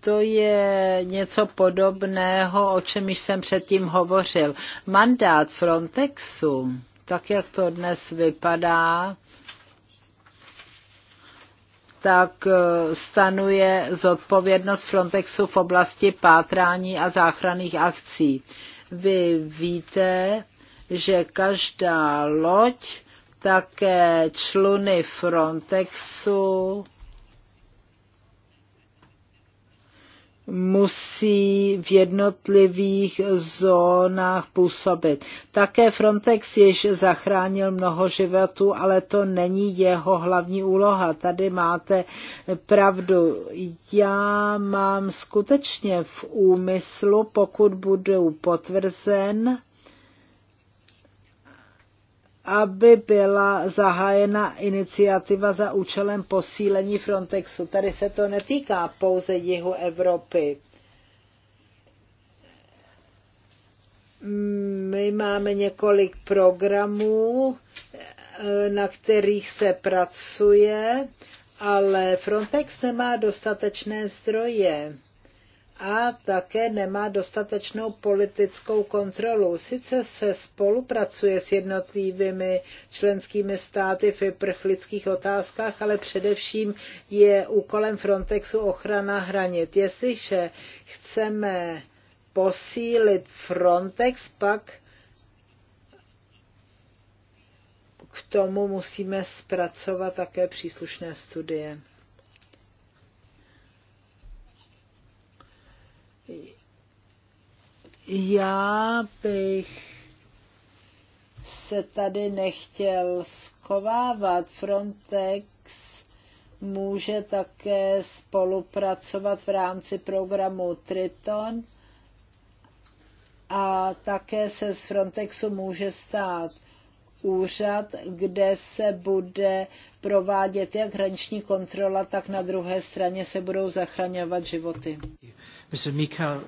to je něco podobného, o čem jsem předtím hovořil. Mandát Frontexu, tak jak to dnes vypadá, tak eh, stanuje zodpovědnost Frontexu v oblasti pátrání a záchranných akcí. Vy víte, že každá loď, také čluny Frontexu, musí v jednotlivých zónách působit. Také Frontex již zachránil mnoho životů, ale to není jeho hlavní úloha. Tady máte pravdu. Já mám skutečně v úmyslu, pokud budu potvrzen, aby byla zahájena iniciativa za účelem posílení Frontexu. Tady se to netýká pouze jihu Evropy. My máme několik programů, eh, na kterých se pracuje, ale Frontex nemá dostatečné zdroje a také nemá dostatečnou politickou kontrolu. Sice se spolupracuje s jednotlivými členskými státy v prchlických otázkách, ale především je úkolem Frontexu ochrana hranit. Jestliže chceme posílit Frontex, pak k tomu musíme zpracovat také příslušné studie. Já bych se tady nechtěl skovávat. Frontex může také spolupracovat v rámci programu Triton a také se z Frontexu může stát úřad, kde se bude provádět jak hraniční kontrola, tak na druhé straně se budou zachraňovat životy. Michal.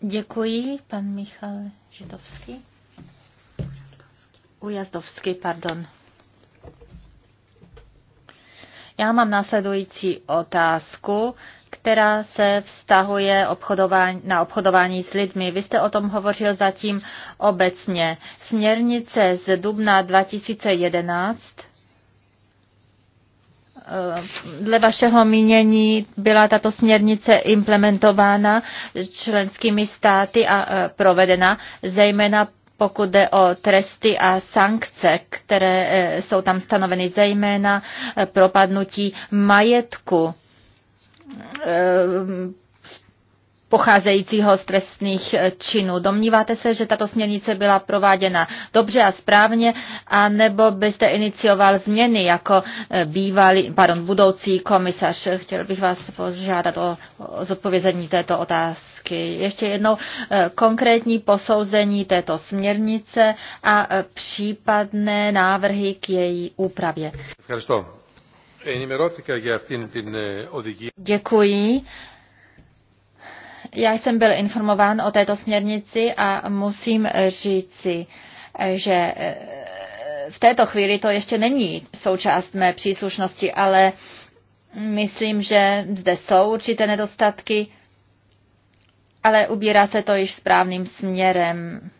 Děkuji, pan Michal Židovský. Ujazdovský, pardon. Já mám následující otázku která se vztahuje obchodování, na obchodování s lidmi. Vy jste o tom hovořil zatím obecně. Směrnice z dubna 2011 eh, dle vašeho mínění byla tato směrnice implementována členskými státy a eh, provedena, zejména pokud jde o tresty a sankce, které eh, jsou tam stanoveny, zejména propadnutí majetku Eh, pocházejícího z trestných eh, činů. Domníváte se, že tato směrnice byla prováděna dobře a správně, a nebo byste inicioval změny jako eh, bývalý, pardon, budoucí komisař? Chtěl bych vás požádat o, o zodpovězení této otázky. Ještě jednou konkrétní posouzení této směrnice a případné návrhy k její úpravě. Děkuji. Já jsem byl informován o této směrnici a musím říci, že eh, v této chvíli to ještě není součást mé příslušnosti, ale myslím, že zde jsou určité nedostatky, ale ubírá se to již správným směrem.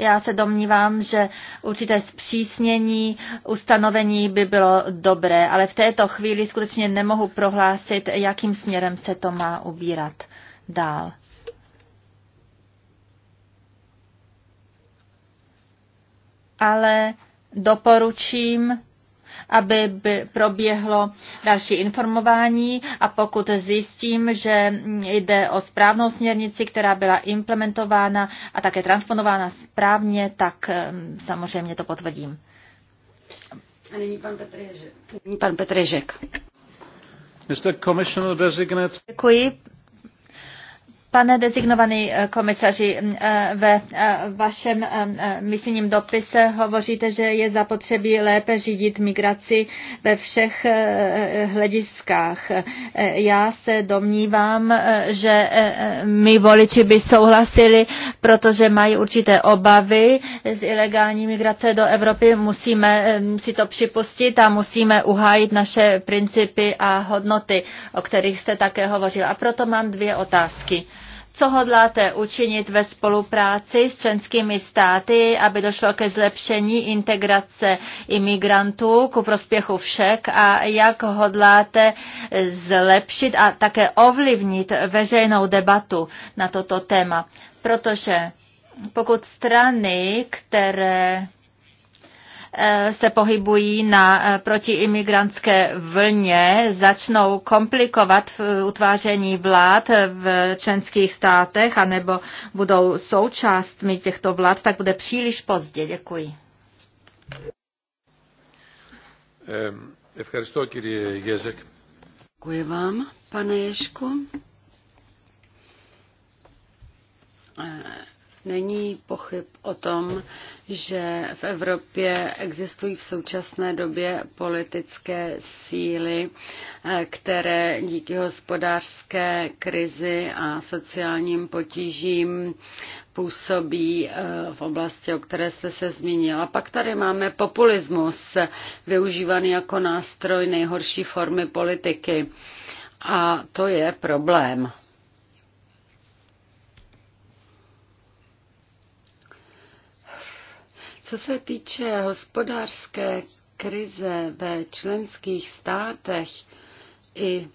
Já se domnívám, že určité zpřísnění ustanovení by bylo dobré, ale v této chvíli skutečně nemohu prohlásit, jakým směrem se to má ubírat dál. Ale doporučím aby by proběhlo další informování a pokud zjistím, že jde o správnou směrnici, která byla implementována a také transponována správně, tak samozřejmě to potvrdím. A nyní pan Petr Ježek. Nyní pan Petr Ježek. Mr. Commissioner Designate. Děkuji, Pane designovaný eh, komisaři, eh, ve eh, vašem misijním dopise hovoříte, že je zapotřebí lépe řídit migraci ve všech hlediskách. Já se domnívám, že my voliči by souhlasili, protože mají určité obavy z ilegální migrace do Evropy. Musíme si to připustit a musíme uhájit naše principy a hodnoty, o kterých jste také hovořil. A proto mám dvě otázky. Co hodláte učinit ve spolupráci s členskými státy, aby došlo ke zlepšení integrace imigrantů ku prospěchu všech a jak hodláte zlepšit a také ovlivnit veřejnou debatu na toto téma? Protože pokud strany, které Eh, se pohybují na eh, protiimigrantské vlně, začnou komplikovat eh, utváření vlád v členských státech, anebo budou součástmi těchto vlád, tak bude příliš pozdě. Děkuji. Děkuji vám, pane Ješku. Není pochyb o tom, že v Evropě existují v současné době politické síly, eh, které díky hospodářské krizi a sociálním potížím působí eh, v oblasti, o které jste se zmínila. Pak tady máme populismus, využívaný jako nástroj nejhorší formy politiky. A to je problém. Co se týče hospodářské krize ve členských státech i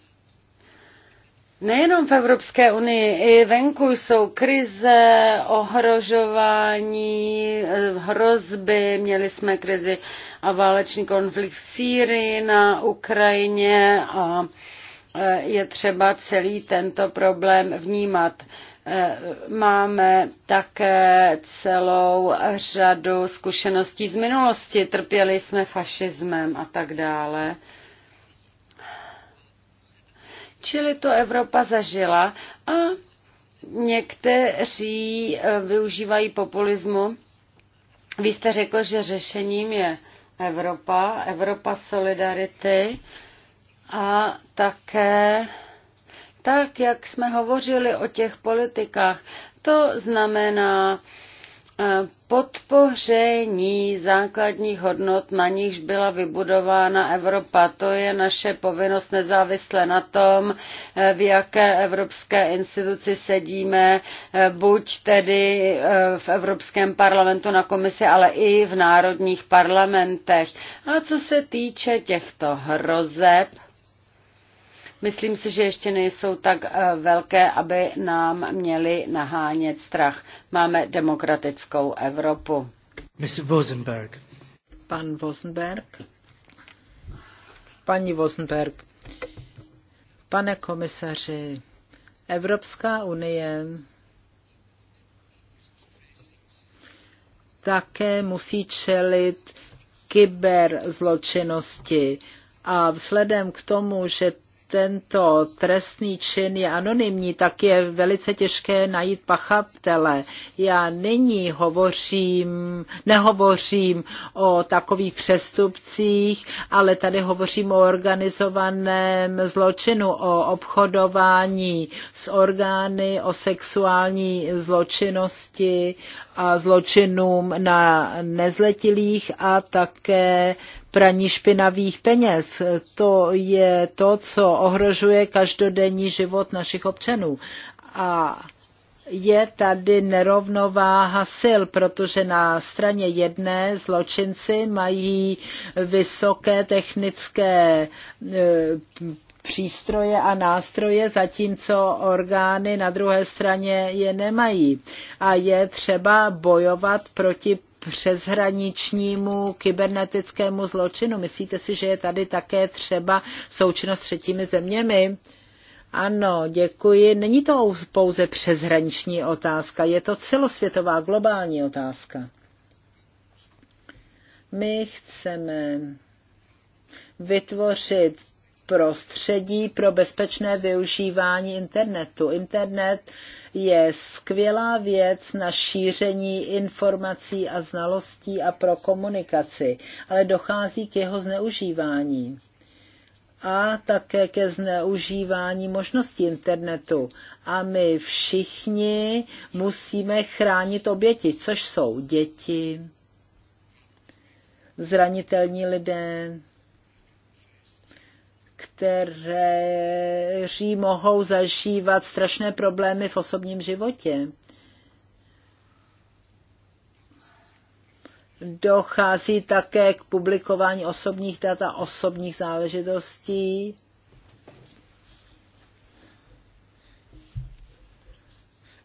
Nejenom v Evropské unii, i venku jsou krize, ohrožování, hrozby. Měli jsme krizi a válečný konflikt v Sýrii, na Ukrajině a e, je třeba celý tento problém vnímat. Eh, máme také celou řadu zkušeností z minulosti. Trpěli jsme fašismem a tak dále. Čili to Evropa zažila a někteří eh, využívají populismu. Vy jste řekl, že řešením je Evropa, Evropa solidarity a také tak, jak jsme hovořili o těch politikách. To znamená eh, podpoření základních hodnot, na nichž byla vybudována Evropa. To je naše povinnost nezávisle na tom, eh, v jaké evropské instituci sedíme, eh, buď tedy v Evropském parlamentu na komisi, ale i v národních parlamentech. A co se týče těchto hrozeb, Myslím si, že ještě nejsou tak eh, velké, aby nám měli nahánět strach. Máme demokratickou Evropu. Mr. Rosenberg. Pan Vosenberg. Paní Vosenberg. Pane komisaři, Evropská unie také musí čelit kyberzločinnosti. A vzhledem k tomu, že tento trestný čin je anonymní, tak je velice těžké najít pachatele. Já nyní hovořím, nehovořím o takových přestupcích, ale tady hovořím o organizovaném zločinu, o obchodování s orgány, o sexuální zločinnosti a zločinům na nezletilých a také praní špinavých peněz. To je to, co ohrožuje každodenní život našich občanů. A je tady nerovnováha sil, protože na straně jedné zločinci mají vysoké technické e, přístroje a nástroje, zatímco orgány na druhé straně je nemají. A je třeba bojovat proti přeshraničnímu kybernetickému zločinu. Myslíte si, že je tady také třeba součinnost s třetími zeměmi? Ano, děkuji. Není to pouze přeshraniční otázka, je to celosvětová globální otázka. My chceme vytvořit prostředí pro bezpečné využívání internetu. Internet je skvělá věc na šíření informací a znalostí a pro komunikaci, ale dochází k jeho zneužívání a také ke zneužívání možností internetu. A my všichni musíme chránit oběti, což jsou děti, zranitelní lidé, kteří mohou zažívat strašné problémy v osobním životě. Dochází také k publikování osobních dat a osobních záležitostí.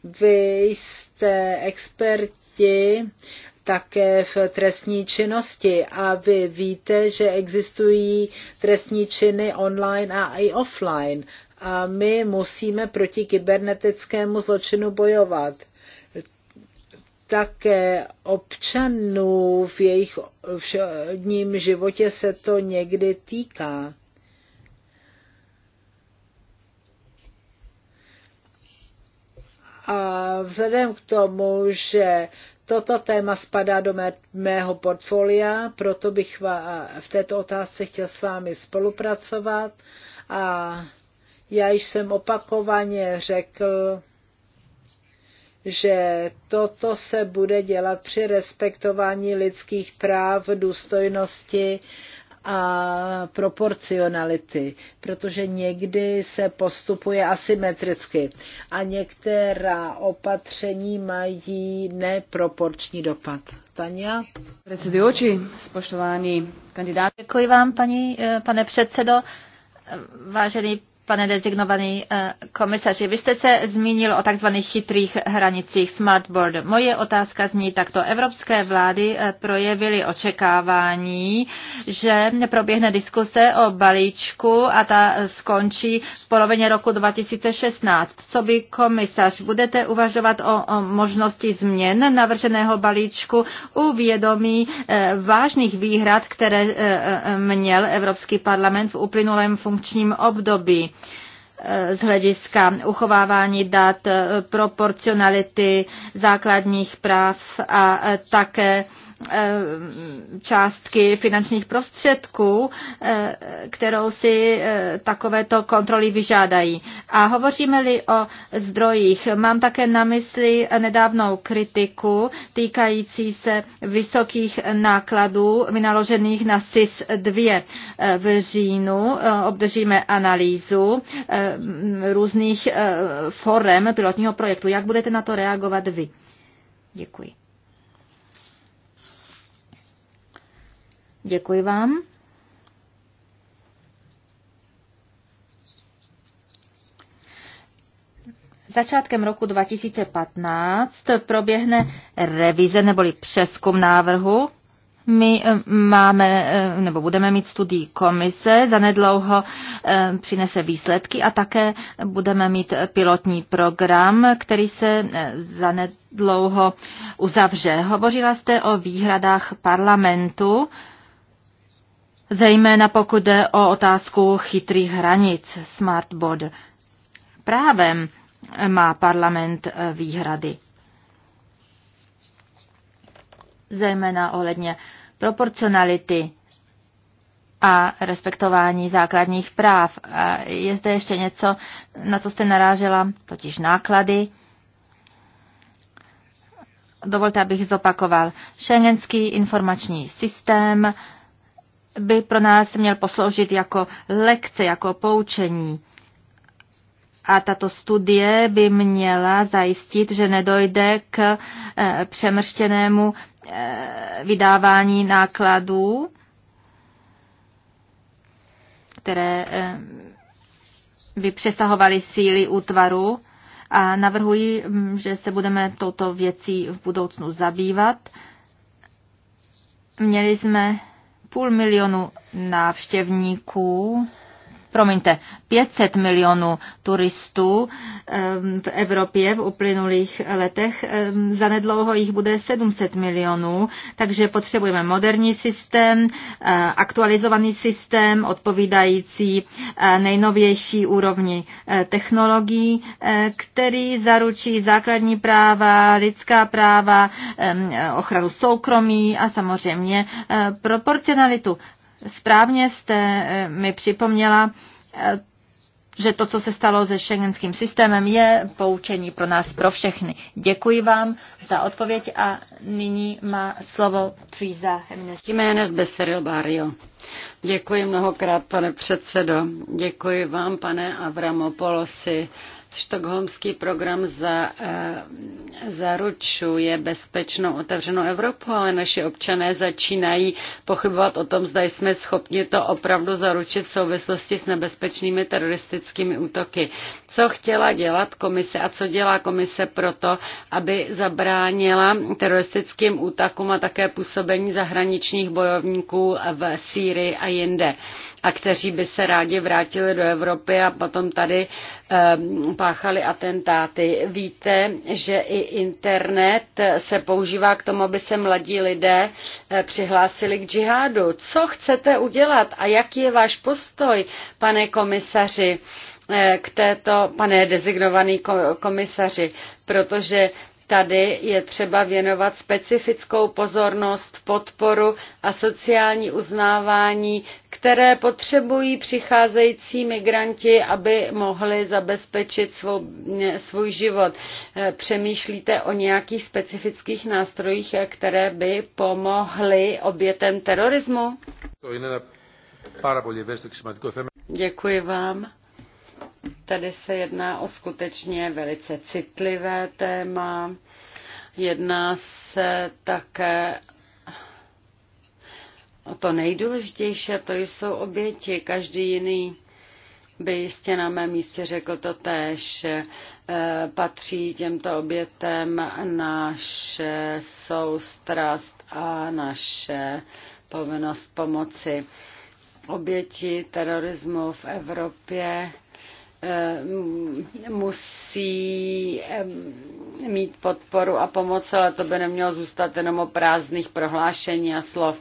Vy jste experti také v trestní činnosti. A vy víte, že existují trestní činy online a i offline. A my musíme proti kybernetickému zločinu bojovat také občanů v jejich všedním životě se to někdy týká. A vzhledem k tomu, že Toto téma spadá do mého portfolia, proto bych v této otázce chtěl s vámi spolupracovat a já již jsem opakovaně řekl, že toto se bude dělat při respektování lidských práv, důstojnosti a proporcionality, protože někdy se postupuje asymetricky a některá opatření mají neproporční dopad. Tania? Předsedující, spoštovaní kandidáti, Děkuji vám, paní, eh, pane předsedo. Vážený pane designovaný eh, komisaři. Vy jste se zmínil o takzvaných chytrých hranicích smart border. Moje otázka zní takto. Evropské vlády eh, projevily očekávání, že proběhne diskuse o balíčku a ta skončí v polovině roku 2016. Co by komisař, budete uvažovat o, o možnosti změn navrženého balíčku u vědomí eh, vážných výhrad, které měl Evropský parlament v uplynulém funkčním období? z hlediska uchovávání dat, proporcionality základních práv a také Eh, částky finančních prostředků, eh, kterou si eh, takovéto kontroly vyžádají. A hovoříme-li o zdrojích, mám také na mysli nedávnou kritiku týkající se vysokých nákladů vynaložených na SIS 2. V říjnu obdržíme analýzu různých forem pilotního projektu. Jak budete na to reagovat vy? Děkuji. Děkuji vám. Začátkem roku 2015 proběhne revize neboli přeskum návrhu. My eh, máme, eh, nebo budeme mít studii komise, zanedlouho eh, přinese výsledky a také budeme mít pilotní program, který se zanedlouho uzavře. Hovořila jste o výhradách parlamentu zejména pokud jde o otázku chytrých hranic Smart Border. Právem má parlament eh, výhrady. Zejména ohledně proporcionality a respektování základních práv. Je zde ještě něco, na co jste narážela, totiž náklady. Dovolte, abych zopakoval. Schengenský informační systém by pro nás měl posloužit jako lekce, jako poučení. A tato studie by měla zajistit, že nedojde k eh, přemrštěnému eh, vydávání nákladů, které eh, by přesahovaly síly útvaru. A navrhuji, mm, že se budeme touto věcí v budoucnu zabývat. Měli jsme půl milionu návštěvníků promiňte, 500 milionů turistů v Evropě v uplynulých letech. Zanedlouho jich bude 700 milionů, takže potřebujeme moderní systém, eh, aktualizovaný systém, odpovídající eh, nejnovější úrovni eh, technologií, který zaručí základní práva, lidská práva, ochranu soukromí a samozřejmě proporcionalitu. Správně jste eh, mi připomněla, eh, že to, co se stalo se šengenským systémem, je poučení pro nás, pro všechny. Děkuji vám za odpověď a nyní má slovo Tvíza Hemnes. Jiménez Beseril Barrio. Děkuji mnohokrát, pane předsedo. Děkuji vám, pane Avramopolosi Štokholmský program za, eh, zaručuje bezpečnou otevřenou Evropu, ale naši občané začínají pochybovat o tom, zda jsme schopni to opravdu zaručit v souvislosti s nebezpečnými teroristickými útoky. Co chtěla dělat komise a co dělá komise proto, aby zabránila teroristickým útakům a také působení zahraničních bojovníků v Sýrii a jinde? a kteří by se rádi vrátili do Evropy a potom tady ehm, páchali atentáty. Víte, že i internet se používá k tomu, aby se mladí lidé eh, přihlásili k džihádu. Co chcete udělat a jaký je váš postoj, pane komisaři? Eh, k této, pane dezignovaný komisaři, protože Tady je třeba věnovat specifickou pozornost, podporu a sociální uznávání, které potřebují přicházející migranti, aby mohli zabezpečit svou, svůj život. Eh, přemýšlíte o nějakých specifických nástrojích, eh, které by pomohly obětem terorismu? Děkuji vám. Tady se jedná o skutečně velice citlivé téma. Jedná se také o to nejdůležitější, to jsou oběti. Každý jiný by jistě na mém místě řekl to tež. E, patří těmto obětem naše soustrast a naše povinnost pomoci. Oběti terorismu v Evropě Eh, musí eh, mít podporu a pomoc, ale to by nemělo zůstat jenom o prázdných prohlášení a slov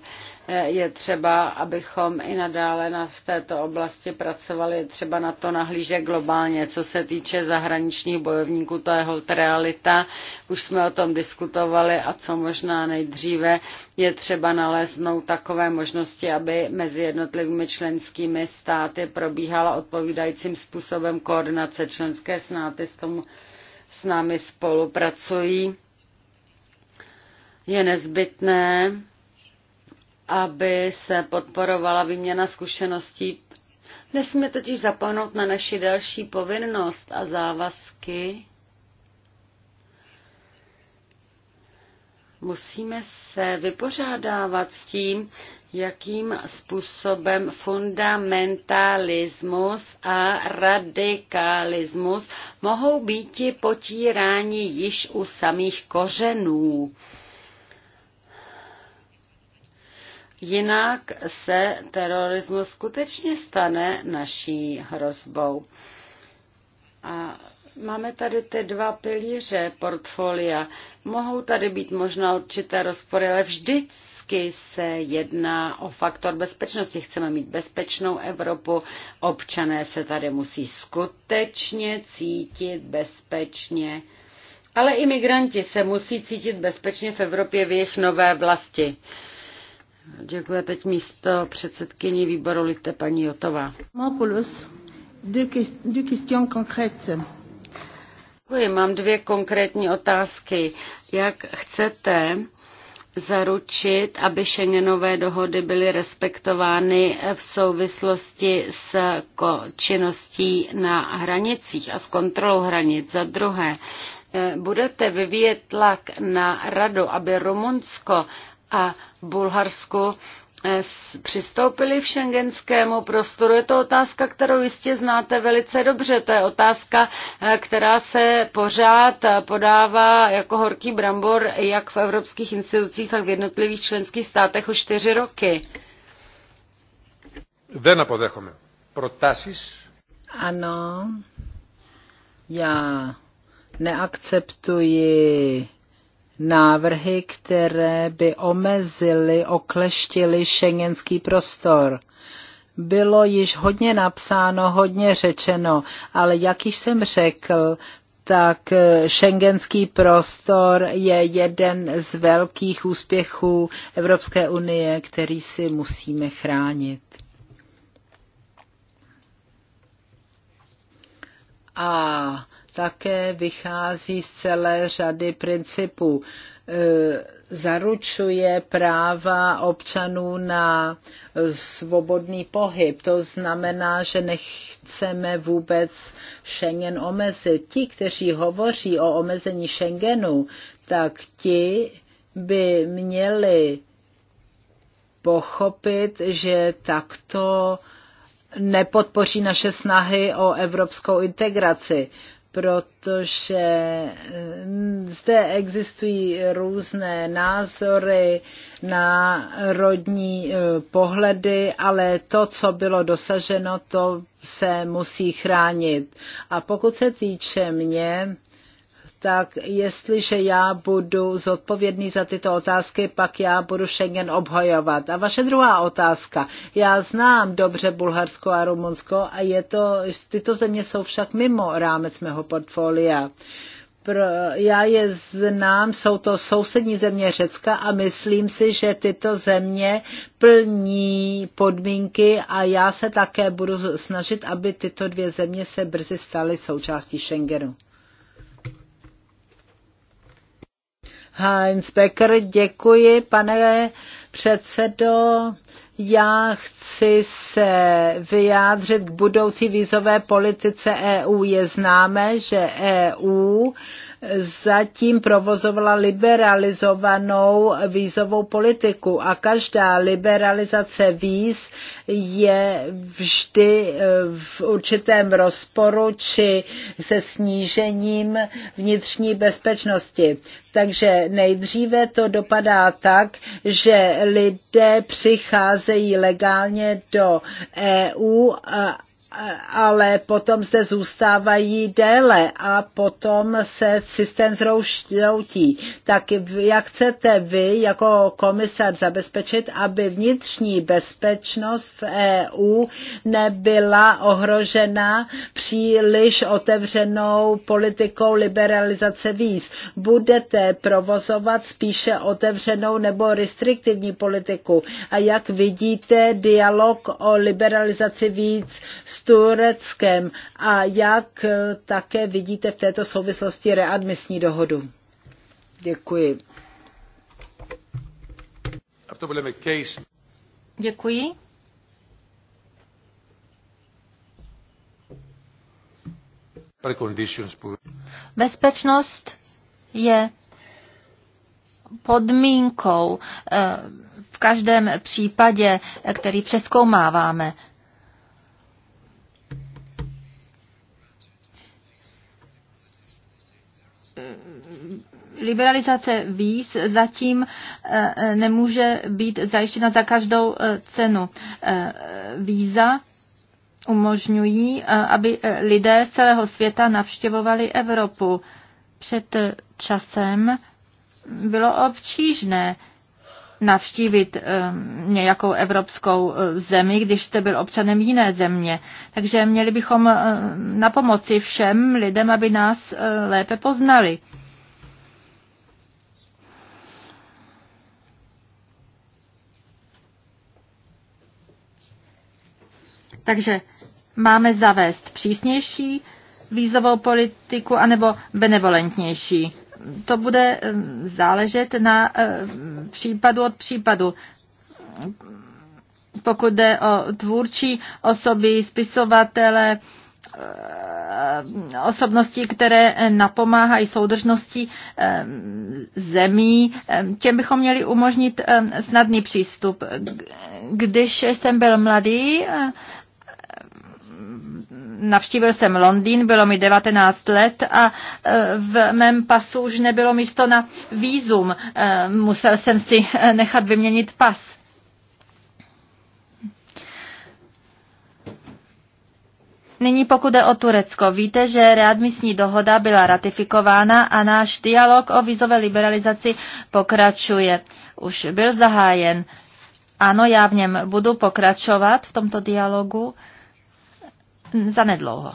je třeba, abychom i nadále na, v této oblasti pracovali, je třeba na to nahlížet globálně. Co se týče zahraničních bojovníků, to je holt realita. Už jsme o tom diskutovali a co možná nejdříve je třeba naleznout takové možnosti, aby mezi jednotlivými členskými státy probíhala odpovídajícím způsobem koordinace. Členské státy s, tomu, s námi spolupracují. Je nezbytné, aby se podporovala výměna zkušeností. Nesmíme totiž zapomenout na naši další povinnost a závazky. Musíme se vypořádávat s tím, jakým způsobem fundamentalismus a radikalismus mohou být potíráni již u samých kořenů. Jinak se terorismus skutečně stane naší hrozbou. A Máme tady ty dva pilíře portfolia. Mohou tady být možná určité rozpory, ale vždycky se jedná o faktor bezpečnosti. Chceme mít bezpečnou Evropu. Občané se tady musí skutečně cítit bezpečně. Ale imigranti se musí cítit bezpečně v Evropě v jejich nové vlasti. Děkuji teď místo předsedkyní výboru Likte paní Jotová. Děkuji, mám dvě konkrétní otázky. Jak chcete zaručit, aby šengenové dohody byly respektovány v souvislosti s činností na hranicích a s kontrolou hranic. Za druhé, eh, budete vyvíjet tlak na radu, aby Rumunsko a Bulharsku eh, přistoupili v šengenskému prostoru. Je to otázka, kterou jistě znáte velice dobře. To je otázka, eh, která se pořád podává jako horký brambor jak v evropských institucích, tak v jednotlivých členských státech už čtyři roky. Δεν αποδέχομαι. Προτάσεις. Ano, já neakceptuji návrhy, které by omezily, okleštily šengenský prostor. Bylo již hodně napsáno, hodně řečeno, ale jak již jsem řekl, tak šengenský prostor je jeden z velkých úspěchů Evropské unie, který si musíme chránit. A také vychází z celé řady principů. E, zaručuje práva občanů na svobodný pohyb. To znamená, že nechceme vůbec Schengen omezit. Ti, kteří hovoří o omezení Schengenu, tak ti by měli pochopit, že takto nepodpoří naše snahy o evropskou integraci protože eh, zde existují různé názory, na rodní eh, pohledy, ale to, co bylo dosaženo, to se musí chránit. A pokud se týče mě, tak jestliže já budu zodpovědný za tyto otázky, pak já budu Schengen obhajovat. A vaše druhá otázka. Já znám dobře Bulharsko a Rumunsko a je to, tyto země jsou však mimo rámec mého portfolia pro, já je znám, jsou to sousední země Řecka a myslím si, že tyto země plní podmínky a já se také budu snažit, aby tyto dvě země se brzy staly součástí Schengenu. Heinz Becker. Děkuji, pane předsedo. Já chci se vyjádřit k budoucí vízové politice EU. Je známé, že EU zatím provozovala liberalizovanou vízovou politiku a každá liberalizace víz je vždy eh, v určitém rozporu či se snížením vnitřní bezpečnosti. Takže nejdříve to dopadá tak, že lidé přicházejí legálně do EU a ale potom zde zůstávají déle a potom se systém zrouští. Tak jak chcete vy jako komisar zabezpečit, aby vnitřní bezpečnost v EU nebyla ohrožena příliš otevřenou politikou liberalizace víz? Budete provozovat spíše otevřenou nebo restriktivní politiku? A jak vidíte dialog o liberalizaci víc s Tureckem a jak eh, také vidíte v této souvislosti readmisní dohodu. Děkuji. Děkuji. Bezpečnost je podmínkou eh, v každém případě, který přeskoumáváme. liberalizace víz zatím eh, nemůže být zajištěna za každou eh, cenu. Eh, víza umožňují, aby lidé z celého světa navštěvovali Evropu. Před časem bylo obtížné navštívit nějakou evropskou zemi, když jste byl občanem jiné země. Takže měli bychom na pomoci všem lidem, aby nás lépe poznali. Takže máme zavést přísnější vízovou politiku anebo benevolentnější. To bude záležet na případu od případu pokud jde o tvůrčí osoby, spisovatele, osobnosti, které napomáhají soudržnosti zemí. Těm bychom měli umožnit snadný přístup. Když jsem byl mladý, navštívil jsem Londýn, bylo mi 19 let a e, v mém pasu už nebylo místo na výzum. E, musel jsem si e, nechat vyměnit pas. Nyní pokud jde o Turecko, víte, že readmisní dohoda byla ratifikována a náš dialog o vízové liberalizaci pokračuje. Už byl zahájen. Ano, já v něm budu pokračovat v tomto dialogu zanedlouho.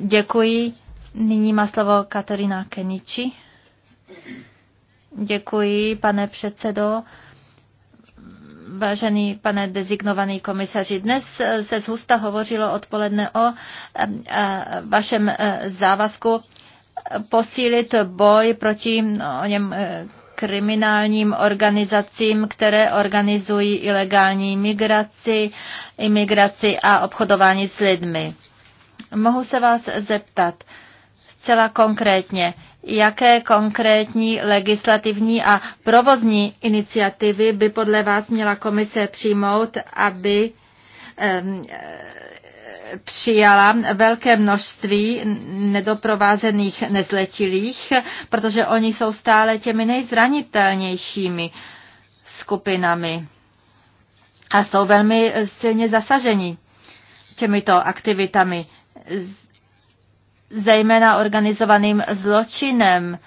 Děkuji. Nyní má slovo Katarína Keniči. Děkuji, pane předsedo. Vážený pane dezignovaný komisaři, dnes se z Husta hovořilo odpoledne o e, e, vašem e, závazku posílit boj proti no, o něm kriminálním organizacím, které organizují ilegální migraci, imigraci a obchodování s lidmi. Mohu se vás zeptat zcela konkrétně, jaké konkrétní legislativní a provozní iniciativy by podle vás měla komise přijmout, aby ehm, přijala velké množství nedoprovázených nezletilých, protože oni jsou stále těmi nejzranitelnějšími skupinami a jsou velmi silně zasaženi těmito aktivitami, zejména organizovaným zločinem,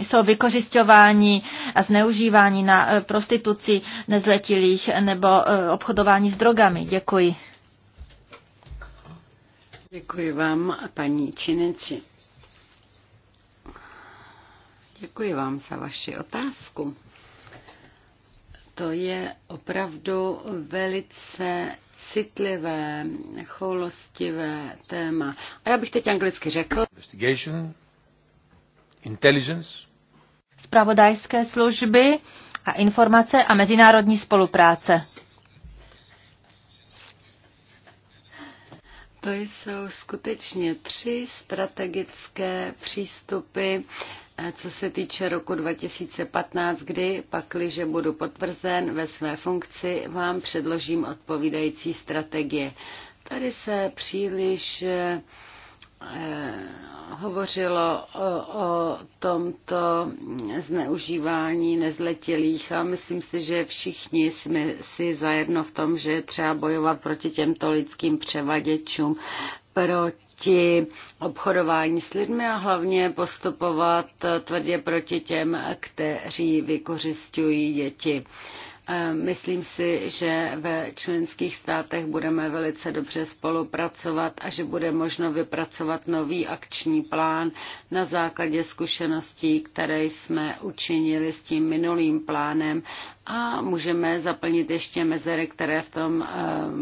jsou vykořišťováni a zneužíváni na eh, prostituci nezletilých nebo eh, obchodování s drogami. Děkuji. Děkuji vám, paní Čineci. Děkuji vám za vaši otázku. To je opravdu velice citlivé, choulostivé téma. A já bych teď anglicky řekl intelligence, spravodajské služby a informace a mezinárodní spolupráce. To jsou skutečně tři strategické přístupy, eh, co se týče roku 2015, kdy pakliže budu potvrzen ve své funkci, vám předložím odpovídající strategie. Tady se příliš eh, Eh, hovořilo o, o tomto zneužívání nezletilých a myslím si, že všichni jsme si zajedno v tom, že je třeba bojovat proti těmto lidským převaděčům, proti obchodování s lidmi a hlavně postupovat tvrdě proti těm, kteří vykořišťují děti. Eh, myslím si, že ve členských státech budeme velice dobře spolupracovat a že bude možno vypracovat nový akční plán na základě zkušeností, které jsme učinili s tím minulým plánem a můžeme zaplnit ještě mezery, které v tom eh,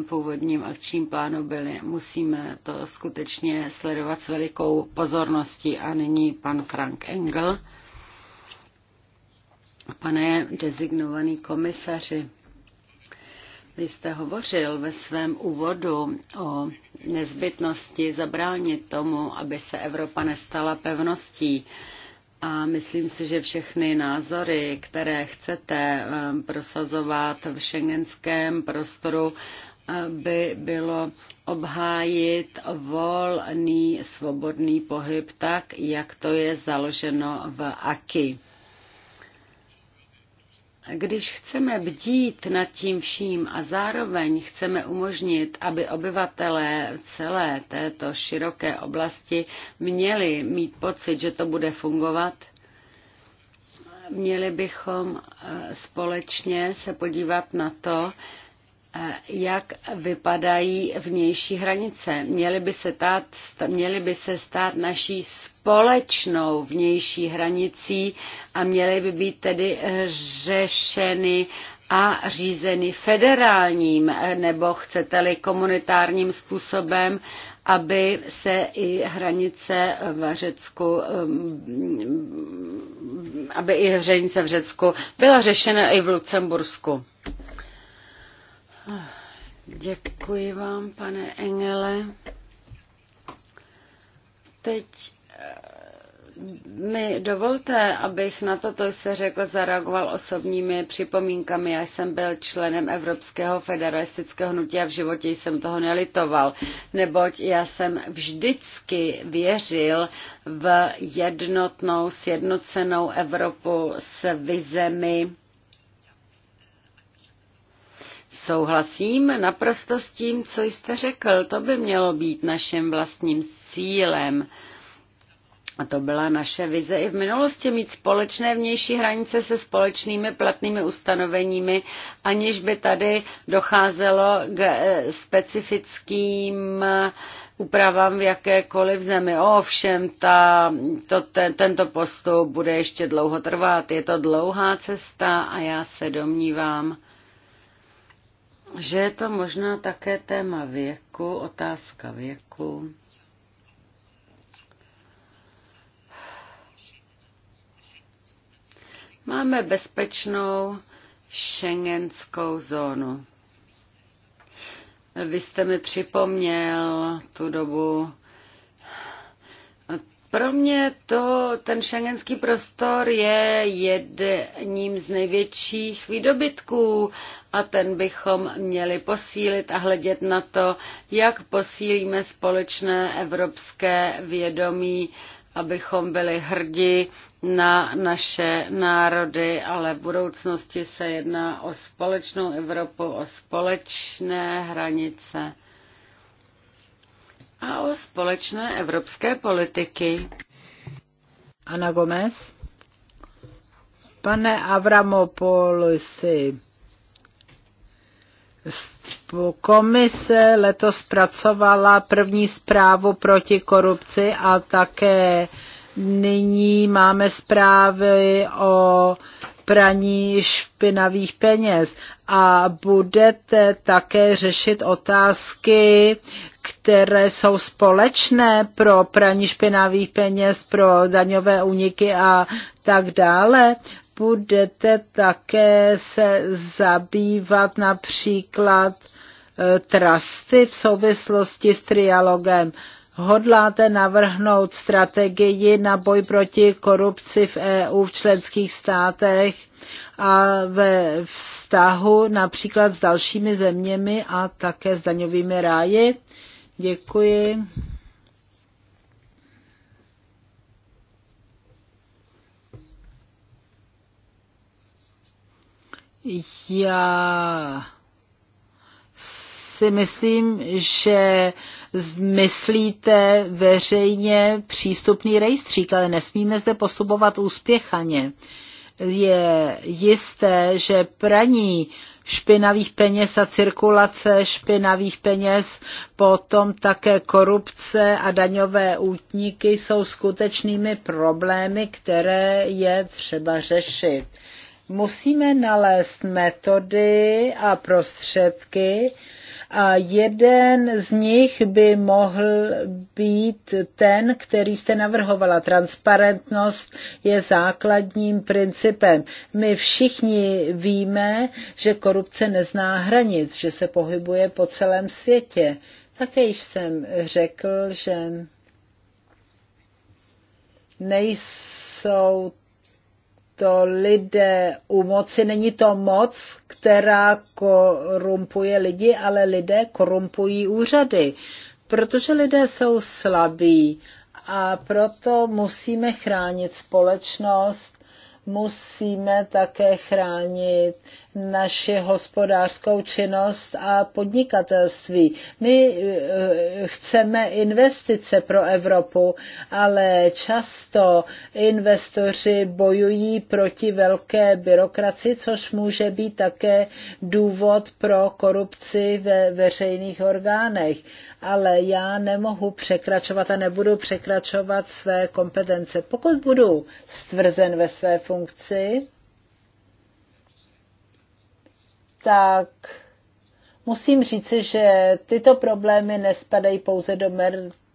původním akčním plánu byly. Musíme to skutečně sledovat s velikou pozorností. A nyní pan Frank Engel. Pane designovaný komisaři, vy jste hovořil ve svém úvodu o nezbytnosti zabránit tomu, aby se Evropa nestala pevností. A myslím si, že všechny názory, které chcete eh, prosazovat v šengenském prostoru, eh, by bylo obhájit volný svobodný pohyb tak, jak to je založeno v AKI. Když chceme bdít nad tím vším a zároveň chceme umožnit, aby obyvatelé celé této široké oblasti měli mít pocit, že to bude fungovat, měli bychom eh, společně se podívat na to, jak vypadají vnější hranice. Měly by se, tát, měly by se stát naší společnou vnější hranicí a měly by být tedy řešeny a řízeny federálním nebo chcete-li komunitárním způsobem, aby se i hranice v Řecku, um, aby i hranice v Řecku byla řešena i v Lucembursku. Děkuji vám, pane Engele. Teď eh, mi dovolte, abych na toto se řekl, zareagoval osobními připomínkami. Já jsem byl členem Evropského federalistického hnutí a v životě jsem toho nelitoval, neboť já jsem vždycky věřil v jednotnou, sjednocenou Evropu s vizemi Souhlasím naprosto s tím, co jste řekl. To by mělo být naším vlastním cílem. A to byla naše vize i v minulosti mít společné vnější hranice se společnými platnými ustanoveními, aniž by tady docházelo k eh, specifickým eh, úpravám v jakékoliv zemi. Ovšem, ta, to, ten, tento postup bude ještě dlouho trvat. Je to dlouhá cesta a já se domnívám, že je to možná také téma věku, otázka věku. Máme bezpečnou šengenskou zónu. Vy jste mi připomněl tu dobu pro mě to, ten šengenský prostor je jedním z největších výdobytků a ten bychom měli posílit a hledět na to, jak posílíme společné evropské vědomí, abychom byli hrdi na naše národy, ale v budoucnosti se jedná o společnou Evropu, o společné hranice a o společné evropské politiky. Ana Gomez. Pane Avramopoulosi, komise letos zpracovala první zprávu proti korupci a také nyní máme zprávy o praní špinavých peněz a budete také řešit otázky, které jsou společné pro praní špinavých peněz, pro daňové úniky a tak dále budete také se zabývat například eh, trasty v souvislosti s trialogem hodláte navrhnout strategii na boj proti korupci v EU v členských státech a ve vztahu například s dalšími zeměmi a také s daňovými ráji? Děkuji. Já si myslím, že zmyslíte veřejně přístupný rejstřík, ale nesmíme zde postupovat úspěchaně. Je jisté, že praní špinavých peněz a cirkulace špinavých peněz, potom také korupce a daňové útníky jsou skutečnými problémy, které je třeba řešit. Musíme nalézt metody a prostředky, a jeden z nich by mohl být ten, který jste navrhovala. Transparentnost je základním principem. My všichni víme, že korupce nezná hranic, že se pohybuje po celém světě. Také jsem řekl, že nejsou to lidé u moci. Není to moc, která korumpuje lidi, ale lidé korumpují úřady, protože lidé jsou slabí a proto musíme chránit společnost, musíme také chránit naši hospodářskou činnost a podnikatelství. My eh, chceme investice pro Evropu, ale často investoři bojují proti velké byrokraci, což může být také důvod pro korupci ve veřejných orgánech. Ale já nemohu překračovat a nebudu překračovat své kompetence. Pokud budu stvrzen ve své funkci, tak musím říci, že tyto problémy nespadají pouze do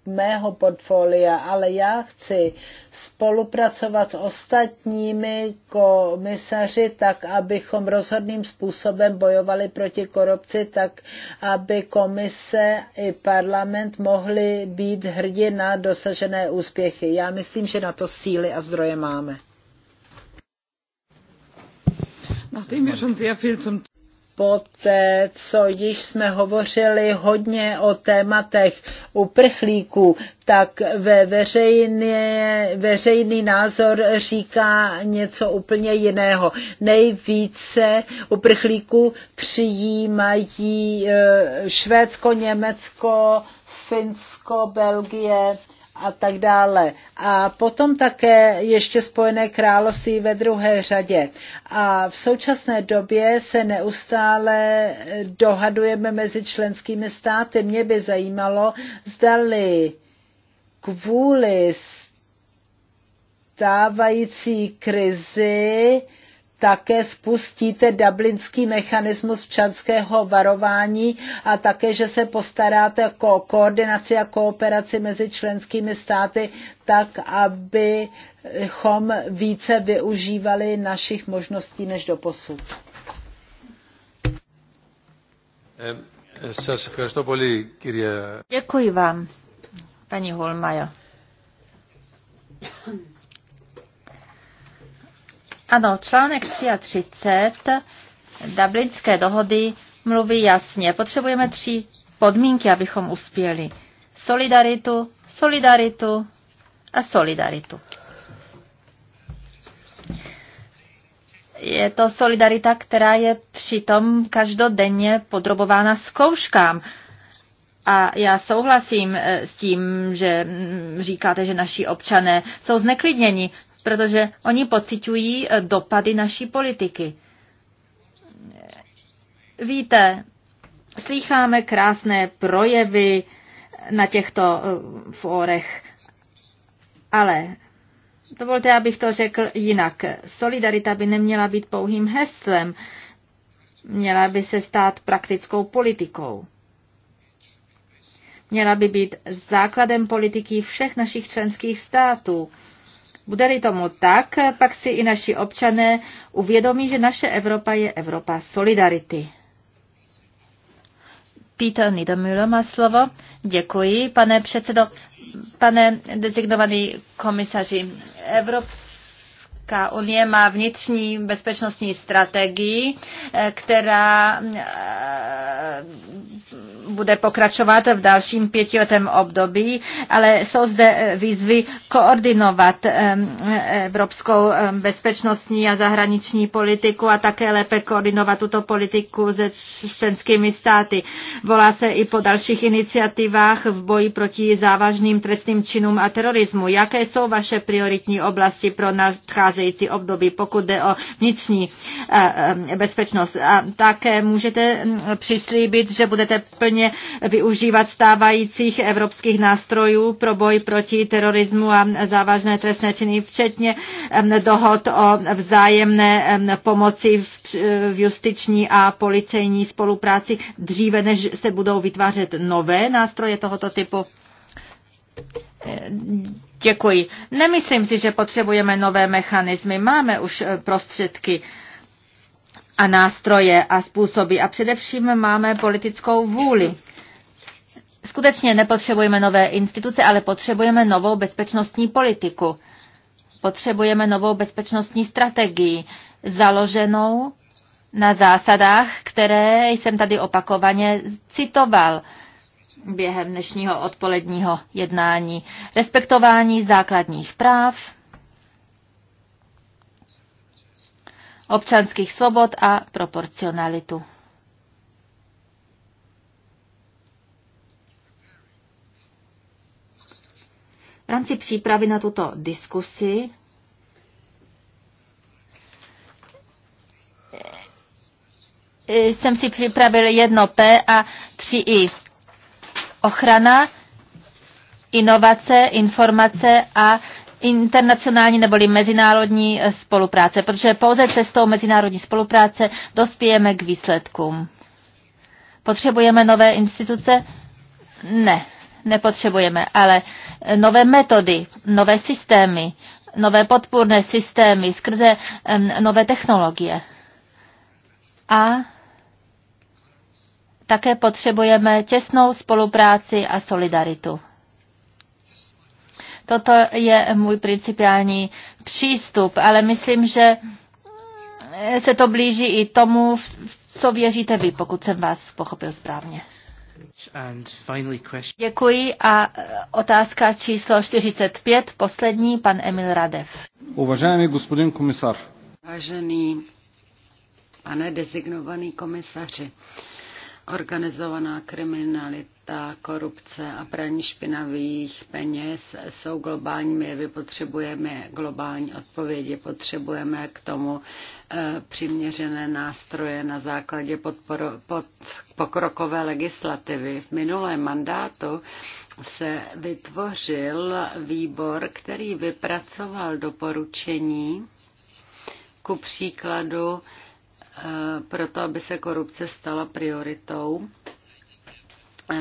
mého portfolia, ale já chci spolupracovat s ostatními komisaři tak, abychom rozhodným způsobem bojovali proti korupci, tak, aby komise i parlament mohli být hrdí na dosažené úspěchy. Já myslím, že na to síly a zdroje máme. Nachdem wir schon sehr viel zum té, co již jsme hovořili hodně o tématech uprchlíků, tak ve veřejný veřejný názor říká něco úplně jiného. Nejvíce uprchlíků přijímají eh, Švédsko, Německo, Finsko, Belgie, a tak dále. A potom také ještě Spojené království ve druhé řadě. A v současné době se neustále dohadujeme mezi členskými státy. Mě by zajímalo, zdali kvůli stávající krizi také spustíte dublinský mechanismus včanského varování a také, že se postaráte o koordinaci a kooperaci mezi členskými státy tak, abychom více využívali našich možností než do posud. Děkuji vám, paní Holmajo. Ano, článek 33 Dublinské dohody mluví jasně. Potřebujeme tři podmínky, abychom uspěli. Solidaritu, solidaritu a solidaritu. Je to solidarita, která je přitom každodenně podrobována zkouškám. A já souhlasím eh, s tím, že mm, říkáte, že naši občané jsou zneklidněni protože oni pocitují eh, dopady naší politiky. Víte, slýcháme krásné projevy na těchto eh, fórech, ale dovolte, abych to řekl jinak. Solidarita by neměla být pouhým heslem, měla by se stát praktickou politikou. Měla by být základem politiky všech našich členských států. Bude-li tomu tak, pak si i naši občané uvědomí, že naše Evropa je Evropa solidarity. Peter Niedermüller má slovo. Děkuji, pane předsedo. Pane designovaný komisaři, Evropská unie má vnitřní bezpečnostní strategii, eh, která eh, bude pokračovat v dalším pětiletém období, ale jsou zde eh, výzvy koordinovat eh, evropskou eh, bezpečnostní a zahraniční politiku a také lépe koordinovat tuto politiku se členskými státy. Volá se i po dalších iniciativách v boji proti závažným trestným činům a terorismu. Jaké jsou vaše prioritní oblasti pro nadcházející období, pokud jde o vnitřní bezpečnost? A také můžete mm, přislíbit, že budete plně plně využívat stávajících evropských nástrojů pro boj proti terorismu a závažné trestné činy, včetně dohod o vzájemné pomoci v justiční a policejní spolupráci dříve, než se budou vytvářet nové nástroje tohoto typu? Děkuji. Nemyslím si, že potřebujeme nové mechanismy. Máme už eh, prostředky a nástroje a způsoby. A především máme politickou vůli. Skutečně nepotřebujeme nové instituce, ale potřebujeme novou bezpečnostní politiku. Potřebujeme novou bezpečnostní strategii, založenou na zásadách, které jsem tady opakovaně citoval během dnešního odpoledního jednání. Respektování základních práv, občanských svobod a proporcionalitu. V rámci přípravy na tuto diskusi jsem si připravil jedno P a tři I. Ochrana, inovace, informace a internacionální neboli mezinárodní eh, spolupráce, protože pouze cestou mezinárodní spolupráce dospějeme k výsledkům. Potřebujeme nové instituce? Ne, nepotřebujeme, ale eh, nové metody, nové systémy, nové podpůrné systémy skrze nové technologie. A také potřebujeme těsnou spolupráci a solidaritu. Toto je můj principiální přístup, ale myslím, že se to blíží i tomu, co věříte vy, pokud jsem vás pochopil správně. Děkuji a e, otázka číslo 45, poslední, pan Emil Radev. Uvažený gospodin komisar. Vážený pane designovaný komisaři, Organizovaná kriminalita, korupce a praní špinavých peněz jsou globálními jevy. Potřebujeme globální odpovědi, potřebujeme k tomu eh, přiměřené nástroje na základě podporu, pod pokrokové legislativy. V minulém mandátu se vytvořil výbor, který vypracoval doporučení ku příkladu Eh, proto aby se korupce stala prioritou eh,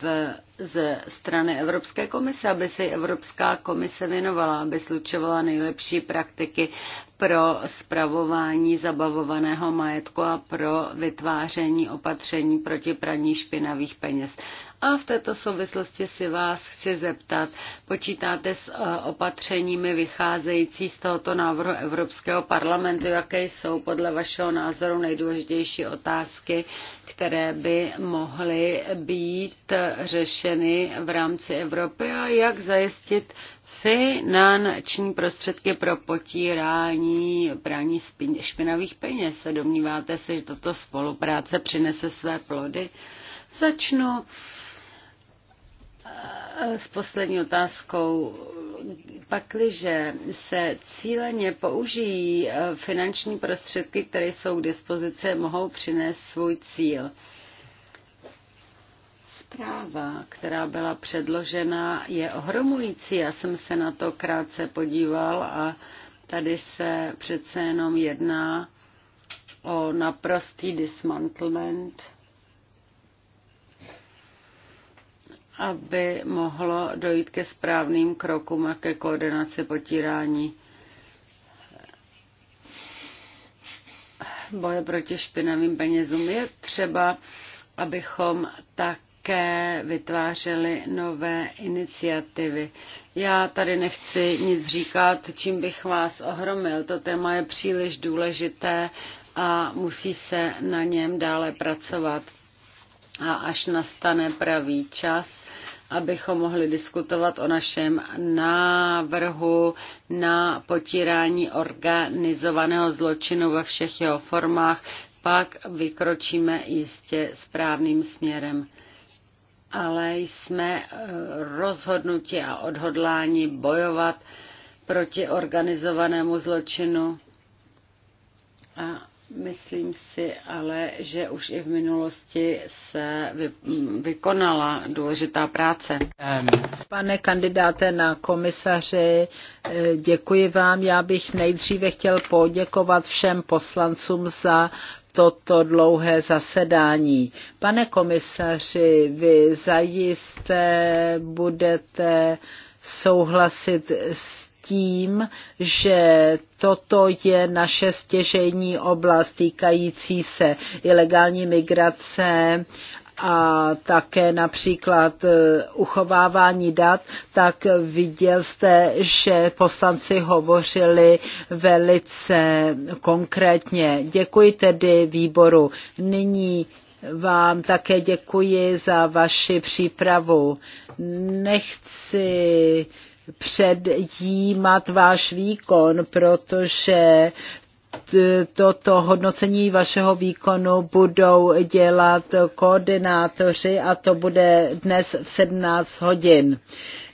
v, ze strany Evropské komise, aby se Evropská komise věnovala, aby slučovala nejlepší praktiky pro spravování zabavovaného majetku a pro vytváření opatření proti praní špinavých peněz. A v této souvislosti si vás chci zeptat, počítáte s eh, opatřeními vycházející z tohoto návrhu Evropského parlamentu, jaké jsou podle vašeho názoru nejdůležitější otázky, které by mohly být řešeny v rámci Evropy a jak zajistit finanční prostředky pro potírání praní špinavých peněz. Domníváte se, že tato spolupráce přinese své plody? Začnu s poslední otázkou. Pakliže se cíleně použijí eh, finanční prostředky, které jsou k dispozici, mohou přinést svůj cíl. Zpráva, která byla předložena, je ohromující. Já jsem se na to krátce podíval a tady se přece jenom jedná o naprostý dismantlement aby mohlo dojít ke správným krokům a ke koordinaci potírání boje proti špinavým penězům. Je třeba, abychom tak také vytvářely nové iniciativy. Já tady nechci nic říkat, čím bych vás ohromil. To téma je příliš důležité a musí se na něm dále pracovat. A až nastane pravý čas, abychom mohli diskutovat o našem návrhu na potírání organizovaného zločinu ve všech jeho formách, pak vykročíme jistě správným směrem. Ale jsme eh, rozhodnuti a odhodláni bojovat proti organizovanému zločinu a Myslím si ale, že už i v minulosti se vy, vykonala důležitá práce. Pane kandidáte na komisaři, eh, děkuji vám. Já bych nejdříve chtěl poděkovat všem poslancům za toto dlouhé zasedání. Pane komisaři, vy zajisté budete souhlasit s tím, že toto je naše stěžejní oblast týkající se ilegální migrace a také například e, uchovávání dat, tak viděl jste, že poslanci hovořili velice konkrétně. Děkuji tedy výboru. Nyní vám také děkuji za vaši přípravu. Nechci předjímat váš výkon, protože toto hodnocení vašeho výkonu budou dělat koordinátoři a to bude dnes v 17 hodin.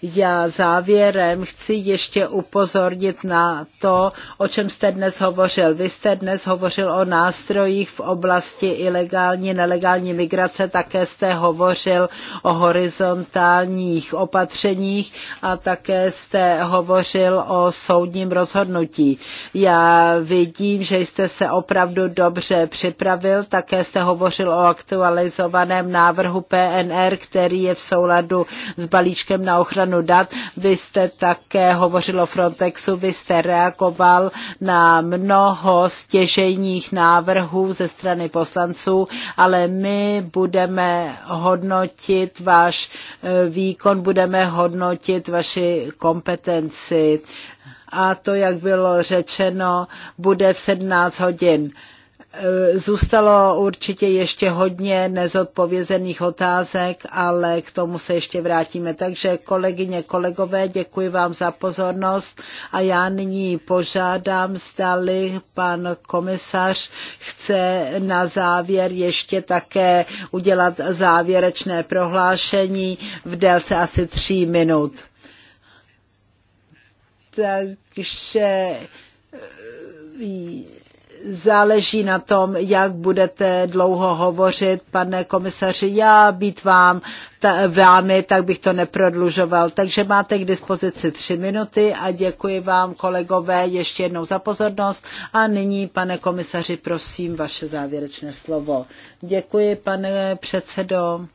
Já závěrem chci ještě upozornit na to, o čem jste dnes hovořil. Vy jste dnes hovořil o nástrojích v oblasti ilegální, nelegální migrace, také jste hovořil o horizontálních opatřeních a také jste hovořil o soudním rozhodnutí. Já vidím, že jste se opravdu dobře připravil, také jste hovořil o aktualizovaném návrhu PNR, který je v souladu s balíčkem na ochranu ochranu dat. Vy jste také hovořil o Frontexu, vy jste reagoval na mnoho stěžejních návrhů ze strany poslanců, ale my budeme hodnotit váš eh, výkon, budeme hodnotit vaši kompetenci. A to, jak bylo řečeno, bude v 17 hodin. Eh, zůstalo určitě ještě hodně nezodpovězených otázek, ale k tomu se ještě vrátíme. Takže kolegyně, kolegové, děkuji vám za pozornost a já nyní požádám, zdali pan komisař chce na závěr ještě také udělat závěrečné prohlášení v délce asi tří minut. Takže eh, záleží na tom, jak budete dlouho hovořit, pane komisaři. Já být vám ta, vámi, tak bych to neprodlužoval. Takže máte k dispozici tři minuty a děkuji vám, kolegové, ještě jednou za pozornost. A nyní, pane komisaři, prosím, vaše závěrečné slovo. Děkuji, pane předsedo.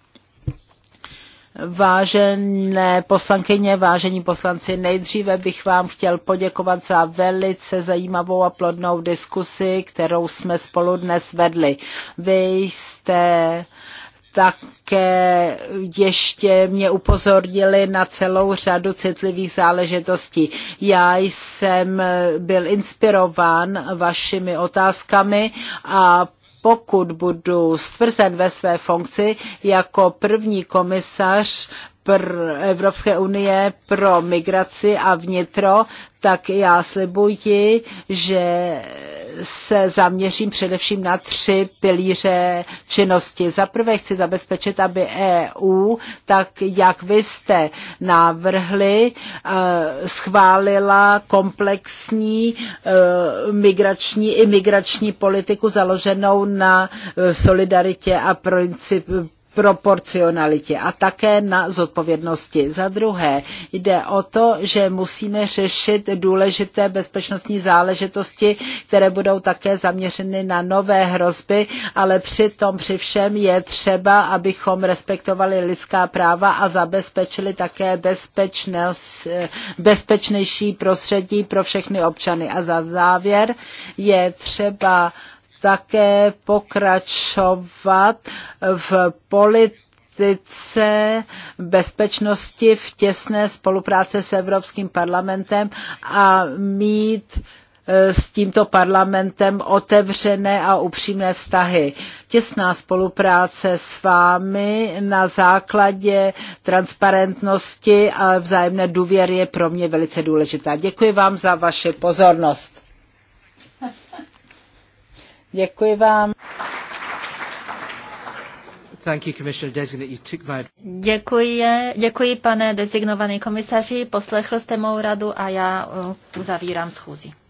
Vážené poslankyně, vážení poslanci, nejdříve bych vám chtěl poděkovat za velice zajímavou a plodnou diskusi, kterou jsme spolu dnes vedli. Vy jste také ještě mě upozornili na celou řadu citlivých záležitostí. Já jsem byl inspirován vašimi otázkami a pokud budu stvrzen ve své funkci jako první komisař, pr- Evropské unie pro migraci a vnitro, tak já slibuji, že se zaměřím především na tři pilíře činnosti. Za prvé chci zabezpečit, aby EU, tak jak vy jste navrhli, eh, schválila komplexní eh, migrační i migrační politiku založenou na eh, solidaritě a principu proporcionalitě a také na zodpovědnosti. Za druhé jde o to, že musíme řešit důležité bezpečnostní záležitosti, které budou také zaměřeny na nové hrozby, ale přitom při všem je třeba, abychom respektovali lidská práva a zabezpečili také bezpečnější prostředí pro všechny občany. A za závěr je třeba také pokračovat v politice bezpečnosti v těsné spolupráce s Evropským parlamentem a mít e, s tímto parlamentem otevřené a upřímné vztahy. Těsná spolupráce s vámi na základě transparentnosti a vzájemné důvěry je pro mě velice důležitá. Děkuji vám za vaši pozornost. Děkuji vám. Thank you, You Commissioner Designate. took my... Děkuji, děkuji, pane designovaný komisaři, poslechl jste mou radu a já uh, uzavírám schůzi.